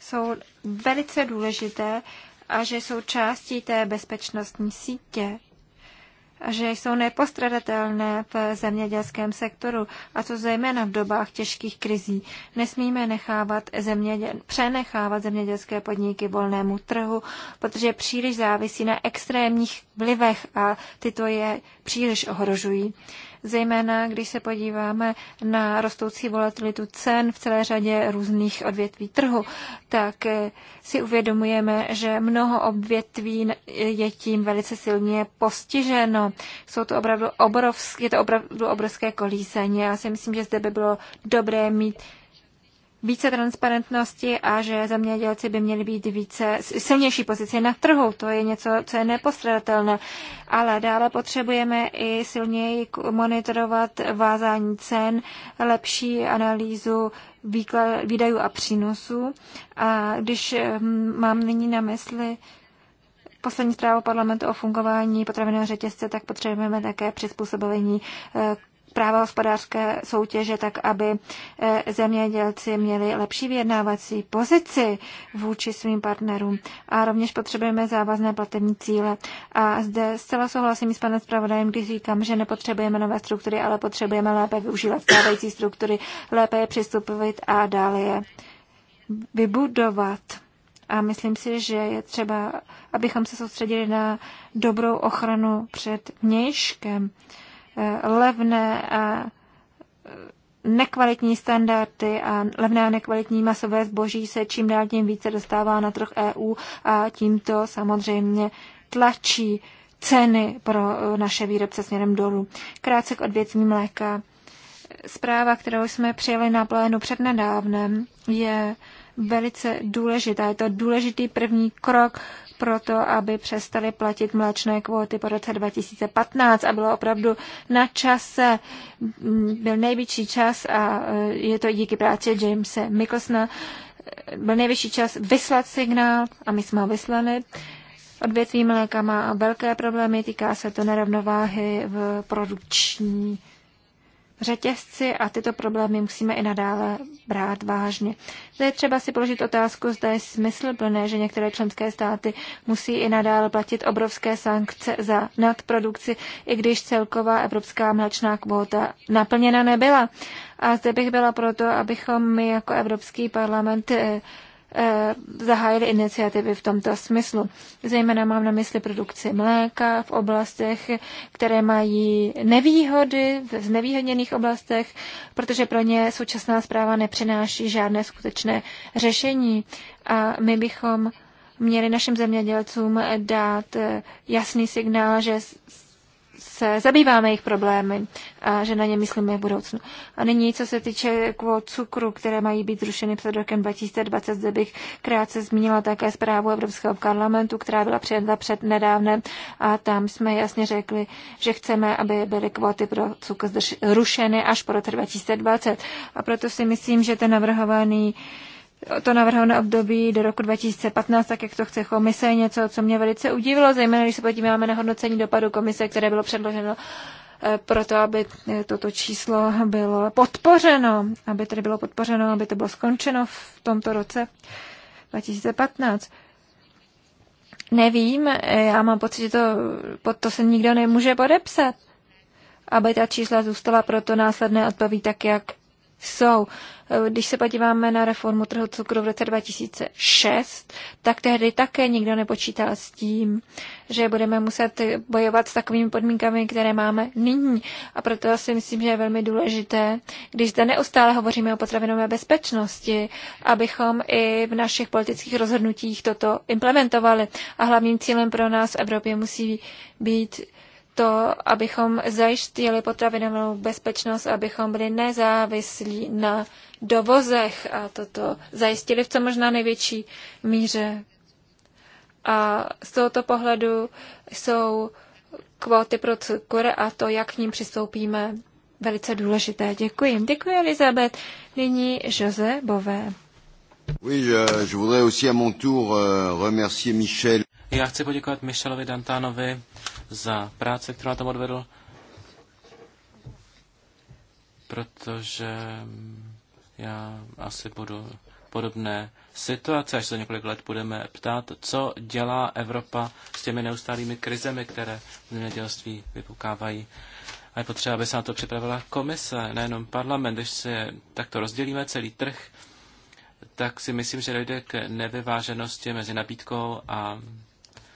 jsou velice důležité a že jsou částí té bezpečnostní sítě a že jsou nepostradatelné v zemědělském sektoru, a to zejména v dobách těžkých krizí. Nesmíme nechávat zeměděl, přenechávat zemědělské podniky volnému trhu, protože příliš závisí na extrémních vlivech a tyto je příliš ohrožují zejména když se podíváme na rostoucí volatilitu cen v celé řadě různých odvětví trhu, tak eh, si uvědomujeme, že mnoho odvětví je tím velice silně postiženo. Jsou to opravdu obrovské, je to opravdu obrovské kolísení. Já si myslím, že zde by bylo dobré mít více transparentnosti a že zemědělci by měli být více silnější pozici na trhu. To je něco, co je nepostradatelné. Ale dále potřebujeme i silněji monitorovat vázání cen, lepší analýzu výdajů a přínosů. A když hm, mám nyní na mysli poslední zprávu parlamentu o fungování potravinového řetězce, tak potřebujeme také přizpůsobení eh, práva hospodářské soutěže, tak aby eh, zemědělci měli lepší vyjednávací pozici vůči svým partnerům. A rovněž potřebujeme závazné platební cíle. A zde zcela souhlasím s panem zpravodajem, když říkám, že nepotřebujeme nové struktury, ale potřebujeme lépe využívat stávající struktury, lépe je přistupovat a dále je vybudovat. A myslím si, že je třeba, abychom se soustředili na dobrou ochranu před měškem. Eh, levné a eh, nekvalitní standardy a levné a nekvalitní masové zboží se čím dál tím více dostává na trh EU a tímto samozřejmě tlačí ceny pro eh, naše výrobce směrem dolů. Krátce k odvětví mléka. Zpráva, kterou jsme přijeli na plénu přednedávnem, je velice důležitá. Je to důležitý první krok proto, aby přestali platit mléčné kvóty po roce 2015 a bylo opravdu na čase, byl největší čas a e, je to díky práci Jamesa Mikkelsona, byl největší čas vyslat signál a my jsme ho vyslali. Odvětví mléka má velké problémy, týká se to nerovnováhy v produkční řetězci a tyto problémy musíme i nadále brát vážně. Zde je třeba si položit otázku, zda je smyslplné, že některé členské státy musí i nadále platit obrovské sankce za nadprodukci, i když celková evropská mlečná kvóta naplněna nebyla. A zde bych byla proto, abychom my jako Evropský parlament eh, Eh, zahájili iniciativy v tomto smyslu. Zejména mám na mysli produkci mléka v oblastech, které mají nevýhody, v znevýhodněných oblastech, protože pro ně současná zpráva nepřináší žádné skutečné řešení. A my bychom měli našim zemědělcům dát eh, jasný signál, že se zabýváme jejich problémy a že na ně myslíme v budoucnu. A nyní, co se týče kvót cukru, které mají být zrušeny před rokem 2020, zde bych krátce zmínila také zprávu Evropského parlamentu, která byla přijata před nedávne a tam jsme jasně řekli, že chceme, aby byly kvóty pro cukr zrušeny až po roce 2020. A proto si myslím, že ten navrhovaný uh, to navrhované období do roku 2015, tak jak to chce komise, něco, co mě velice udivilo, zejména když se podíváme na hodnocení dopadu komise, které bylo předloženo eh, proto, aby eh, toto číslo bylo podpořeno, aby tedy bylo podpořeno, aby to bylo skončeno v tomto roce 2015. Nevím, eh, já mám pocit, že to, pod to se nikdo nemůže podepsat, aby ta čísla zůstala proto následné odpoví tak, jak jsou. Eh, když se podíváme na reformu trhu cukru v roce 2006, tak tehdy také nikdo nepočítal s tím, že budeme muset bojovat s takovými podmínkami, které máme nyní. A proto si myslím, že je velmi důležité, když zde neustále hovoříme o potravinové bezpečnosti, abychom i v našich politických rozhodnutích toto implementovali. A hlavním cílem pro nás v Evropě musí být to, abychom zajistili potravinovou bezpečnost, abychom byli nezávislí na dovozech a toto zajistili v co možná největší míře. A z tohoto pohledu jsou kvóty pro cukr a to, jak k ním přistoupíme, velice důležité. Děkuji. Děkuji, Elizabeth. Nyní Jose Bové. Oui, je, euh, je voudrais aussi à mon tour euh, remercier Michel. Já chci poděkovat Michelovi Dantánovi za práce, kterou tam odvedl, protože já asi budu podobné situace, až se několik let budeme ptát, co dělá Evropa s těmi neustálými krizemi, které v zemědělství vypukávají. A je potřeba, aby se na to připravila komise, nejenom parlament. Když se takto rozdělíme celý trh, tak si myslím, že dojde k nevyváženosti mezi nabídkou a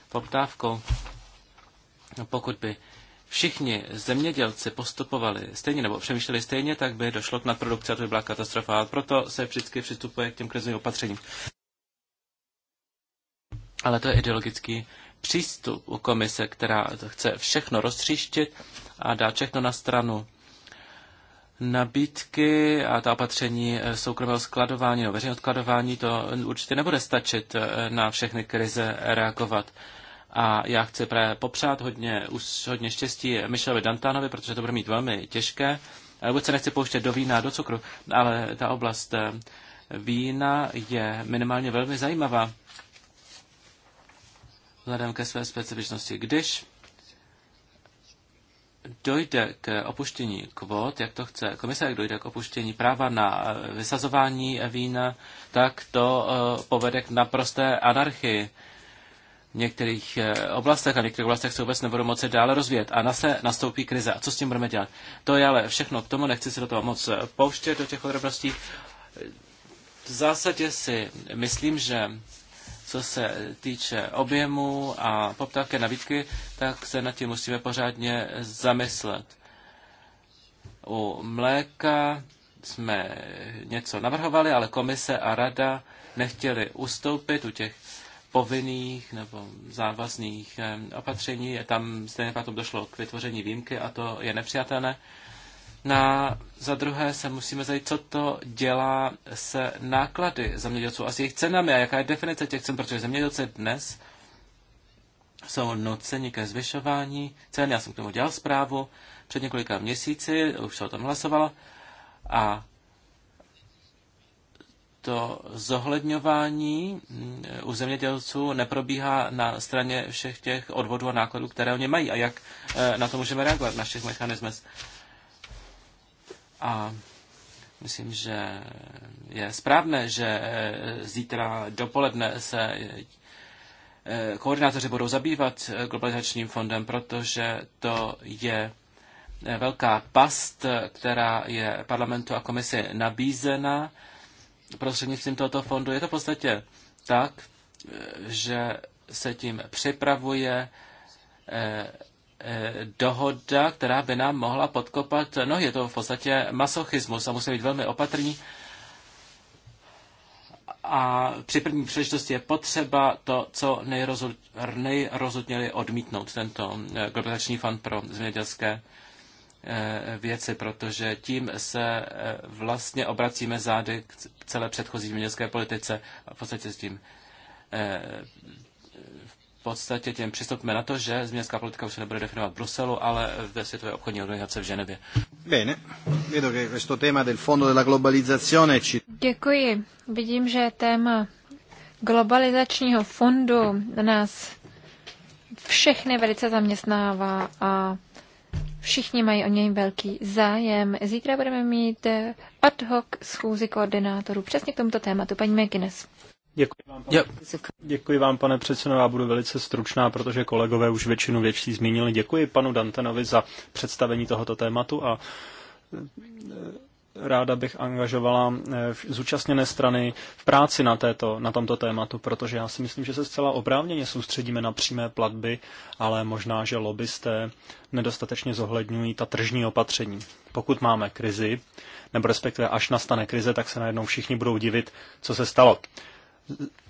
poptávkou. Pokud by všichni zemědělci postupovali stejně nebo přemýšleli stejně, tak by došlo k nadprodukci a to by byla katastrofa. A proto se vždycky přistupuje k těm krizovým opatřením. Ale to je ideologický přístup u komise, která chce všechno roztříštit a dát všechno na stranu nabídky a ta opatření eh, soukromého skladování nebo veřejného skladování, to určitě nebude stačit eh, na všechny krize reagovat. A já chci právě popřát hodně, už hodně štěstí Michelovi Dantánovi, protože to bude mít velmi těžké. Eh, vůbec se nechci pouštět do vína, do cukru, ale ta oblast eh, vína je minimálně velmi zajímavá vzhledem ke své specifičnosti. Když dojde k opuštění kvot, jak to chce komise, jak dojde k opuštění práva na eh, vysazování vína, tak to povede k naprosté anarchii v některých eh, oblastech a některých oblastech se vůbec nebudou moci dále rozvíjet a nase nastoupí krize. A co s tím budeme dělat? To je ale všechno k tomu, nechci se do toho moc eh, pouštět, do těch podrobností. V zásadě si myslím, že co se týče objemu a poptávky nabídky, tak se nad tím musíme pořádně zamyslet. U mléka jsme něco navrhovali, ale komise a rada nechtěli ustoupit u těch povinných nebo závazných eh, opatření. Tam stejně potom došlo k vytvoření výjimky a to je nepřijatelné. Na, za druhé se musíme zajít, co to dělá se náklady zemědělců a s jejich cenami a jaká je definice těch cen, protože zemědělci dnes jsou nuceni ke zvyšování cen. Já jsem k tomu dělal zprávu před několika měsíci, už se o tom hlasovalo a to zohledňování mm, u zemědělců neprobíhá na straně všech těch odvodů a nákladů, které oni mají a jak eh, na to můžeme reagovat v našich mechanismech. A myslím, že je správné, že eh, zítra dopoledne se eh, koordinátoři budou zabývat globalizačním fondem, protože to je velká past, která je parlamentu a komisi nabízena prostřednictvím tohoto fondu. Je to v podstatě tak, že se tím připravuje eh, eh, dohoda, která by nám mohla podkopat, no je to v podstatě masochismus a musíme být velmi opatrní. A při první příležitosti je potřeba to, co nejrozhodněji odmítnout, tento eh, globalizační fond pro zemědělské Eh, věci, protože tím se eh, vlastně obracíme zády k celé předchozí zemědělské politice a v podstatě s tím eh, v podstatě tím přistoupíme na to, že zemědělská politika už se nebude definovat v Bruselu, ale ve Světové obchodní organizace v Ženevě. Bene. Vedo che questo tema del fondo della globalizzazione ci... Děkuji. Vidím, že téma globalizačního fondu nás všechny velice zaměstnává a Všichni mají o něj velký zájem. Zítra budeme mít ad hoc schůzi koordinátorů přesně k tomuto tématu. Paní Mekines. Děkuji vám, pane, děkuji vám, pane předsedo, já budu velice stručná, protože kolegové už většinu věcí zmínili. Děkuji panu Dantenovi za představení tohoto tématu a ráda bych angažovala eh, zúčastněné strany v práci na, této, na tomto tématu, protože já si myslím, že se zcela oprávněně soustředíme na přímé platby, ale možná, že lobbysté nedostatečně zohledňují ta tržní opatření. Pokud máme krizi, nebo respektive až nastane krize, tak se najednou všichni budou divit, co se stalo.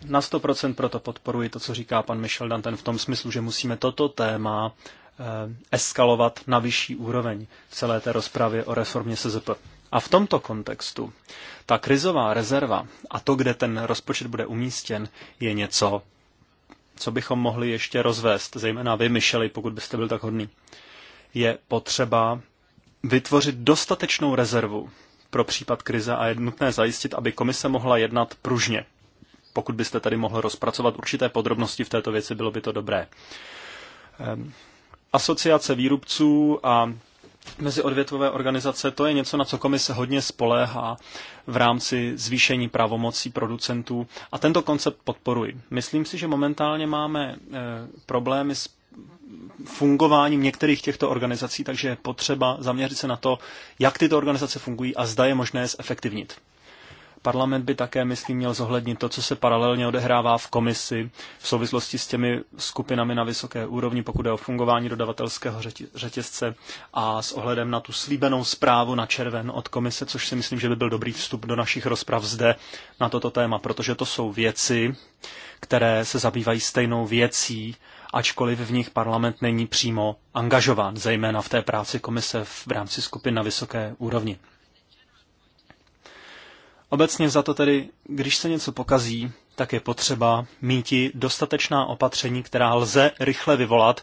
Na 100% proto podporuji to, co říká pan Michel Danten v tom smyslu, že musíme toto téma eh, eskalovat na vyšší úroveň v celé té rozpravě o reformě SZP. A v tomto kontextu ta krizová rezerva a to, kde ten rozpočet bude umístěn, je něco, co bychom mohli ještě rozvést, zejména vy, Micheli, pokud byste byl tak hodný. Je potřeba vytvořit dostatečnou rezervu pro případ krize a je nutné zajistit, aby komise mohla jednat pružně. Pokud byste tady mohl rozpracovat určité podrobnosti v této věci, bylo by to dobré. Ehm, asociace výrobců a mezi odvětvové organizace, to je něco, na co komise hodně spoléhá v rámci zvýšení pravomocí producentů a tento koncept podporuji. Myslím si, že momentálně máme eh, problémy s fungováním některých těchto organizací, takže je potřeba zaměřit se na to, jak tyto organizace fungují a zda je možné je zefektivnit. Parlament by také, myslím, měl zohlednit to, co se paralelně odehrává v komisi v souvislosti s těmi skupinami na vysoké úrovni, pokud je o fungování dodavatelského řetězce a s ohledem na tu slíbenou zprávu na červen od komise, což si myslím, že by byl dobrý vstup do našich rozprav zde na toto téma, protože to jsou věci, které se zabývají stejnou věcí, ačkoliv v nich parlament není přímo angažován, zejména v té práci komise v rámci skupin na vysoké úrovni. Obecně za to tedy, když se něco pokazí, tak je potřeba i dostatečná opatření, která lze rychle vyvolat,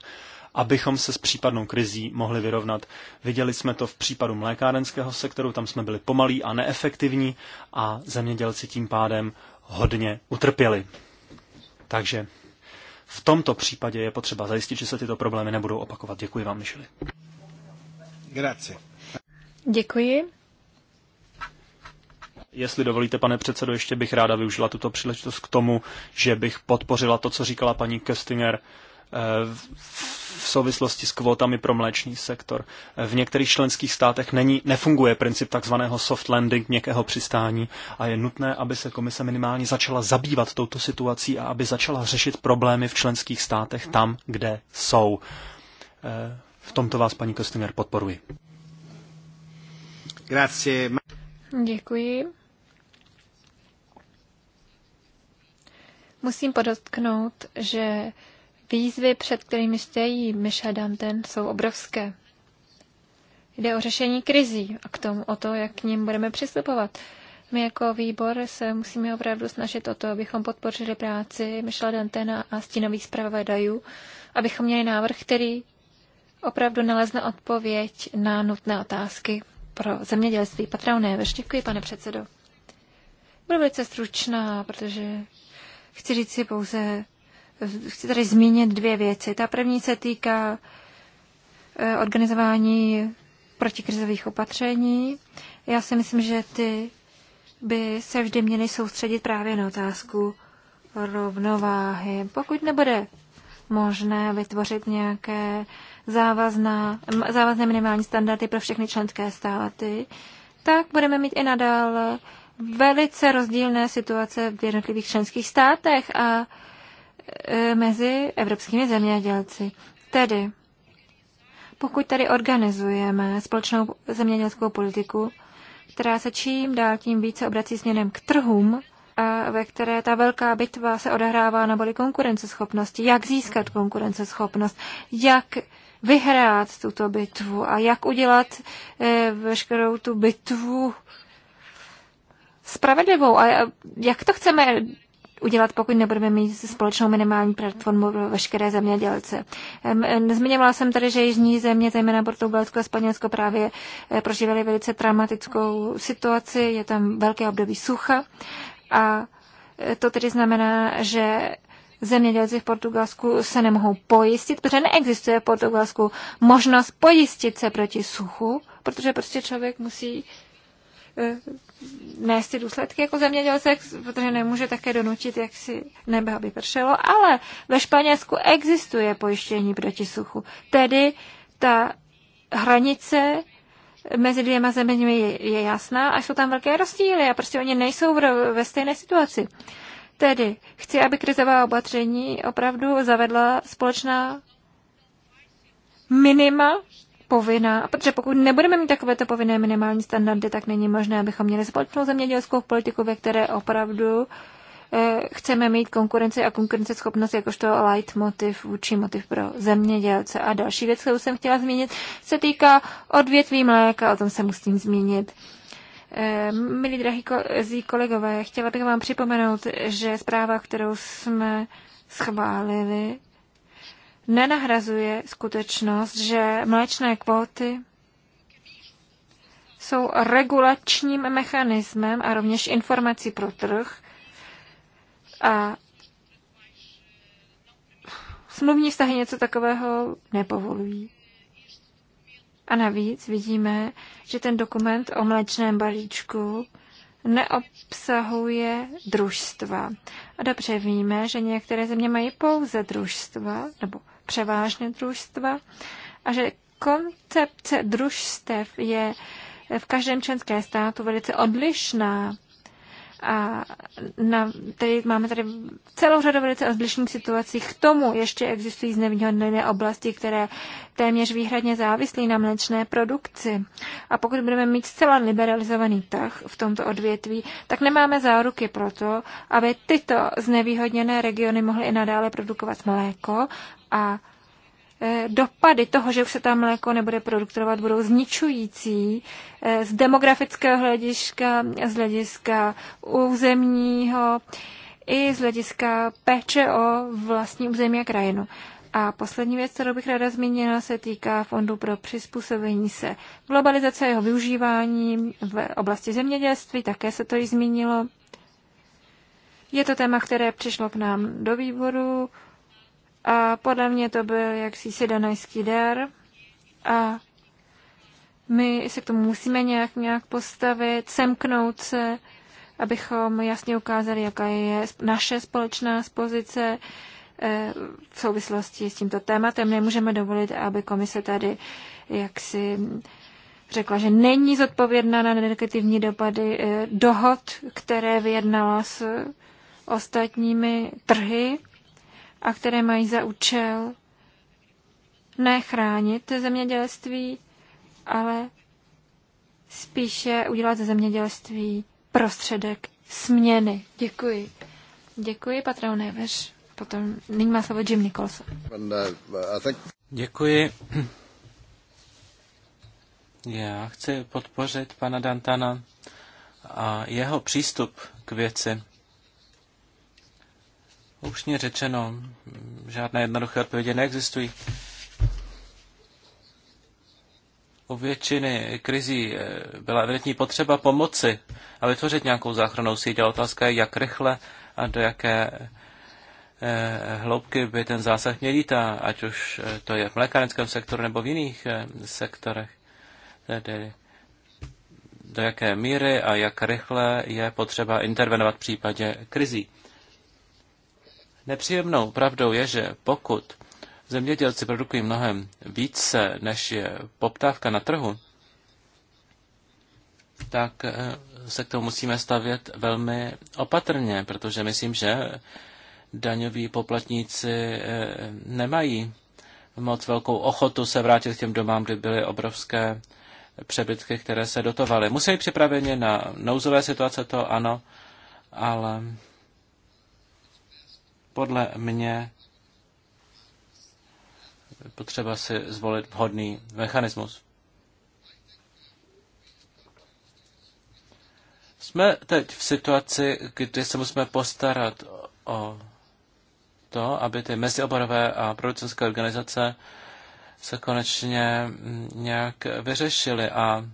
abychom se s případnou krizí mohli vyrovnat. Viděli jsme to v případu mlékárenského sektoru, tam jsme byli pomalí a neefektivní a zemědělci tím pádem hodně utrpěli. Takže v tomto případě je potřeba zajistit, že se tyto problémy nebudou opakovat. Děkuji vám, Mišeli. Grazie. Děkuji. Jestli dovolíte, pane předsedo, ještě bych ráda využila tuto příležitost k tomu, že bych podpořila to, co říkala paní Köstinger eh, v souvislosti s kvótami pro mléčný sektor. Eh, v některých členských státech není, nefunguje princip takzvaného soft landing, měkkého přistání a je nutné, aby se komise minimálně začala zabývat touto situací a aby začala řešit problémy v členských státech tam, kde jsou. Eh, v tomto vás, paní Kostinger, podporuji. Grazie. Děkuji. Musím podotknout, že výzvy, před kterými stojí Michel Danten, jsou obrovské. Jde o řešení krizí a k tomu o to, jak k ním budeme přistupovat. My jako výbor se musíme opravdu snažit o to, abychom podpořili práci Michela Dantena a stínových zpravodajů, abychom měli návrh, který opravdu nalezne odpověď na nutné otázky pro zemědělství. Patrauné, děkuji, pane předsedo. Budu velice stručná, protože Chci říct si pouze, chci tady zmínit dvě věci. Ta první se týká eh, organizování protikrizových opatření. Já si myslím, že ty by se vždy měly soustředit právě na otázku rovnováhy. Pokud nebude možné vytvořit nějaké závazná, závazné minimální standardy pro všechny členské státy, tak budeme mít i nadále velice rozdílné situace v jednotlivých členských státech a e, mezi evropskými zemědělci. Tedy, pokud tady organizujeme společnou zemědělskou politiku, která se čím dál tím více obrací směrem k trhům, a ve které ta velká bitva se odehrává na boli konkurenceschopnosti. Jak získat konkurenceschopnost, jak vyhrát tuto bitvu a jak udělat e, veškerou tu bitvu spravedlivou. A jak to chceme udělat, pokud nebudeme mít společnou minimální platformu pro veškeré zemědělce. Nezmiňovala jsem tady, že jižní země, zejména Portugalsko a Španělsko, právě eh, prožívaly velice traumatickou situaci, je tam velké období sucha a eh, to tedy znamená, že zemědělci v Portugalsku se nemohou pojistit, protože neexistuje v Portugalsku možnost pojistit se proti suchu, protože prostě člověk musí eh, nést ty důsledky jako zemědělce, protože nemůže také donutit, jak si nebe, aby pršelo, ale ve Španělsku existuje pojištění proti suchu. Tedy ta hranice mezi dvěma zeměmi je, je jasná a jsou tam velké rozdíly a prostě oni nejsou v, ve stejné situaci. Tedy chci, aby krizová opatření opravdu zavedla společná minima povinná, protože pokud nebudeme mít takovéto povinné minimální standardy, tak není možné, abychom měli společnou zemědělskou politiku, ve které opravdu eh, chceme mít konkurenci a konkurenceschopnost jakožto light motiv vůči motiv pro zemědělce. A další věc, kterou jsem chtěla zmínit, se týká odvětví mléka, o tom se musím zmínit. Eh, milí drahí kolegové, chtěla bych vám připomenout, že zpráva, kterou jsme schválili, nenahrazuje skutečnost, že mléčné kvóty jsou regulačním mechanismem a rovněž informací pro trh a smluvní vztahy něco takového nepovolují. A navíc vidíme, že ten dokument o mléčném balíčku neobsahuje družstva. A dobře víme, že některé země mají pouze družstva, nebo převážně družstva a že koncepce družstev je v každém členském státu velice odlišná a na, tady máme tady celou řadu velice odlišných situací. K tomu ještě existují znevýhodněné oblasti, které téměř výhradně závislí na mléčné produkci. A pokud budeme mít zcela liberalizovaný trh v tomto odvětví, tak nemáme záruky pro to, aby tyto znevýhodněné regiony mohly i nadále produkovat mléko a Eh, dopady toho, že už se tam mléko nebude produktovat, budou zničující eh, z demografického hlediska, z hlediska územního i z hlediska péče o vlastní území a krajinu. A poslední věc, kterou bych ráda zmínila, se týká Fondu pro přizpůsobení se globalizace a jeho využívání v oblasti zemědělství, také se to již zmínilo. Je to téma, které přišlo k nám do výboru a podle mě to byl jaksi sedanajský dar. A my se k tomu musíme nějak, nějak postavit, semknout se, abychom jasně ukázali, jaká je naše společná pozice eh, v souvislosti s tímto tématem. Nemůžeme dovolit, aby komise tady jaksi řekla, že není zodpovědná na negativní dopady eh, dohod, které vyjednala s ostatními trhy a které mají za účel nechránit zemědělství, ale spíše udělat ze zemědělství prostředek směny. Děkuji. Děkuji, Patrón Neveř. Potom nyní má slovo Jim Nicholson. Děkuji. Já chci podpořit pana Dantana a jeho přístup k věci. Upřímně řečeno, žádné jednoduché odpovědi neexistují. U většiny krizí eh, byla evidentní potřeba pomoci a vytvořit nějakou záchranou síť. A otázka je, jak rychle a do jaké eh, hloubky by ten zásah měl jít, ať už eh, to je v mlékárenském sektoru nebo v jiných sektorech. Tedy do jaké míry a jak rychle je potřeba intervenovat v případě krizí. Nepříjemnou pravdou je, že pokud zemědělci produkují mnohem více, než je poptávka na trhu, tak eh, se k tomu musíme stavět velmi opatrně, protože myslím, že daňoví poplatníci eh, nemají moc velkou ochotu se vrátit k těm domám, kde byly obrovské přebytky, které se dotovaly. Musí být připraveni na nouzové situace, to ano, ale podle mě potřeba si zvolit vhodný mechanismus. Jsme teď v situaci, kdy se musíme postarat o to, aby ty mezioborové a producenské organizace se konečně nějak vyřešily a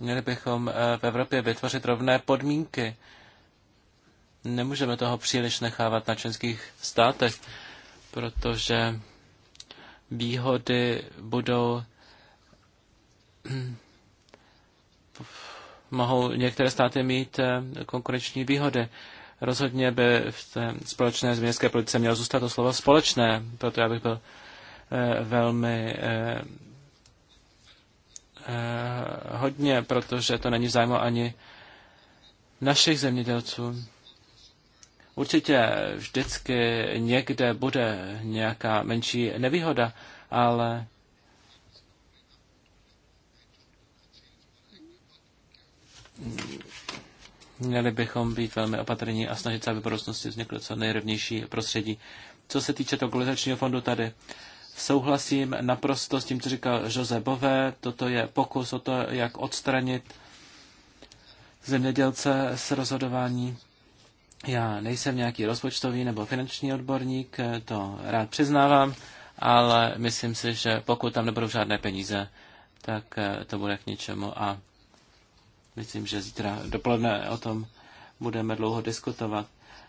Měli bychom eh, v Evropě vytvořit rovné podmínky. Nemůžeme toho příliš nechávat na členských státech, protože výhody budou [clears throat] mohou některé státy mít eh, konkurenční výhody. Rozhodně by v té společné zemědělské politice mělo zůstat to slovo společné, proto já bych byl eh, velmi Eh, hodně, protože to není zájmo ani našich zemědělců. Určitě vždycky někde bude nějaká menší nevýhoda, ale měli bychom být velmi opatrní a snažit se, aby v budoucnosti vzniklo co nejrovnější prostředí. Co se týče toho globalizačního fondu tady, Souhlasím naprosto s tím, co říkal Jose Bové. Toto je pokus o to, jak odstranit zemědělce s rozhodování. Já nejsem nějaký rozpočtový nebo finanční odborník, to rád přiznávám, ale myslím si, že pokud tam nebudou žádné peníze, tak eh, to bude k ničemu a myslím, že zítra dopoledne o tom budeme dlouho diskutovat.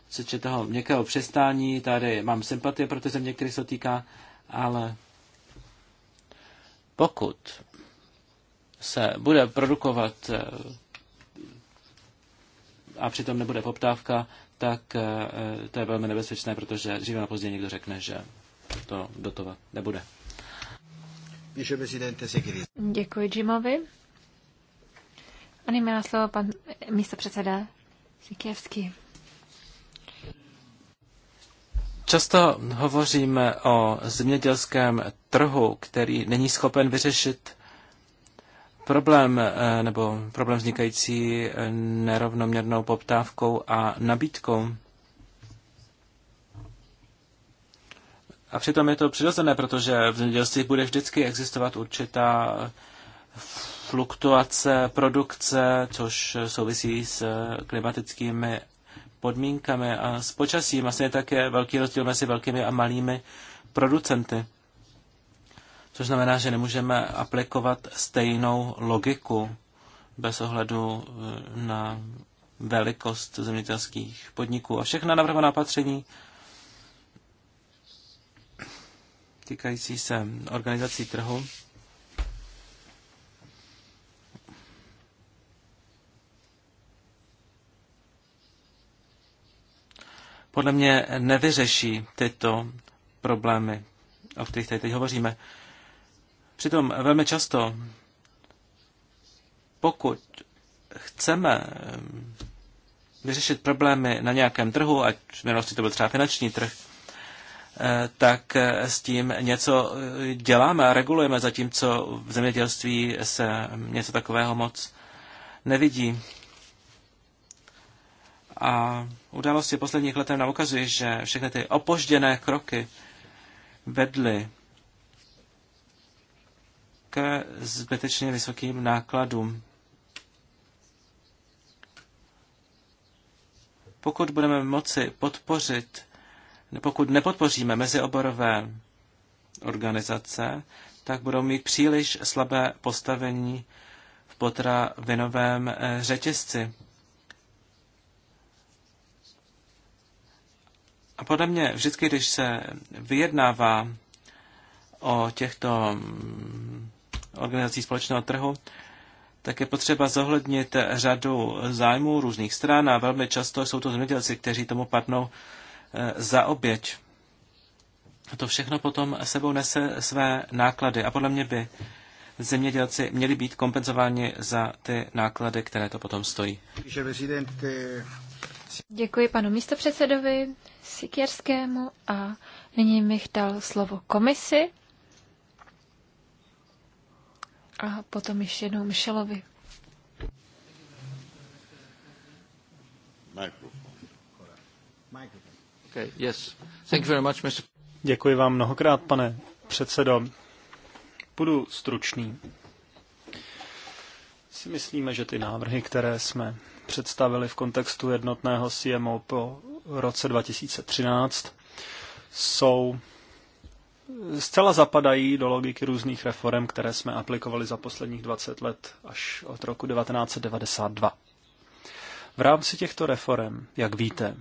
Co toho měkkého přestání? tady mám sympatie pro ty země, které se týká, ale pokud se bude produkovat eh, a přitom nebude poptávka, tak eh, to je velmi nebezpečné, protože dříve na později někdo řekne, že to dotovat nebude. Děkuji Jimovi. A nyní má slovo pan místopředseda Sikěvský. Často hovoříme o zemědělském trhu, který není schopen vyřešit problém eh, nebo problém vznikající eh, nerovnoměrnou poptávkou a nabídkou. A přitom je to přirozené, protože v zemědělství bude vždycky existovat určitá fluktuace produkce, což souvisí s eh, klimatickými podmínkami a s počasím. Vlastně je také velký rozdíl mezi velkými a malými producenty. Což znamená, že nemůžeme aplikovat stejnou logiku bez ohledu eh, na velikost zemědělských podniků. A všechna navrhovaná opatření týkající se organizací trhu podle mě nevyřeší tyto problémy, o kterých tady teď hovoříme. Přitom velmi často, pokud chceme eh, vyřešit problémy na nějakém trhu, ať v minulosti to byl třeba finanční trh, eh, tak eh, s tím něco děláme a regulujeme, zatímco v zemědělství se něco takového moc nevidí. A události posledních let nám ukazují, že všechny ty opožděné kroky vedly k zbytečně vysokým nákladům. Pokud budeme moci podpořit, pokud nepodpoříme mezioborové organizace, tak budou mít příliš slabé postavení v potravinovém eh, řetězci. A podle mě vždycky, když se vyjednává o těchto mm, organizací společného trhu, tak je potřeba zohlednit řadu zájmů různých stran a velmi často jsou to zemědělci, kteří tomu padnou eh, za oběť. A to všechno potom sebou nese své náklady a podle mě by zemědělci měli být kompenzováni za ty náklady, které to potom stojí. Eh, Děkuji panu místopředsedovi. Sikerskému a nyní bych dal slovo komisi a potom ještě jednou Michelovi. Děkuji vám mnohokrát, pane předsedo. Budu stručný. Si myslíme, že ty návrhy, které jsme představili v kontextu jednotného CMO po roce 2013 jsou zcela zapadají do logiky různých reform, které jsme aplikovali za posledních 20 let až od roku 1992. V rámci těchto reform, jak víte,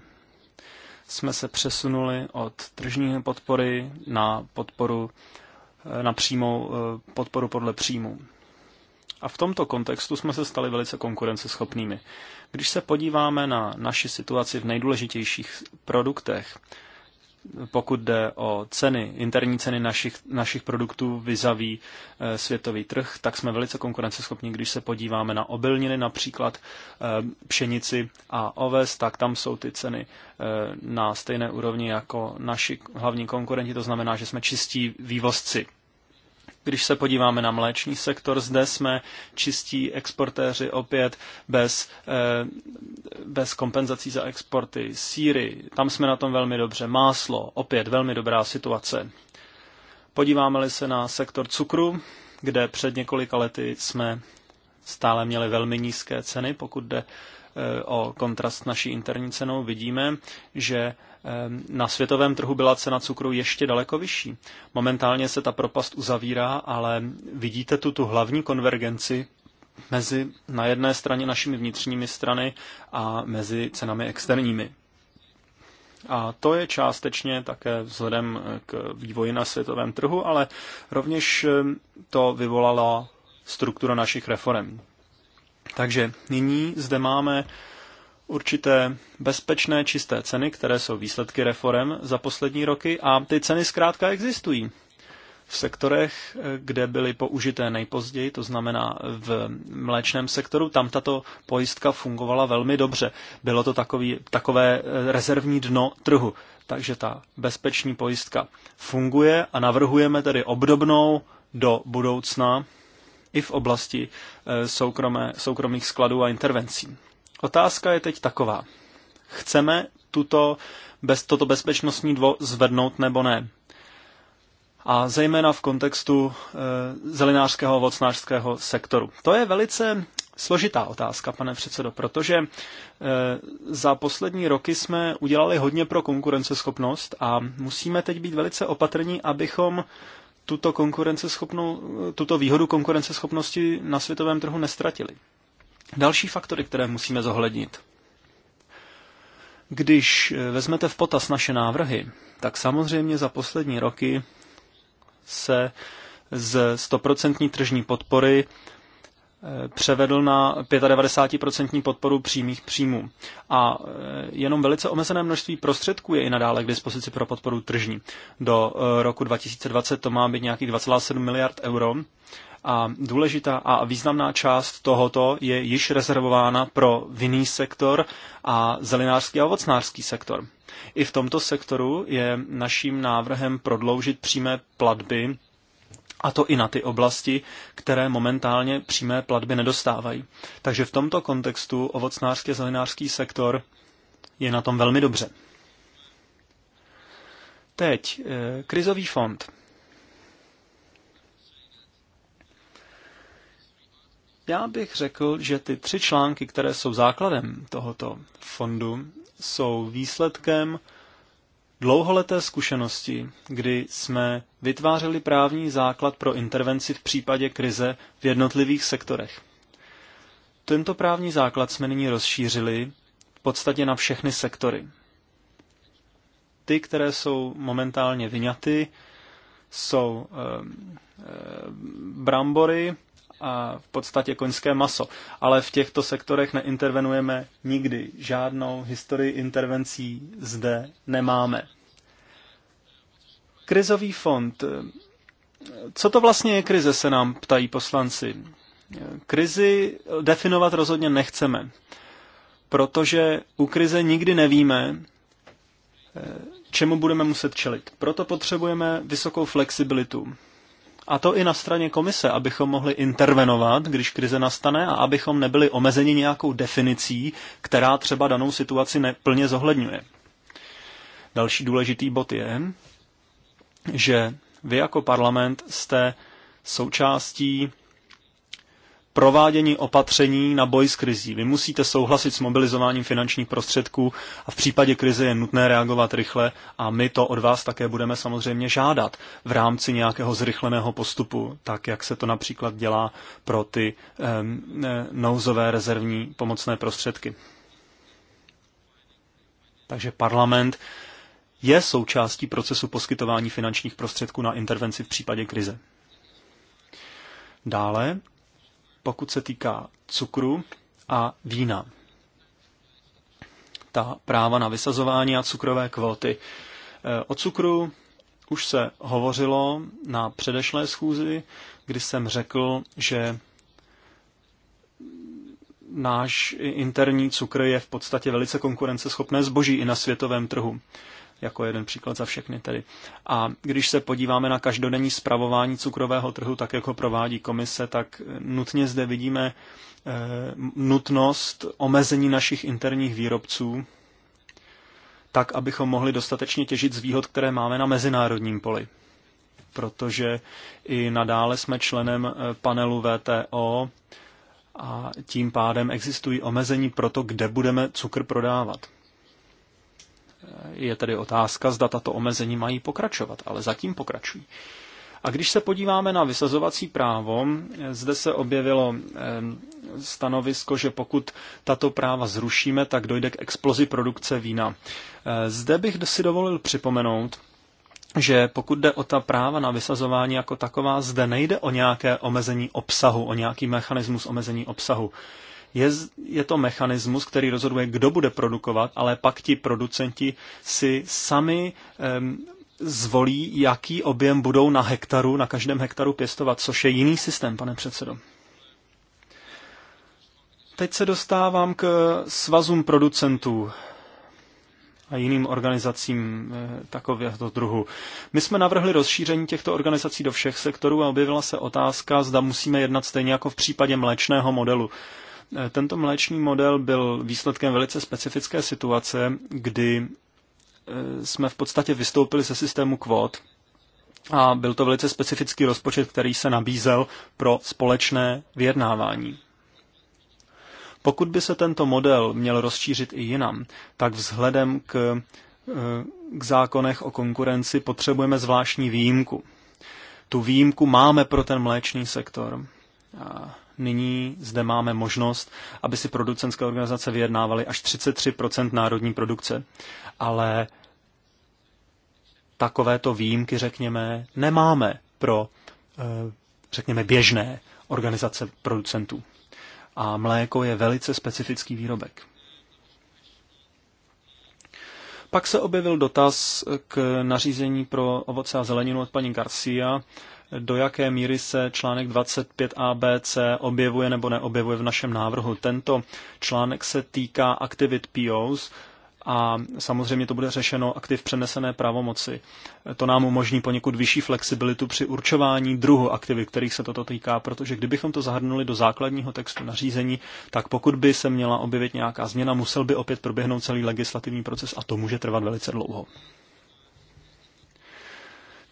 jsme se přesunuli od tržní podpory na podporu na přímou eh, podporu podle příjmu. A v tomto kontextu jsme se stali velice konkurenceschopnými. Když se podíváme na naši situaci v nejdůležitějších produktech, pokud jde o ceny, interní ceny našich, našich produktů vizaví e, světový trh, tak jsme velice konkurenceschopní. Když se podíváme na obilniny, například e, pšenici a oves, tak tam jsou ty ceny e, na stejné úrovni jako naši hlavní konkurenti. To znamená, že jsme čistí vývozci. Když se podíváme na mléčný sektor, zde jsme čistí exportéři opět bez, eh, bez kompenzací za exporty. Síry, tam jsme na tom velmi dobře. Máslo, opět velmi dobrá situace. Podíváme-li se na sektor cukru, kde před několika lety jsme stále měli velmi nízké ceny, pokud jde eh, o kontrast naší interní cenou, vidíme, že Ehm, na světovém trhu byla cena cukru ještě daleko vyšší. Momentálně se ta propast uzavírá, ale vidíte tu, tu hlavní konvergenci mezi na jedné straně našimi vnitřními strany a mezi cenami externími. A to je částečně také vzhledem k vývoji na světovém trhu, ale rovněž ehm, to vyvolala struktura našich reform. Takže nyní zde máme určité bezpečné čisté ceny, které jsou výsledky reform za poslední roky a ty ceny zkrátka existují. V sektorech, kde byly použité nejpozději, to znamená v mléčném sektoru, tam tato pojistka fungovala velmi dobře. Bylo to takový, takové eh, rezervní dno trhu. Takže ta bezpeční pojistka funguje a navrhujeme tedy obdobnou do budoucna i v oblasti eh, soukromé, soukromých skladů a intervencí. Otázka je teď taková. Chceme tuto, bez, toto bezpečnostní dvo zvednout nebo ne? A zejména v kontextu e, zelenářského a ovocnářského sektoru. To je velice složitá otázka, pane předsedo, protože e, za poslední roky jsme udělali hodně pro konkurenceschopnost a musíme teď být velice opatrní, abychom tuto, konkurenceschopnou, tuto výhodu konkurenceschopnosti na světovém trhu nestratili. Další faktory, které musíme zohlednit. Když vezmete v potaz naše návrhy, tak samozřejmě za poslední roky se z 100% tržní podpory eh, převedl na 95% podporu přímých příjmů. A eh, jenom velice omezené množství prostředků je i nadále k dispozici pro podporu tržní. Do eh, roku 2020 to má být nějakých 2,7 miliard euro a důležitá a významná část tohoto je již rezervována pro vinný sektor a zelenářský a ovocnářský sektor. I v tomto sektoru je naším návrhem prodloužit přímé platby a to i na ty oblasti, které momentálně přímé platby nedostávají. Takže v tomto kontextu ovocnářský a zelenářský sektor je na tom velmi dobře. Teď eh, krizový fond. Já bych řekl, že ty tři články, které jsou základem tohoto fondu, jsou výsledkem dlouholeté zkušenosti, kdy jsme vytvářeli právní základ pro intervenci v případě krize v jednotlivých sektorech. Tento právní základ jsme nyní rozšířili v podstatě na všechny sektory. Ty, které jsou momentálně vyňaty, jsou e, e, brambory, v podstatě koňské maso. Ale v těchto sektorech neintervenujeme nikdy. Žádnou historii intervencí zde nemáme. Krizový fond. Co to vlastně je krize, se nám ptají poslanci. Krizi definovat rozhodně nechceme, protože u krize nikdy nevíme, eh, čemu budeme muset čelit. Proto potřebujeme vysokou flexibilitu. A to i na straně komise, abychom mohli intervenovat, když krize nastane a abychom nebyli omezeni nějakou definicí, která třeba danou situaci neplně zohledňuje. Další důležitý bod je, že vy jako parlament jste součástí provádění opatření na boj s krizí. Vy musíte souhlasit s mobilizováním finančních prostředků a v případě krize je nutné reagovat rychle a my to od vás také budeme samozřejmě žádat v rámci nějakého zrychleného postupu, tak jak se to například dělá pro ty um, nouzové rezervní pomocné prostředky. Takže parlament je součástí procesu poskytování finančních prostředků na intervenci v případě krize. Dále pokud se týká cukru a vína. Ta práva na vysazování a cukrové kvóty. E, o cukru už se hovořilo na předešlé schůzi, kdy jsem řekl, že náš interní cukr je v podstatě velice konkurenceschopné zboží i na světovém trhu jako jeden příklad za všechny tedy. A když se podíváme na každodenní zpravování cukrového trhu, tak jako provádí komise, tak nutně zde vidíme eh, nutnost omezení našich interních výrobců, tak, abychom mohli dostatečně těžit z výhod, které máme na mezinárodním poli. Protože i nadále jsme členem eh, panelu VTO a tím pádem existují omezení pro to, kde budeme cukr prodávat. Je tedy otázka, zda tato omezení mají pokračovat, ale zatím pokračují. A když se podíváme na vysazovací právo, zde se objevilo eh, stanovisko, že pokud tato práva zrušíme, tak dojde k explozi produkce vína. Eh, zde bych si dovolil připomenout, že pokud jde o ta práva na vysazování jako taková, zde nejde o nějaké omezení obsahu, o nějaký mechanismus omezení obsahu. Je, je to mechanismus, který rozhoduje, kdo bude produkovat, ale pak ti producenti si sami um, zvolí, jaký objem budou na hektaru, na každém hektaru pěstovat, což je jiný systém, pane předsedo. Teď se dostávám k svazům producentů a jiným organizacím eh, takového druhu. My jsme navrhli rozšíření těchto organizací do všech sektorů a objevila se otázka, zda musíme jednat stejně jako v případě mléčného modelu. Eh, tento mléčný model byl výsledkem velice specifické situace, kdy eh, jsme v podstatě vystoupili ze systému kvót a byl to velice specifický rozpočet, který se nabízel pro společné vyjednávání. Pokud by se tento model měl rozšířit i jinam, tak vzhledem k, eh, k zákonech o konkurenci potřebujeme zvláštní výjimku. Tu výjimku máme pro ten mléčný sektor nyní zde máme možnost, aby si producentské organizace vyjednávaly až 33% národní produkce. Ale takovéto výjimky, řekněme, nemáme pro, eh, řekněme, běžné organizace producentů. A mléko je velice specifický výrobek. Pak se objevil dotaz k nařízení pro ovoce a zeleninu od paní Garcia do jaké míry se článek 25 ABC objevuje nebo neobjevuje v našem návrhu. Tento článek se týká aktivit POs a samozřejmě to bude řešeno aktiv přenesené pravomoci. To nám umožní poněkud vyšší flexibilitu při určování druhu aktivit, kterých se toto týká, protože kdybychom to zahrnuli do základního textu nařízení, tak pokud by se měla objevit nějaká změna, musel by opět proběhnout celý legislativní proces a to může trvat velice dlouho.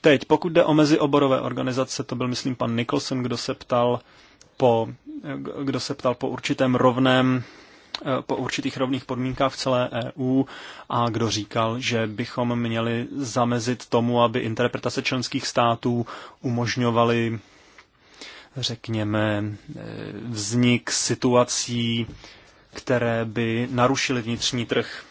Teď, pokud jde o mezioborové organizace, to byl, myslím, pan Nicholson, kdo se ptal po, kdo se ptal po určitém rovném eh, po určitých rovných podmínkách v celé EU a kdo říkal, že bychom měli zamezit tomu, aby interpretace členských států umožňovaly, řekněme, eh, vznik situací, které by narušily vnitřní trh.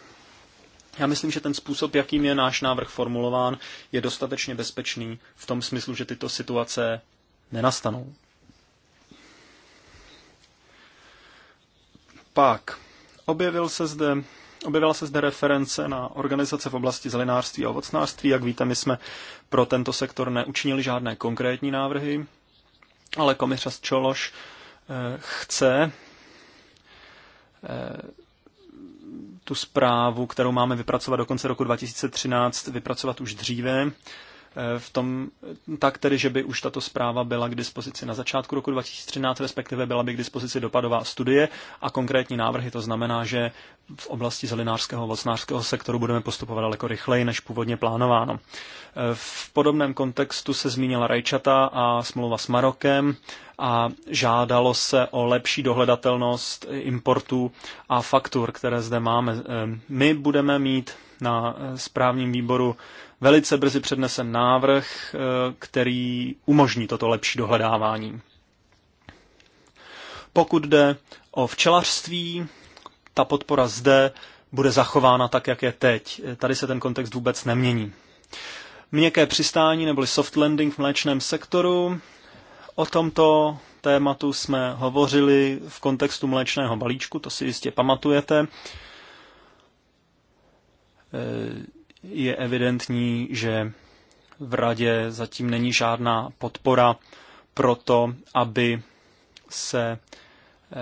Já myslím, že ten způsob, jakým je náš návrh formulován, je dostatečně bezpečný v tom smyslu, že tyto situace nenastanou. Pak objevil se zde, objevila se zde reference na organizace v oblasti zelenářství a ovocnářství. Jak víte, my jsme pro tento sektor neučinili žádné konkrétní návrhy, ale komisař Čološ eh, chce eh, tu zprávu, kterou máme vypracovat do konce roku 2013, vypracovat už dříve, Eh, v tom tak tedy, že by už tato zpráva byla k dispozici na začátku roku 2013, respektive byla by k dispozici dopadová studie a konkrétní návrhy. To znamená, že v oblasti zelenářského a ovocnářského sektoru budeme postupovat daleko rychleji, než původně plánováno. Eh, v podobném kontextu se zmínila Rajčata a smlouva s Marokem a žádalo se o lepší dohledatelnost importů a faktur, které zde máme. Eh, my budeme mít na správním výboru velice brzy přednesen návrh, eh, který umožní toto lepší dohledávání. Pokud jde o včelařství, ta podpora zde bude zachována tak, jak je teď. Tady se ten kontext vůbec nemění. Měkké přistání neboli soft landing v mléčném sektoru. O tomto tématu jsme hovořili v kontextu mléčného balíčku, to si jistě pamatujete. Eh, je evidentní, že v radě zatím není žádná podpora pro to, aby se eh,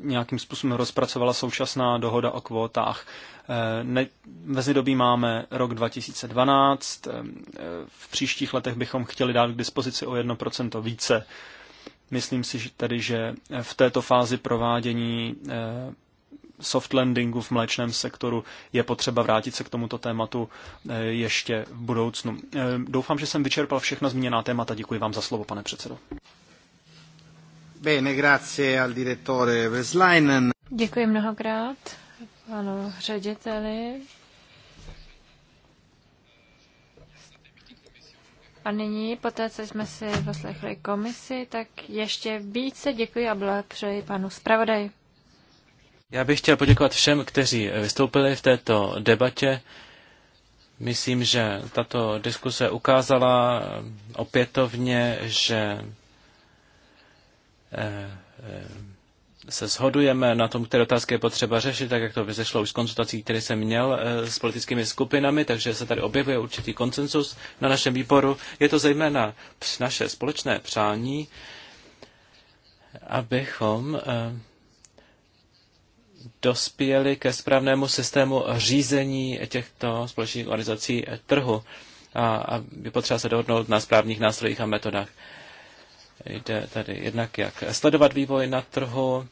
nějakým způsobem rozpracovala současná dohoda o kvótách. Eh, ve zidobí máme rok 2012, eh, v příštích letech bychom chtěli dát k dispozici o 1% více. Myslím si že tedy, že v této fázi provádění soft landingu v mléčném sektoru. Je potřeba vrátit se k tomuto tématu eh, ještě v budoucnu. Eh, doufám, že jsem vyčerpal všechna zmíněná témata. Děkuji vám za slovo, pane předsedo. Bene, grazie al direttore Veslainen. Děkuji mnohokrát panu řediteli. A nyní, po té, co jsme si poslechli komisi, tak ještě více děkuji a blahopřeji panu zpravodaji. Já bych chtěl poděkovat všem, kteří vystoupili v této debatě. Myslím, že tato diskuse ukázala opětovně, že eh, eh, se shodujeme na tom, které otázky je potřeba řešit, tak jak to vyzešlo už z konzultací, které jsem měl eh, s politickými skupinami, takže se tady objevuje určitý koncensus na našem výboru. Je to zejména naše společné přání, abychom dospěli ke správnému systému řízení těchto společných organizací trhu a, a je potřeba se dohodnout na správných nástrojích a metodách. Jde tady jednak, jak sledovat vývoj na trhu,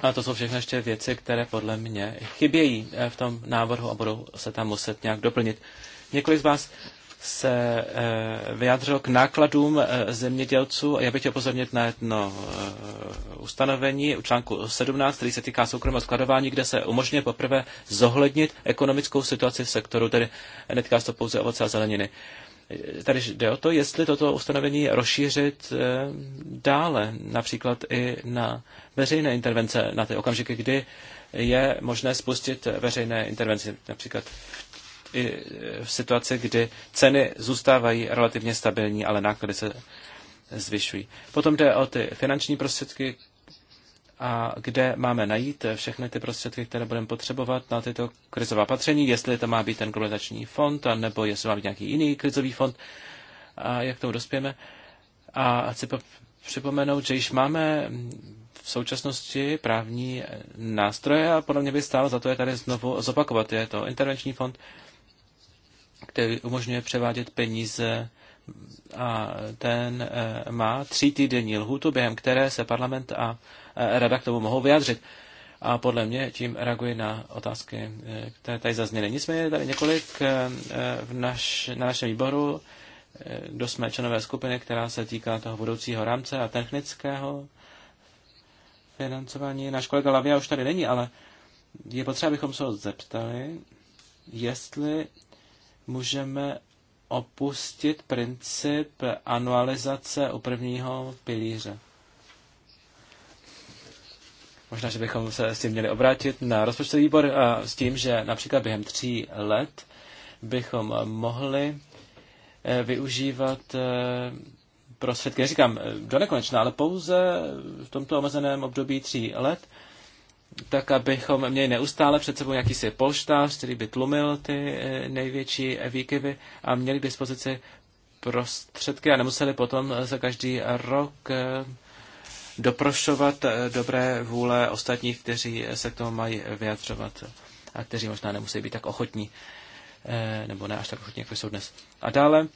a to jsou všechno ještě věci, které podle mě chybějí v tom návrhu a budou se tam muset nějak doplnit. Několik z vás se eh, vyjádřil k nákladům eh, zemědělců. Já bych chtěl pozornit na jedno eh, ustanovení u článku 17, který se týká soukromého skladování, kde se umožňuje poprvé zohlednit ekonomickou situaci v sektoru, tedy netýká se to pouze ovoce a zeleniny. Tady jde o to, jestli toto ustanovení rozšířit dále, například i na veřejné intervence, na ty okamžiky, kdy je možné spustit veřejné intervence, například i e, v situaci, kdy ceny zůstávají relativně stabilní, ale náklady se zvyšují. Potom jde o ty finanční prostředky, a kde máme najít všechny ty prostředky, které budeme potřebovat na tyto krizová patření. jestli to má být ten globalizační fond, nebo jestli má být nějaký jiný krizový fond a jak tomu dospějeme. A chci připomenout, že již máme v současnosti právní nástroje a podle mě by stálo za to je tady znovu zopakovat. Je to intervenční fond, který umožňuje převádět peníze a ten eh, má tří týdenní lhůtu, během které se parlament a eh, rada k tomu mohou vyjádřit. A podle mě tím reaguji na otázky, eh, které tady zazněly. Nicméně je tady několik v naš, na našem výboru, kdo jsme členové skupiny, která se týká toho budoucího rámce a technického financování. Náš kolega Lavia už tady není, ale je potřeba, abychom se ho zeptali, jestli můžeme opustit princip anualizace u prvního pilíře. Možná, že bychom se s tím měli obrátit na rozpočtový výbor s tím, že například během tří let bychom mohli eh, využívat eh, prostředky, neříkám eh, do nekonečna, ale pouze v tomto omezeném období tří let, tak abychom měli neustále před sebou jakýsi polštář, který by tlumil ty eh, největší eh, výkyvy a měli k dispozici prostředky a nemuseli potom eh, za každý rok doprošovat dobré vůle ostatních, kteří se k tomu mají vyjadřovat a kteří možná nemusí být tak ochotní, nebo ne až tak ochotní, jako jsou dnes. A dále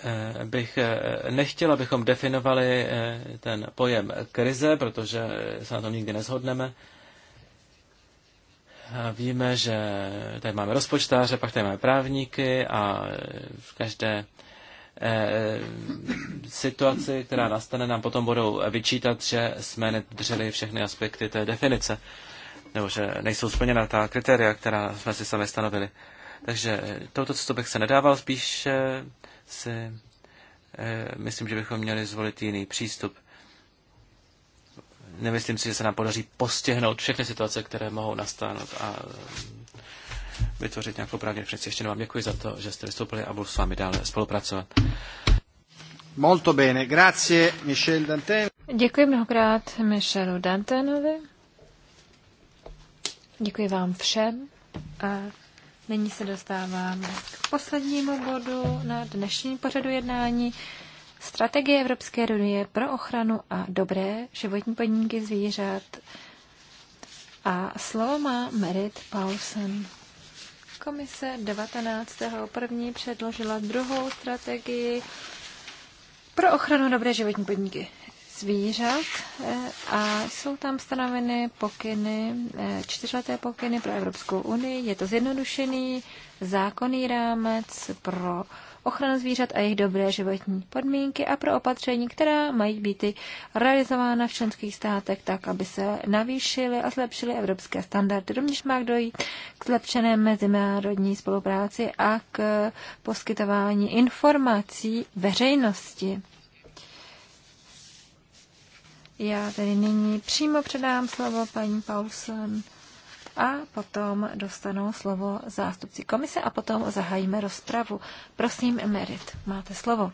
Eh, bych eh, nechtěl, abychom definovali eh, ten pojem krize, protože se na tom nikdy nezhodneme. Víme, že tady máme rozpočtáře, pak tady máme právníky a v každé situaci, která nastane, nám potom budou vyčítat, že jsme nedrželi všechny aspekty té definice, nebo že nejsou splněna ta kritéria, která jsme si sami stanovili. Takže touto cestou bych se nedával, spíš se eh, myslím, že bychom měli zvolit jiný přístup. Nemyslím si, že se nám podaří postihnout všechny situace, které mohou nastánout a eh, vytvořit nějakou právní přeci. Ještě vám děkuji za to, že jste vystoupili a budu s vámi dále spolupracovat. Molto bene, grazie Michel Danten. Děkuji mnohokrát Michelu Dantenovi. Děkuji vám všem. A Nyní se dostáváme k poslednímu bodu na dnešním pořadu jednání. Strategie Evropské unie pro ochranu a dobré životní podmínky zvířat. A slovo má Merit Paulsen. Komise 19. první předložila druhou strategii pro ochranu dobré životní podmínky zvířat eh, a jsou tam stanoveny pokyny, eh, čtyřleté pokyny pro Evropskou unii. Je to zjednodušený zákonný rámec pro ochranu zvířat a jejich dobré životní podmínky a pro opatření, která mají být realizována v členských státech tak, aby se navýšily a zlepšily evropské standardy. Rovněž má jít k zlepšené mezinárodní spolupráci a k poskytování informací veřejnosti. Já tedy nyní přímo předám slovo paní Paulsen a potom dostanou slovo zástupci komise a potom zahájíme rozpravu. Prosím, Merit, máte slovo.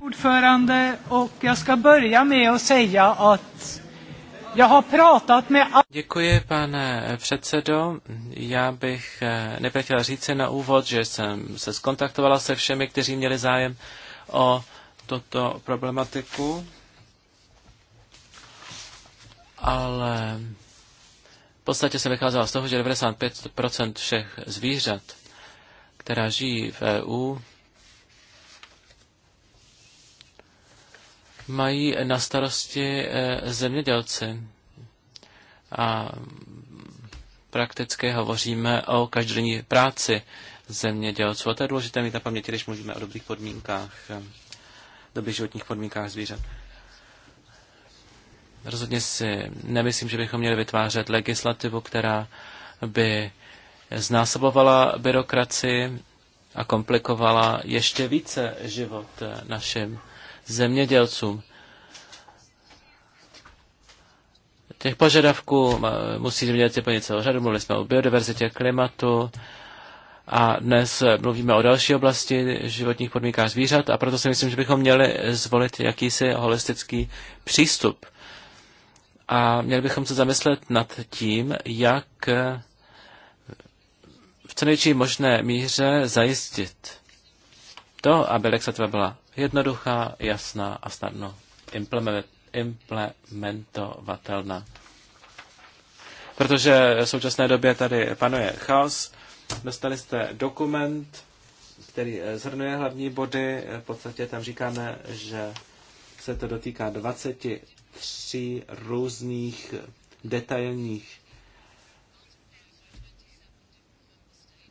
Ordförande, och jag ska börja med att säga att jag har pratat med... Děkuji, pane předsedo. Já bych eh, nejprve chtěla na úvod, že jsem se skontaktovala se všemi, kteří měli zájem o toto problematiku ale v podstatě se vycházela z toho, že 95% všech zvířat, která žijí v EU, mají na starosti e, zemědělci. A prakticky hovoříme o každodenní práci zemědělců. A to je důležité mít na paměti, když mluvíme o dobrých podmínkách, e, dobrých životních podmínkách zvířat. Rozhodně si nemyslím, že bychom měli vytvářet legislativu, která by znásobovala byrokracii a komplikovala ještě více život našim zemědělcům. Těch požadavků musí zemědělci plnit celou řadu. Mluvili jsme o biodiverzitě, klimatu a dnes mluvíme o další oblasti životních podmínkách zvířat a proto si myslím, že bychom měli zvolit jakýsi holistický přístup a měli bychom se zamyslet nad tím, jak v co největší možné míře zajistit to, aby legislativa byla jednoduchá, jasná a snadno implementovatelná. Protože v současné době tady panuje chaos. Dostali jste dokument, který eh, zhrnuje hlavní body. V podstatě tam říkáme, že se to dotýká 20 tři různých detailních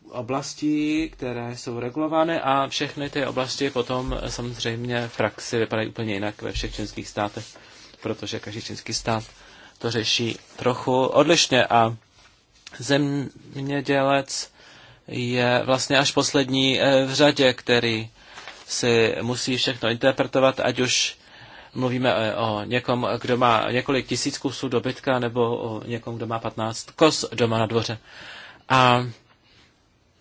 oblastí, které jsou regulovány a všechny ty oblasti potom samozřejmě v praxi vypadají úplně jinak ve všech členských státech, protože každý členský stát to řeší trochu odlišně a zemědělec je vlastně až poslední eh, v řadě, který si musí všechno interpretovat, ať už mluvíme eh, o někom, kdo má několik tisíc kusů dobytka nebo o někom, kdo má 15 kos doma na dvoře. A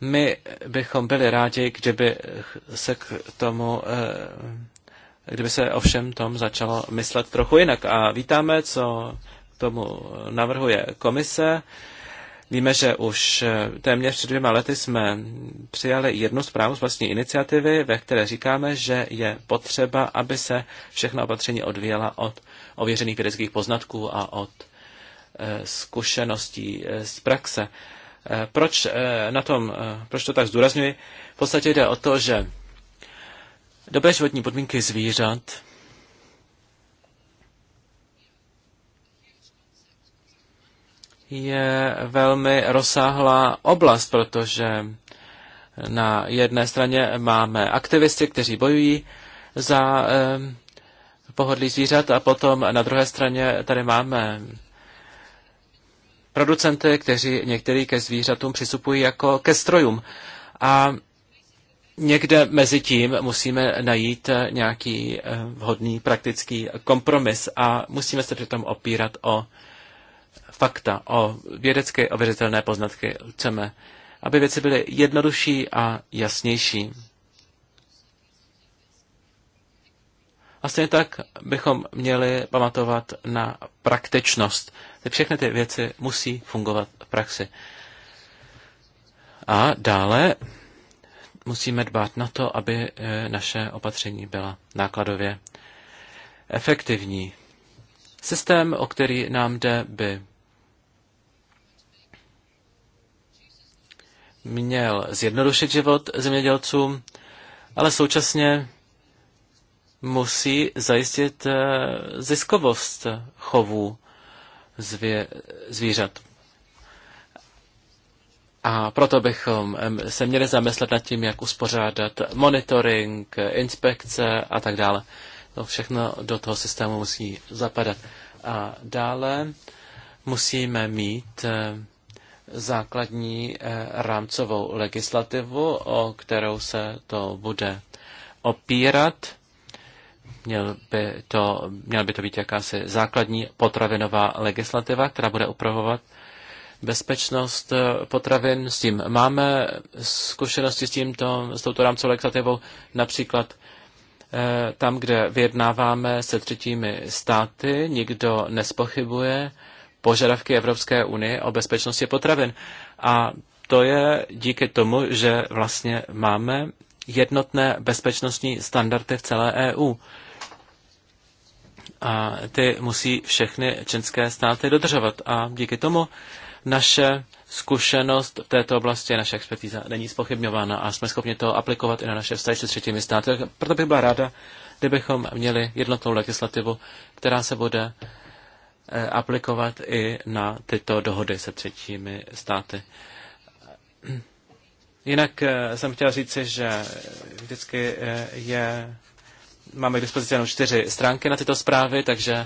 my bychom byli rádi, kdyby se k tomu, eh, kdyby se o všem tom začalo myslet trochu jinak. A vítáme, co tomu navrhuje komise. Víme, že už eh, téměř před dvěma lety jsme přijali jednu zprávu z vlastní iniciativy, ve které říkáme, že je potřeba, aby se všechna opatření odvíjela od ověřených vědeckých poznatků a od eh, zkušeností eh, z praxe. Proč, na tom, proč to tak zdůrazňuji? V podstatě jde o to, že dobré životní podmínky zvířat je velmi rozsáhlá oblast, protože na jedné straně máme aktivisty, kteří bojují za eh, pohodlí zvířat a potom na druhé straně tady máme producenty, kteří některý ke zvířatům přistupují jako ke strojům. A někde mezi tím musíme najít eh, nějaký eh, vhodný praktický kompromis a musíme se přitom opírat o fakta, o vědecké ověřitelné poznatky. Chceme, aby věci byly jednodušší a jasnější. A stejně tak bychom měli pamatovat na praktičnost. Ty všechny ty věci musí fungovat v praxi. A dále musíme dbát na to, aby e, naše opatření byla nákladově efektivní. Systém, o který nám jde, by měl zjednodušit život zemědělcům, ale současně musí zajistit eh, ziskovost chovů zvě, zvířat. A proto bychom se měli zamyslet nad tím, jak uspořádat monitoring, inspekce a tak dále. To všechno do toho systému musí zapadat. A dále musíme mít eh, základní eh, rámcovou legislativu, o kterou se to bude opírat. Měl by to, měl by to být jakási základní potravinová legislativa, která bude upravovat bezpečnost eh, potravin. S tím máme zkušenosti s, tímto, s touto rámcovou legislativou, například eh, tam, kde vyjednáváme se třetími státy, nikdo nespochybuje, požadavky Evropské unie o bezpečnosti potravin. A to je díky tomu, že vlastně máme jednotné bezpečnostní standardy v celé EU. A ty musí všechny členské státy dodržovat. A díky tomu naše zkušenost v této oblasti, naše expertíza není spochybňována a jsme schopni to aplikovat i na naše vztahy s třetími státy. Proto bych byla ráda, kdybychom měli jednotnou legislativu, která se bude Eh, aplikovat i na tyto dohody se třetími státy. Jinak eh, jsem chtěl říci, že vždycky eh, je, máme k dispozici jenom čtyři stránky na tyto zprávy, takže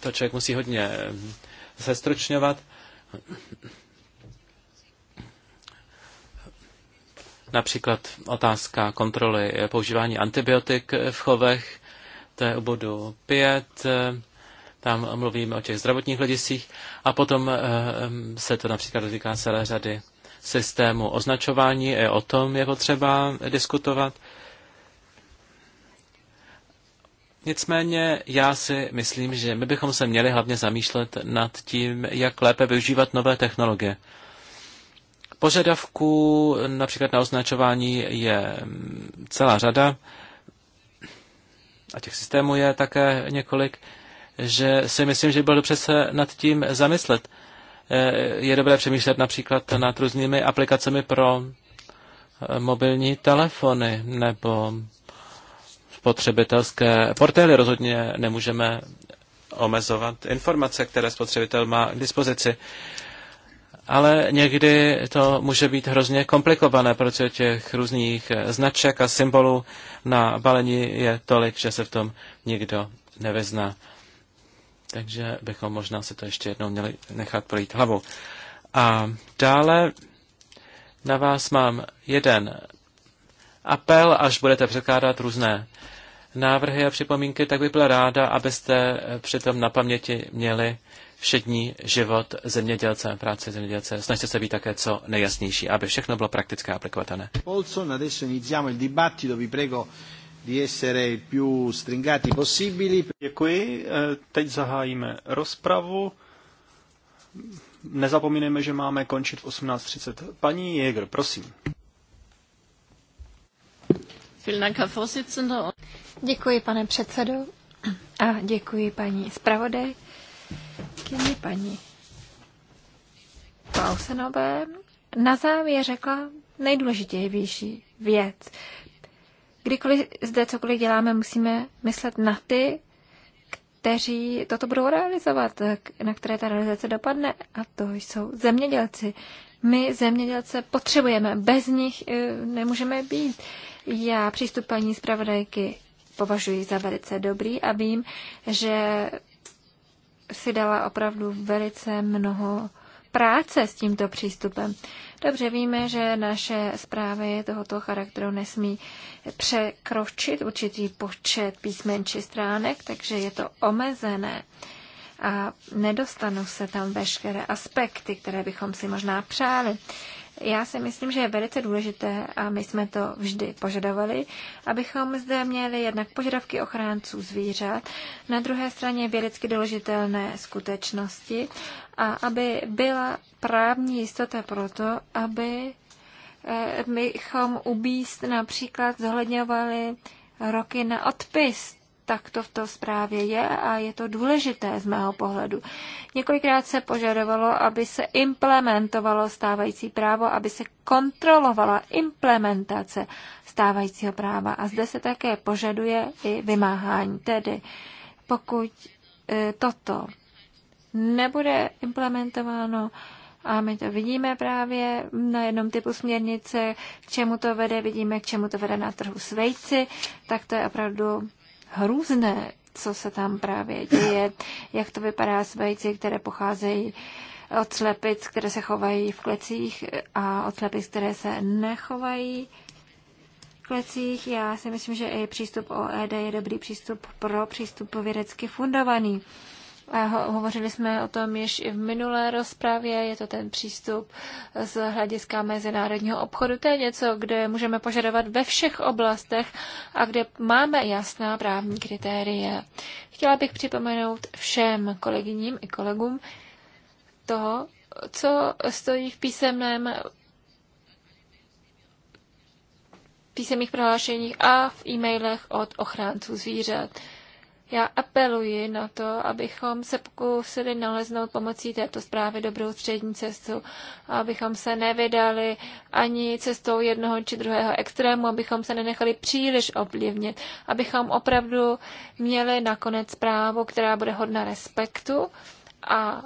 to člověk musí hodně sestručňovat. Například otázka kontroly používání antibiotik v chovech, to je u bodu 5 tam mluvíme o těch zdravotních hledisích a potom eh, se to například dotýká celé řady systému označování, i o tom je potřeba diskutovat. Nicméně já si myslím, že my bychom se měli hlavně zamýšlet nad tím, jak lépe využívat nové technologie. Požadavků například na označování je celá řada a těch systémů je také několik že si myslím, že bylo dobře se nad tím zamyslet. Eh, je dobré přemýšlet například nad různými aplikacemi pro eh, mobilní telefony nebo spotřebitelské portély. Rozhodně nemůžeme omezovat informace, které spotřebitel má k dispozici. Ale někdy to může být hrozně komplikované, protože těch různých eh, značek a symbolů na balení je tolik, že se v tom nikdo nevyzná. Takže bychom možná se to ještě jednou měli nechat projít hlavou. A dále na vás mám jeden apel, až budete překládat různé návrhy a připomínky, tak bych byla ráda, abyste přitom na paměti měli všední život zemědělce, práce zemědělce. Snažte se být také co nejasnější, aby všechno bylo praktické a aplikovatelné. Děkuji. E, teď zahájíme rozpravu. Nezapomínejme, že máme končit v 18.30. Paní Jäger, prosím. Děkuji, pane předsedo. A děkuji paní zpravodaj, paní Klausenové. Na závěr řekla nejdůležitější věc. Kdykoliv zde cokoliv děláme, musíme myslet na ty, kteří toto budou realizovat, na které ta realizace dopadne, a to jsou zemědělci. My zemědělce potřebujeme, bez nich eh, nemůžeme být. Já přístup paní zpravodajky považuji za velice dobrý a vím, že si dala opravdu velice mnoho práce s tímto přístupem. Dobře víme, že naše zprávy tohoto charakteru nesmí překročit určitý počet písmen či stránek, takže je to omezené a nedostanou se tam veškeré aspekty, které bychom si možná přáli. Já si myslím, že je velice důležité, a my jsme to vždy požadovali, abychom zde měli jednak požadavky ochránců zvířat, na druhé straně vědecky doložitelné skutečnosti a aby byla právní jistota proto, aby eh, bychom ubíst například zohledňovali roky na odpis tak to v té zprávě je a je to důležité z mého pohledu. Několikrát se požadovalo, aby se implementovalo stávající právo, aby se kontrolovala implementace stávajícího práva a zde se také požaduje i vymáhání. Tedy pokud e, toto nebude implementováno, a my to vidíme právě na jednom typu směrnice, k čemu to vede, vidíme, k čemu to vede na trhu Svejci. tak to je opravdu hrůzné, co se tam právě děje, jak to vypadá s vejci, které pocházejí od slepic, které se chovají v klecích a od slepic, které se nechovají v klecích. Já si myslím, že i přístup OED je dobrý přístup pro přístup vědecky fundovaný. A ho, hovořili jsme o tom již i v minulé rozpravě, je to ten přístup z hlediska mezinárodního obchodu. To je něco, kde můžeme požadovat ve všech oblastech a kde máme jasná právní kritéria. Chtěla bych připomenout všem kolegyním i kolegům to, co stojí v písemném písemných prohlášeních a v e-mailech od ochránců zvířat. Já apeluji na to, abychom se pokusili naleznout pomocí této zprávy dobrou střední cestu, abychom se nevydali ani cestou jednoho či druhého extrému, abychom se nenechali příliš ovlivnit, abychom opravdu měli nakonec zprávu, která bude hodna respektu a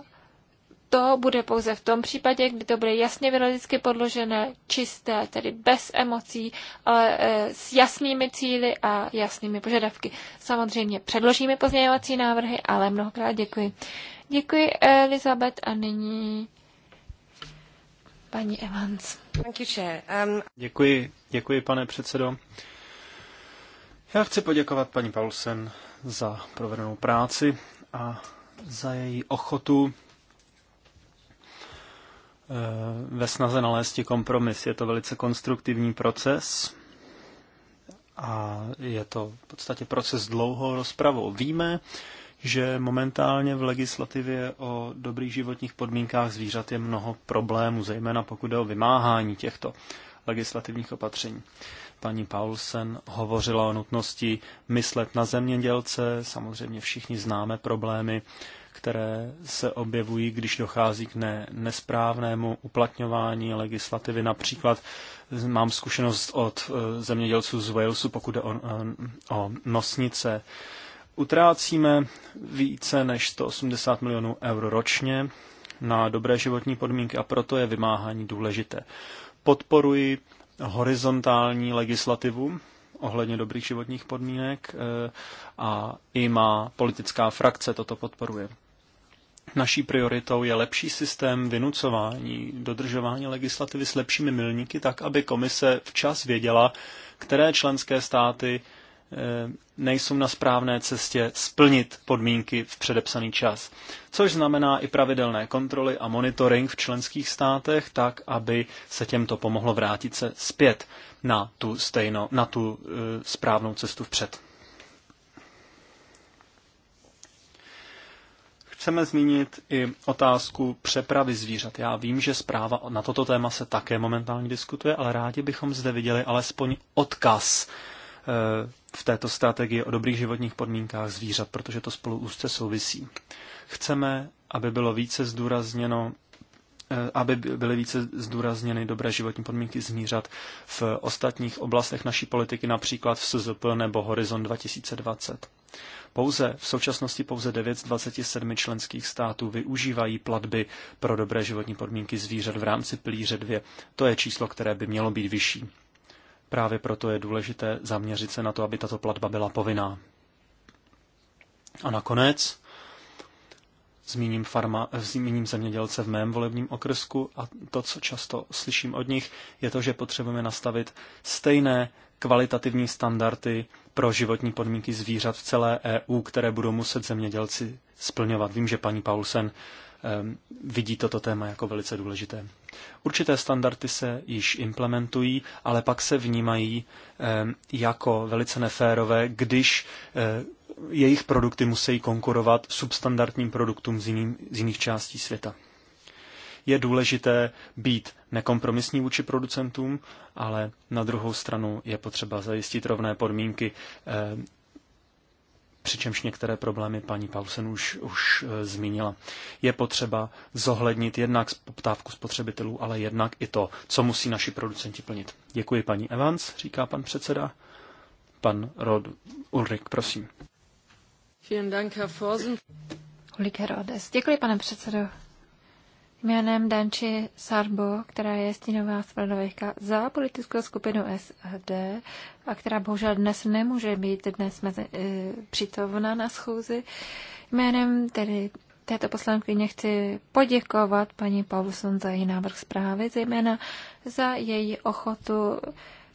to bude pouze v tom případě, kdy to bude jasně vědecky podložené, čisté, tedy bez emocí, ale eh, s jasnými cíly a jasnými požadavky. Samozřejmě předložíme pozměňovací návrhy, ale mnohokrát děkuji. Děkuji, Elizabeth, a nyní paní Evans. Um, děkuji, děkuji, pane předsedo. Já chci poděkovat paní Paulsen za provedenou práci a za její ochotu ve snaze nalézt kompromis. Je to velice konstruktivní proces a je to v podstatě proces dlouhou rozpravou. Víme, že momentálně v legislativě o dobrých životních podmínkách zvířat je mnoho problémů, zejména pokud jde o vymáhání těchto legislativních opatření. Paní Paulsen hovořila o nutnosti myslet na zemědělce, samozřejmě všichni známe problémy které se objevují, když dochází k ne, nesprávnému uplatňování legislativy. Například mám zkušenost od eh, zemědělců z Walesu, pokud jde o, eh, o nosnice. Utrácíme více než 180 milionů eur ročně na dobré životní podmínky a proto je vymáhání důležité. Podporuji horizontální legislativu, ohledně dobrých životních podmínek eh, a i má politická frakce toto podporuje. Naší prioritou je lepší systém vynucování, dodržování legislativy s lepšími milníky, tak aby komise včas věděla, které členské státy eh, nejsou na správné cestě splnit podmínky v předepsaný čas. Což znamená i pravidelné kontroly a monitoring v členských státech, tak aby se těmto pomohlo vrátit se zpět na tu, stejno, na tu eh, správnou cestu vpřed. chceme zmínit i otázku přepravy zvířat. Já vím, že zpráva na toto téma se také momentálně diskutuje, ale rádi bychom zde viděli alespoň odkaz eh, v této strategii o dobrých životních podmínkách zvířat, protože to spolu úzce souvisí. Chceme, aby bylo více zdůrazněno Eh, aby byly více zdůrazněny dobré životní podmínky zvířat v ostatních oblastech naší politiky, například v SZP nebo Horizon 2020. Pouze v současnosti pouze 9 z 27 členských států využívají platby pro dobré životní podmínky zvířat v rámci pilíře 2. To je číslo, které by mělo být vyšší. Právě proto je důležité zaměřit se na to, aby tato platba byla povinná. A nakonec Zmíním, farma, eh, zmíním zemědělce v mém volebním okrsku a to, co často slyším od nich, je to, že potřebujeme nastavit stejné kvalitativní standardy pro životní podmínky zvířat v celé EU, které budou muset zemědělci splňovat. Vím, že paní Paulsen ehm, vidí toto téma jako velice důležité. Určité standardy se již implementují, ale pak se vnímají ehm, jako velice neférové, když eh, jejich produkty musí konkurovat substandardním produktům z, jiným, z jiných částí světa. Je důležité být nekompromisní vůči producentům, ale na druhou stranu je potřeba zajistit rovné podmínky, eh, přičemž některé problémy paní Paulsen už, už eh, zmínila. Je potřeba zohlednit jednak poptávku spotřebitelů, ale jednak i to, co musí naši producenti plnit. Děkuji paní Evans, říká pan předseda. Pan Rod Ulrik, prosím. Děkuji, pane předsedo. Jménem Danči Sarbo, která je stínová spravodajka za politickou skupinu SAD a která bohužel dnes nemůže být dnes mezi, e, přítomna na schůzi, jménem tedy této poslankyně chci poděkovat paní Paulson za její návrh zprávy, zejména za její ochotu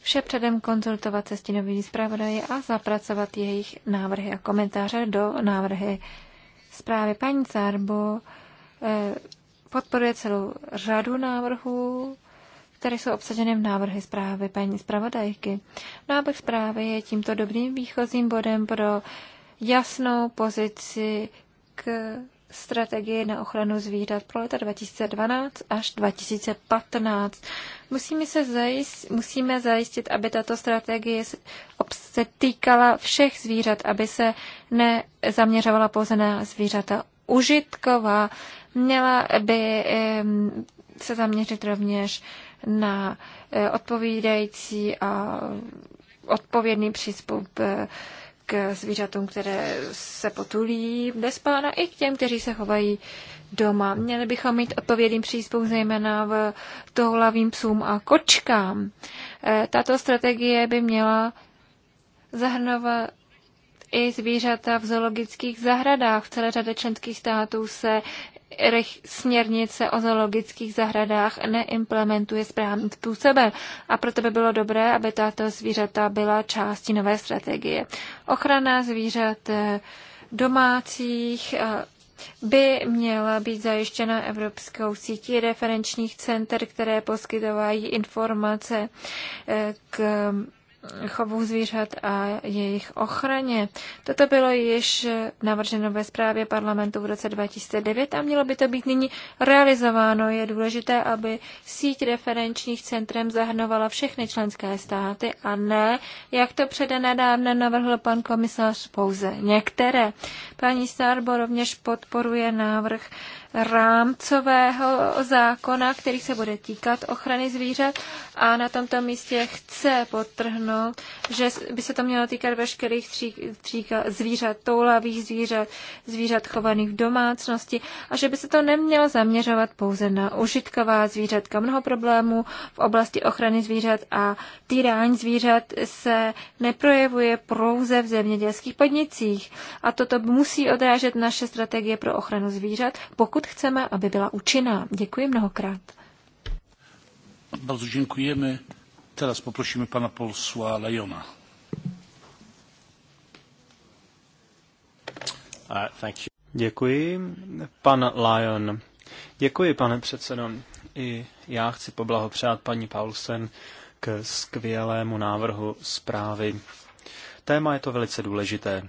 vše předem konzultovat se stínovými zpravodaji a zapracovat jejich návrhy a komentáře do návrhy zprávy. Paní Cárbo eh, podporuje celou řadu návrhů, které jsou obsaženy v návrhy zprávy paní zpravodajky. Návrh zprávy je tímto dobrým výchozím bodem pro jasnou pozici k strategii na ochranu zvířat pro leta 2012 až 2015. Musíme, se zajist, musíme zajistit, aby tato strategie se týkala všech zvířat, aby se nezaměřovala pouze na zvířata užitková. Měla by se zaměřit rovněž na eh, odpovídající a odpovědný přístup eh, k zvířatům, které se potulí bez pána, i k těm, kteří se chovají doma. Měli bychom mít odpovědný přístup zejména v toulavým psům a kočkám. E, tato strategie by měla zahrnovat i zvířata v zoologických zahradách. V celé řadě členských států se směrnice o zoologických zahradách neimplementuje správným způsobem a proto by bylo dobré, aby tato zvířata byla částí nové strategie. Ochrana zvířat eh, domácích eh, by měla být zajištěna Evropskou sítí referenčních center, které poskytovají informace eh, k chovu zvířat a jejich ochraně. Toto bylo již navrženo ve zprávě parlamentu v roce 2009 a mělo by to být nyní realizováno. Je důležité, aby síť referenčních centrem zahrnovala všechny členské státy a ne, jak to předenedávne navrhl pan komisař, pouze některé. Paní Starbo rovněž podporuje návrh rámcového zákona, který se bude týkat ochrany zvířat. A na tomto místě chce potrhnout, že by se to mělo týkat veškerých tří, tří, zvířat, toulavých zvířat, zvířat chovaných v domácnosti a že by se to nemělo zaměřovat pouze na užitková zvířatka. Mnoho problémů v oblasti ochrany zvířat a týrání zvířat se neprojevuje pouze v zemědělských podnicích. A toto musí odrážet naše strategie pro ochranu zvířat, pokud pokud chceme, aby byla účinná. Děkuji mnohokrát. Bardzo děkujeme. Teraz poprosíme pana Polsua Lejona. Děkuji. Pan Lyon. Děkuji, pane předsedo. I já chci poblahopřát paní Paulsen k skvělému návrhu zprávy. Téma je to velice důležité.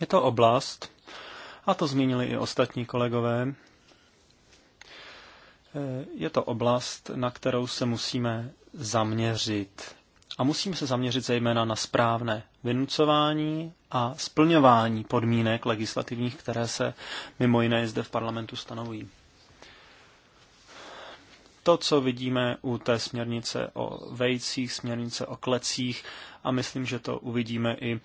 Je to oblast, a to zmínili i ostatní kolegové. Je to oblast, na kterou se musíme zaměřit. A musíme se zaměřit zejména na správné vynucování a splňování podmínek legislativních, které se mimo jiné zde v parlamentu stanovují to, co vidíme u té směrnice o vejcích, směrnice o klecích a myslím, že to uvidíme i e,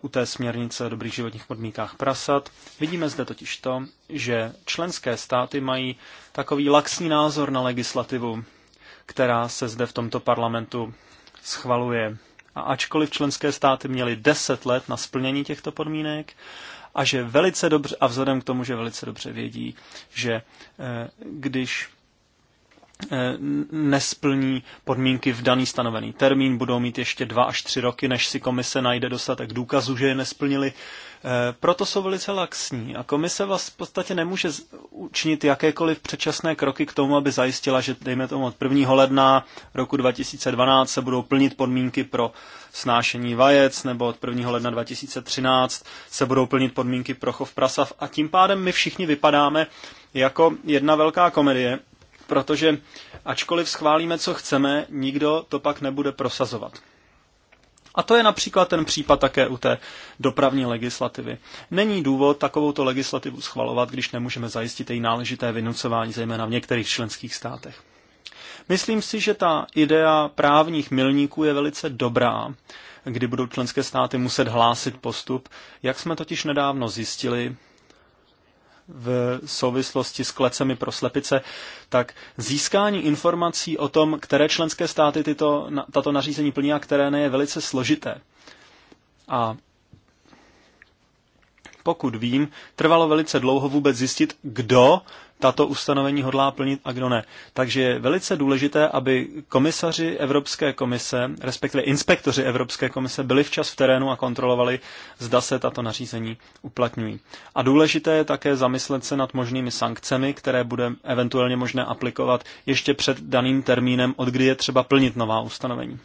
u té směrnice o dobrých životních podmínkách prasat. Vidíme zde totiž to, že členské státy mají takový laxní názor na legislativu, která se zde v tomto parlamentu schvaluje. A ačkoliv členské státy měly 10 let na splnění těchto podmínek, a že velice dobře, a vzhledem k tomu, že velice dobře vědí, že e, když Eh, nesplní podmínky v daný stanovený termín, budou mít ještě dva až tři roky, než si komise najde dostatek důkazů, že je nesplnili. Eh, proto jsou velice laxní a komise vás v podstatě nemůže učinit jakékoliv předčasné kroky k tomu, aby zajistila, že dejme tomu od 1. ledna roku 2012 se budou plnit podmínky pro snášení vajec, nebo od 1. ledna 2013 se budou plnit podmínky pro chov prasav a tím pádem my všichni vypadáme jako jedna velká komedie, protože ačkoliv schválíme, co chceme, nikdo to pak nebude prosazovat. A to je například ten případ také u té dopravní legislativy. Není důvod takovouto legislativu schvalovat, když nemůžeme zajistit její náležité vynucování, zejména v některých členských státech. Myslím si, že ta idea právních milníků je velice dobrá, kdy budou členské státy muset hlásit postup. Jak jsme totiž nedávno zjistili, v souvislosti s klecemi pro slepice, tak získání informací o tom, které členské státy tyto, tato nařízení plní a které ne, je velice složité. A pokud vím, trvalo velice dlouho vůbec zjistit, kdo tato ustanovení hodlá plnit a kdo ne. Takže je velice důležité, aby komisaři Evropské komise, respektive inspektoři Evropské komise, byli včas v terénu a kontrolovali, zda se tato nařízení uplatňují. A důležité je také zamyslet se nad možnými sankcemi, které bude eventuálně možné aplikovat ještě před daným termínem, od kdy je třeba plnit nová ustanovení.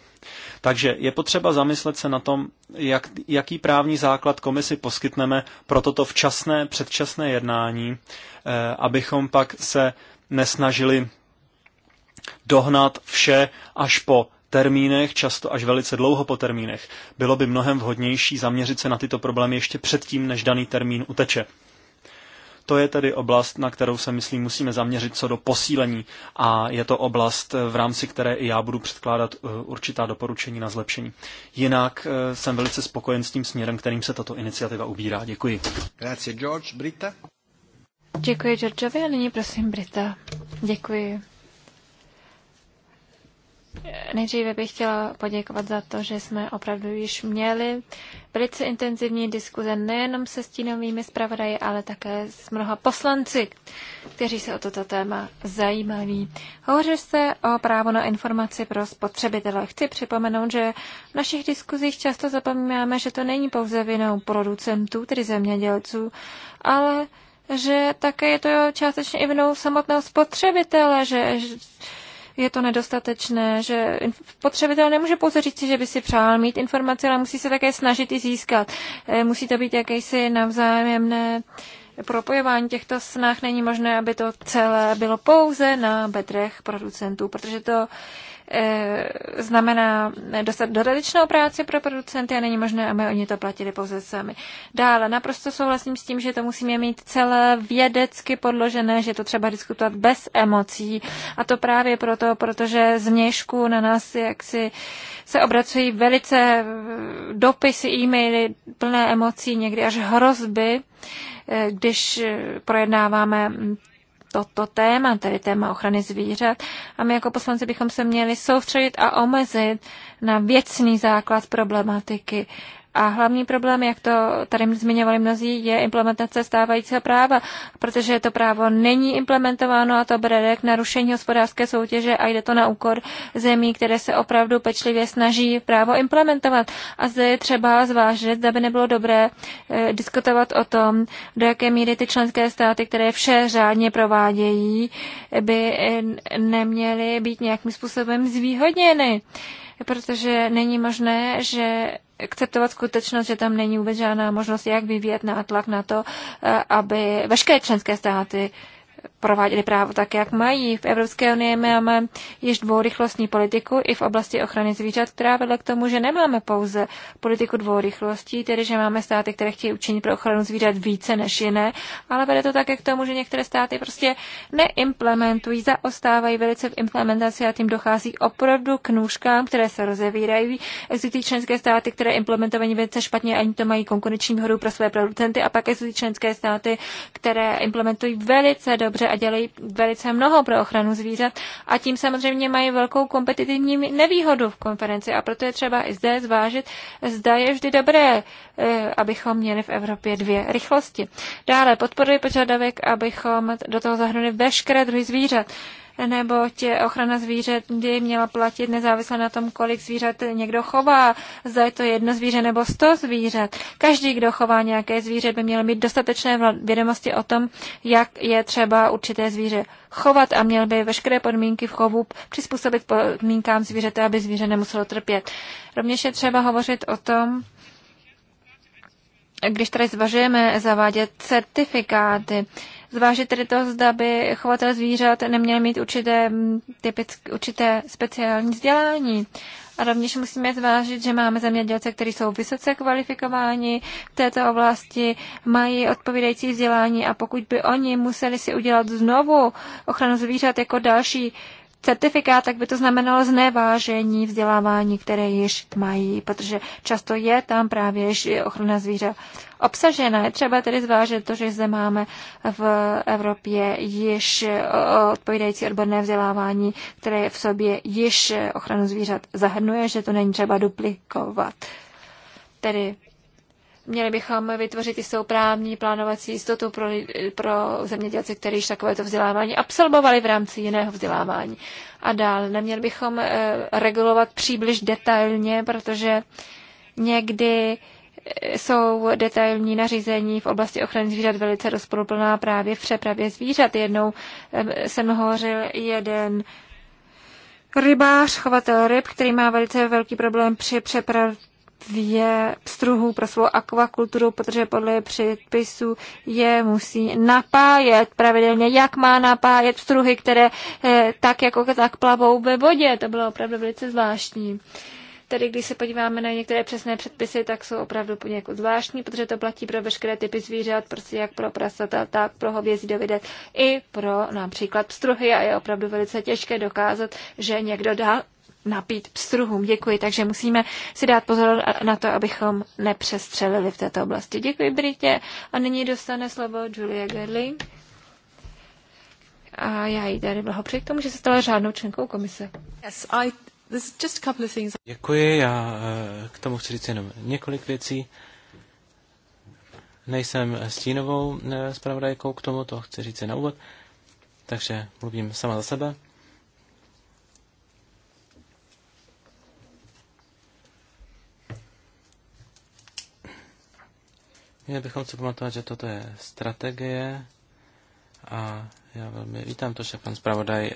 Takže je potřeba zamyslet se na tom, jak, jaký právní základ komisi poskytneme pro toto včasné, předčasné jednání, eh, abychom pak se nesnažili dohnat vše až po termínech, často až velice dlouho po termínech. Bylo by mnohem vhodnější zaměřit se na tyto problémy ještě předtím, než daný termín uteče. To je tedy oblast, na kterou se, myslím, musíme zaměřit co do posílení a je to oblast, eh, v rámci které i já budu předkládat eh, určitá doporučení na zlepšení. Jinak eh, jsem velice spokojen s tím směrem, kterým se tato iniciativa ubírá. Děkuji. Grazie, George. Brita? Děkuji Georgeovi a nyní prosím Brita. Děkuji. Nejdříve bych chtěla poděkovat za to, že jsme opravdu již měli velice intenzivní diskuze nejenom se stínovými zpravodaji, ale také s mnoha poslanci, kteří se o toto téma zajímaví. Hovoří se o právo na informaci pro spotřebitele. Chci připomenout, že v našich diskuzích často zapomínáme, že to není pouze vinou producentů, tedy zemědělců, ale že také je to částečně i vinou samotného spotřebitele, že je to nedostatečné, že potřebitel nemůže pouze říct, že by si přál mít informace, ale musí se také snažit i získat. Eh, musí to být jakési navzájemné propojování těchto snah. Není možné, aby to celé bylo pouze na bedrech producentů, protože to Eh, znamená dostat dodatečnou práci pro producenty a není možné, aby oni to platili pouze sami. Dále, naprosto souhlasím s tím, že to musíme mít celé vědecky podložené, že to třeba diskutovat bez emocí a to právě proto, protože z měšku na nás jaksi se obracují velice eh, dopisy, e-maily plné emocí, někdy až hrozby, eh, když projednáváme toto téma, tedy téma ochrany zvířat. A my jako poslanci bychom se měli soustředit a omezit na věcný základ problematiky. A hlavní problém, jak to tady zmiňovali mnozí, je implementace stávajícího práva, protože to právo není implementováno a to bere k narušení hospodářské soutěže a jde to na úkor zemí, které se opravdu pečlivě snaží právo implementovat. A zde je třeba zvážit, zda by nebylo dobré eh, diskutovat o tom, do jaké míry ty členské státy, které vše řádně provádějí, by eh, neměly být nějakým způsobem zvýhodněny protože není možné, že akceptovat skutečnost, že tam není vůbec žádná možnost, jak vyvíjet nátlak na to, eh, aby veškeré členské státy prováděli právo tak, jak mají. V Evropské unii máme již dvourychlostní politiku i v oblasti ochrany zvířat, která vedla k tomu, že nemáme pouze politiku dvourychlostí, tedy že máme státy, které chtějí učinit pro ochranu zvířat více než jiné, ale vede to také k tomu, že některé státy prostě neimplementují, zaostávají velice v implementaci a tím dochází opravdu k nůžkám, které se rozevírají. Existují členské státy, které implementovaní velice špatně, ani to mají konkurenční výhodu pro své producenty a pak existují členské státy, které implementují velice dobře dobře a dělají velice mnoho pro ochranu zvířat a tím samozřejmě mají velkou kompetitivní nevýhodu v konferenci a proto je třeba i zde zvážit, zda je vždy dobré, eh, abychom měli v Evropě dvě rychlosti. Dále podporuji požadavek, abychom do toho zahrnuli veškeré druhy zvířat nebo tě ochrana zvířat by měla platit nezávisle na tom, kolik zvířat někdo chová, zda je to jedno zvíře nebo sto zvířat. Každý, kdo chová nějaké zvíře, by měl mít dostatečné vědomosti o tom, jak je třeba určité zvíře chovat a měl by veškeré podmínky v chovu přizpůsobit podmínkám zvířete, aby zvíře nemuselo trpět. Rovněž je třeba hovořit o tom, když tady zvažujeme zavádět certifikáty, Zvážit tedy to, zda by chovatel zvířat neměl mít určité, mm, typické, určité speciální vzdělání. A rovněž musíme zvážit, že máme zemědělce, kteří jsou vysoce kvalifikováni v této oblasti, mají odpovídající vzdělání a pokud by oni museli si udělat znovu ochranu zvířat jako další certifikát, tak by to znamenalo znevážení vzdělávání, které již mají, protože často je tam právě ochrana zvířat obsažena. Je třeba tedy zvážit to, že zde máme v Evropě již eh, odpovídající odborné vzdělávání, které v sobě již eh, ochranu zvířat zahrnuje, že to není třeba duplikovat. Tedy měli bychom vytvořit i právní plánovací jistotu pro, pro zemědělce, kteří již takovéto vzdělávání absolvovali v rámci jiného vzdělávání. A dál, neměli bychom eh, regulovat příliš detailně, protože někdy jsou detailní nařízení v oblasti ochrany zvířat velice rozporuplná právě v přepravě zvířat. Jednou jsem hovořil jeden rybář, chovatel ryb, který má velice velký problém při přepravě struhů pstruhů pro svou akvakulturu, protože podle předpisu je musí napájet pravidelně. Jak má napájet pstruhy, které eh, tak jako tak plavou ve vodě? To bylo opravdu velice zvláštní. Tady, když se podíváme na některé přesné předpisy, tak jsou opravdu poněkud zvláštní, protože to platí pro veškeré typy zvířat, prostě jak pro prasata, tak pro hovězí dovidet, i pro například pstruhy a je opravdu velice těžké dokázat, že někdo dá napít pstruhům. Děkuji, takže musíme si dát pozor na to, abychom nepřestřelili v této oblasti. Děkuji, Britě. A nyní dostane slovo Julia Gerly. A já jí tady blahopřeji k tomu, že se stala řádnou členkou komise. Yes, I, Děkuji, já eh, k tomu chci říct jenom několik věcí. Nejsem stínovou eh, zpravodajkou k tomu, to chci říct na úvod, takže mluvím sama za sebe. Měli bychom si pamatovat, že toto je strategie a já velmi vítám to, že pan zpravodaj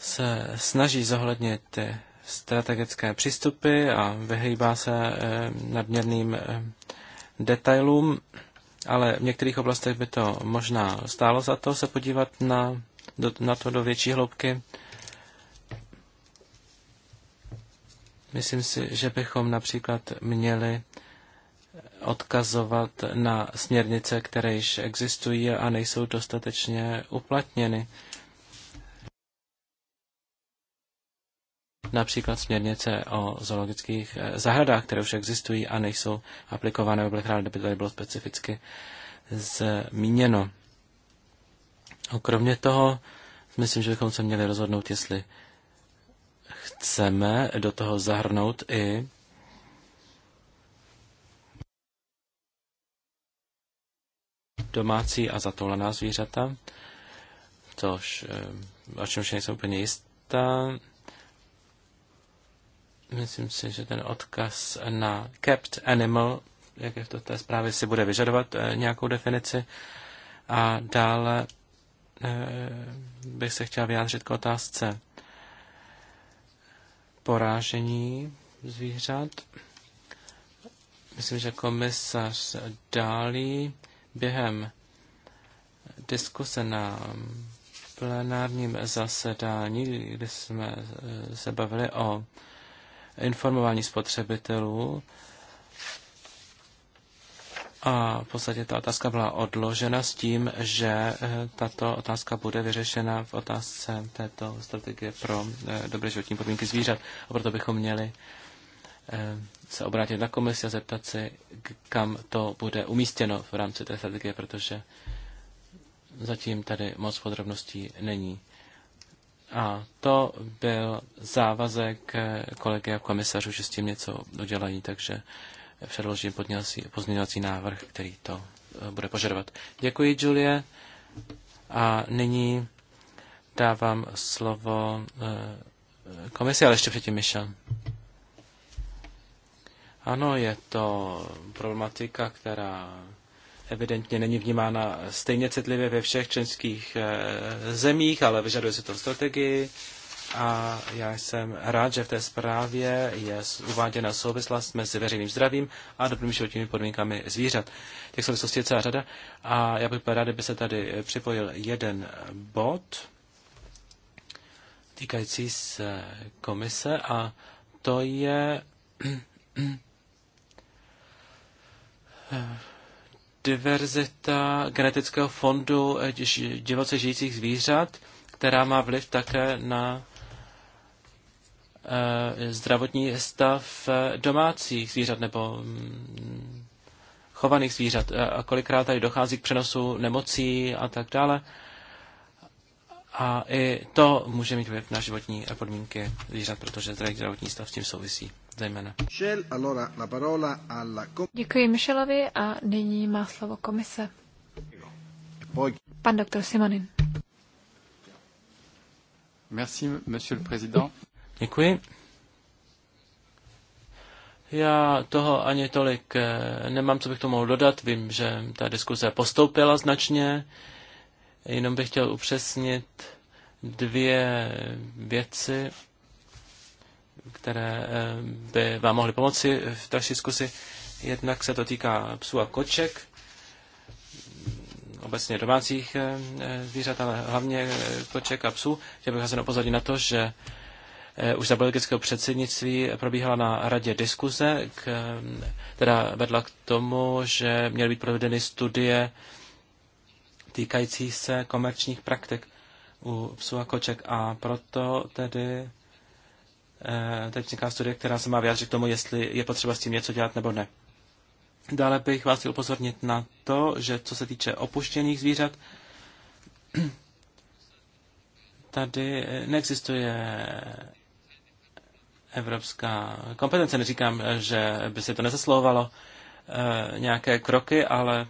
se snaží zohlednit ty strategické přístupy a vyhýbá se eh, nadměrným eh, detailům, ale v některých oblastech by to možná stálo za to se podívat na, na to do větší hloubky. Myslím si, že bychom například měli odkazovat na směrnice, které již existují a nejsou dostatečně uplatněny. Například směrnice o zoologických eh, zahradách, které už existují a nejsou aplikované, by rád, kdyby tady bylo specificky zmíněno. A kromě toho, myslím, že bychom se měli rozhodnout, jestli chceme do toho zahrnout i domácí a zatoulená zvířata, což, eh, o čemž nejsem úplně jistá. Myslím si, že ten odkaz na kept animal, jak je v té zprávě, si bude vyžadovat eh, nějakou definici. A dále eh, bych se chtěl vyjádřit k otázce porážení zvířat. Myslím, že komisař Dálí během diskuse na plenárním zasedání, kdy jsme eh, se bavili o informování spotřebitelů. A v podstatě ta otázka byla odložena s tím, že eh, tato otázka bude vyřešena v otázce této strategie pro eh, dobré životní podmínky zvířat. A proto bychom měli eh, se obrátit na komisi a zeptat se, kam to bude umístěno v rámci té strategie, protože zatím tady moc podrobností není. A to byl závazek kolegy a komisařů, že s tím něco udělají, takže předložím pozměňovací návrh, který to eh, bude požadovat. Děkuji, Julie. A nyní dávám slovo eh, komisi, ale ještě předtím Michel. Ano, je to problematika, která evidentně není vnímána stejně citlivě ve všech členských eh, zemích, ale vyžaduje si to strategii. A já jsem rád, že v té zprávě je uváděna souvislost mezi veřejným zdravím a dobrými životními podmínkami zvířat. Těch souvislostí je celá řada a já bych byl rád, kdyby se tady eh, připojil jeden bod týkající se komise a to je [clears throat] eh, diverzita genetického fondu eh, divoce žijících zvířat, která má vliv také na eh, zdravotní stav eh, domácích zvířat nebo mm, chovaných zvířat a kolikrát tady dochází k přenosu nemocí a tak dále. A i to může mít vliv na životní podmínky zvířat, protože zdravý zdravotní stav s tím souvisí zejména. Děkuji Michelovi a nyní má slovo komise. E Pan doktor Simonin. Merci, monsieur le président. Děkuji. Já toho ani tolik eh, nemám, co bych to mohl dodat. Vím, že ta diskuse postoupila značně. Jenom bych chtěl upřesnit dvě věci které eh, by vám mohly pomoci v další zkusy. Jednak se to týká psů a koček, obecně domácích eh, zvířat, ale hlavně eh, koček a psů. Chtěl bych vás jen upozornit na to, že už za belgického předsednictví probíhala na radě diskuze, která vedla k tomu, že měly být provedeny studie týkající se komerčních praktik u psů a koček. A proto tedy Eh, teď vzniká studie, která se má vyjádřit k tomu, jestli je potřeba s tím něco dělat nebo ne. Dále bych vás chtěl upozornit na to, že co se týče opuštěných zvířat, [clears throat] tady neexistuje evropská kompetence. Neříkám, že by se to nezaslouvalo eh, nějaké kroky, ale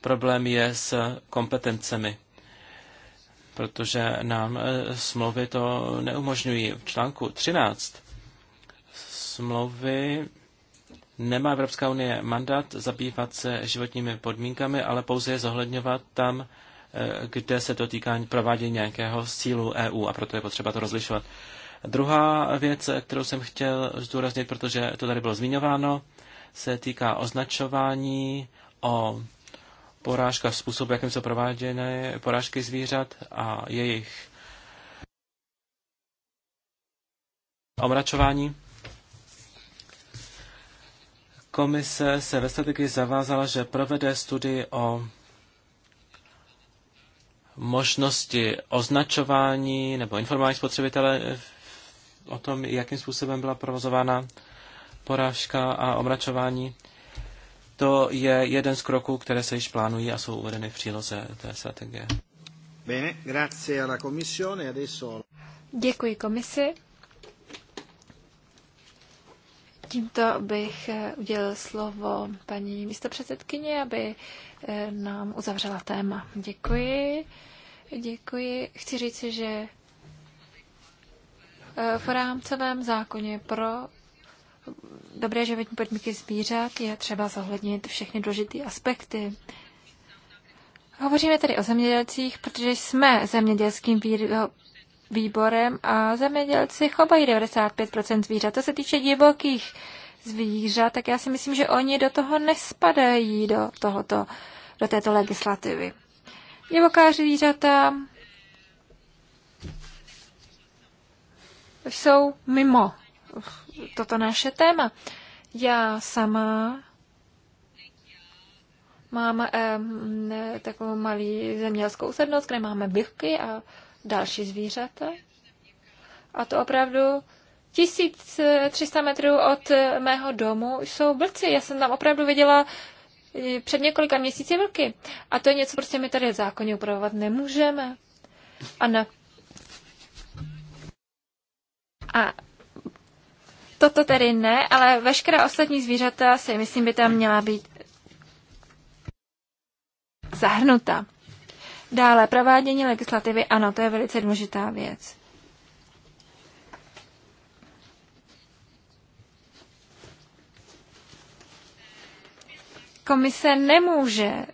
problém je s kompetencemi protože nám e, smlouvy to neumožňují. V článku 13 smlouvy nemá Evropská unie mandát zabývat se životními podmínkami, ale pouze je zohledňovat tam, e, kde se to týká provádění nějakého sílu e EU a proto je potřeba to rozlišovat. Druhá věc, kterou jsem chtěl zdůraznit, protože to tady bylo zmiňováno, se týká označování o porážka, způsob, jakým jsou prováděné porážky zvířat a jejich omračování. Komise se ve strategii zavázala, že provede studii o možnosti označování nebo informování spotřebitele o tom, jakým způsobem byla provozována porážka a omračování. To je jeden z kroků, které se již plánují a jsou uvedeny v příloze té strategie. Bene, grazie alla commissione, adesso... Děkuji komisi. Tímto bych eh, udělal slovo paní místopředsedkyni, aby eh, nám uzavřela téma. Děkuji. Děkuji. Chci říct, že eh, v rámcovém zákoně pro dobré životní podmínky zvířat je třeba zohlednit všechny důležité aspekty. Hovoříme tedy o zemědělcích, protože jsme zemědělským výborem a zemědělci chovají 95% zvířat. To se týče divokých zvířat, tak já si myslím, že oni do toho nespadají, do, tohoto, do této legislativy. Divoká zvířata jsou mimo toto naše téma. Já sama mám um, takovou malý zemědělskou usednost, kde máme bychky a další zvířata. A to opravdu 1300 metrů od mého domu jsou vlci. Já jsem tam opravdu viděla před několika měsíci vlky. A to je něco, prostě my tady zákonně upravovat nemůžeme. A na... A Toto tedy ne, ale veškerá ostatní zvířata si myslím by tam měla být zahrnuta. Dále provádění legislativy, ano, to je velice důležitá věc. Komise nemůže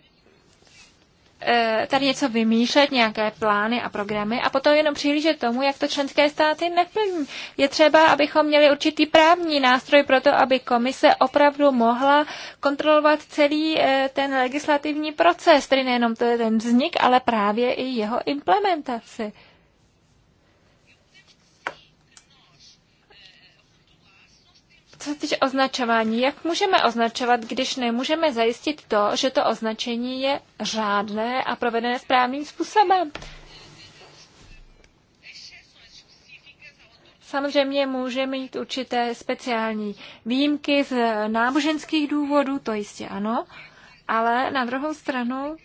E, tady něco vymýšlet, nějaké plány a programy a potom jenom přihlížet tomu, jak to členské státy neplní. Je třeba, abychom měli určitý právní nástroj pro to, aby komise opravdu mohla kontrolovat celý e, ten legislativní proces, tedy nejenom to je ten vznik, ale právě i jeho implementaci. Co se týče označování, jak můžeme označovat, když nemůžeme zajistit to, že to označení je řádné a provedené správným způsobem? Samozřejmě může mít určité speciální výjimky z náboženských důvodů, to jistě ano, ale na druhou stranu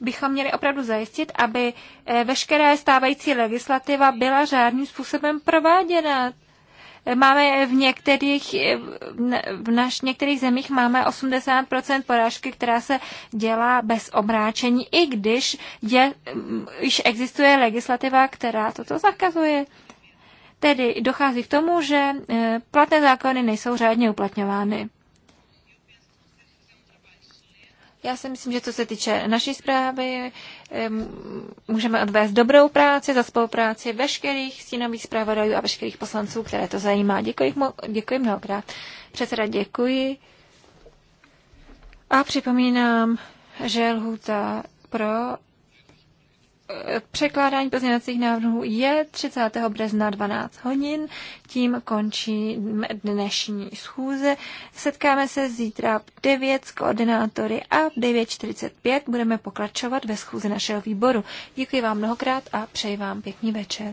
bychom měli opravdu zajistit, aby eh, veškerá stávající legislativa byla řádným způsobem prováděna máme v některých, v, naš, v některých zemích máme 80% porážky, která se dělá bez obráčení, i když je, již existuje legislativa, která toto zakazuje. Tedy dochází k tomu, že eh, platné zákony nejsou řádně uplatňovány. Já si myslím, že co se týče naší zprávy, můžeme odvést dobrou práci za spolupráci veškerých stínových zpravodajů a veškerých poslanců, které to zajímá. Děkuji, děkuji mnohokrát. Předseda, děkuji. A připomínám, že lhůta pro překládání pozměňovacích návrhů je 30. března 12 hodin. Tím končí dnešní schůze. Setkáme se zítra v 9 s koordinátory a v 9.45 budeme pokračovat ve schůze našeho výboru. Děkuji vám mnohokrát a přeji vám pěkný večer.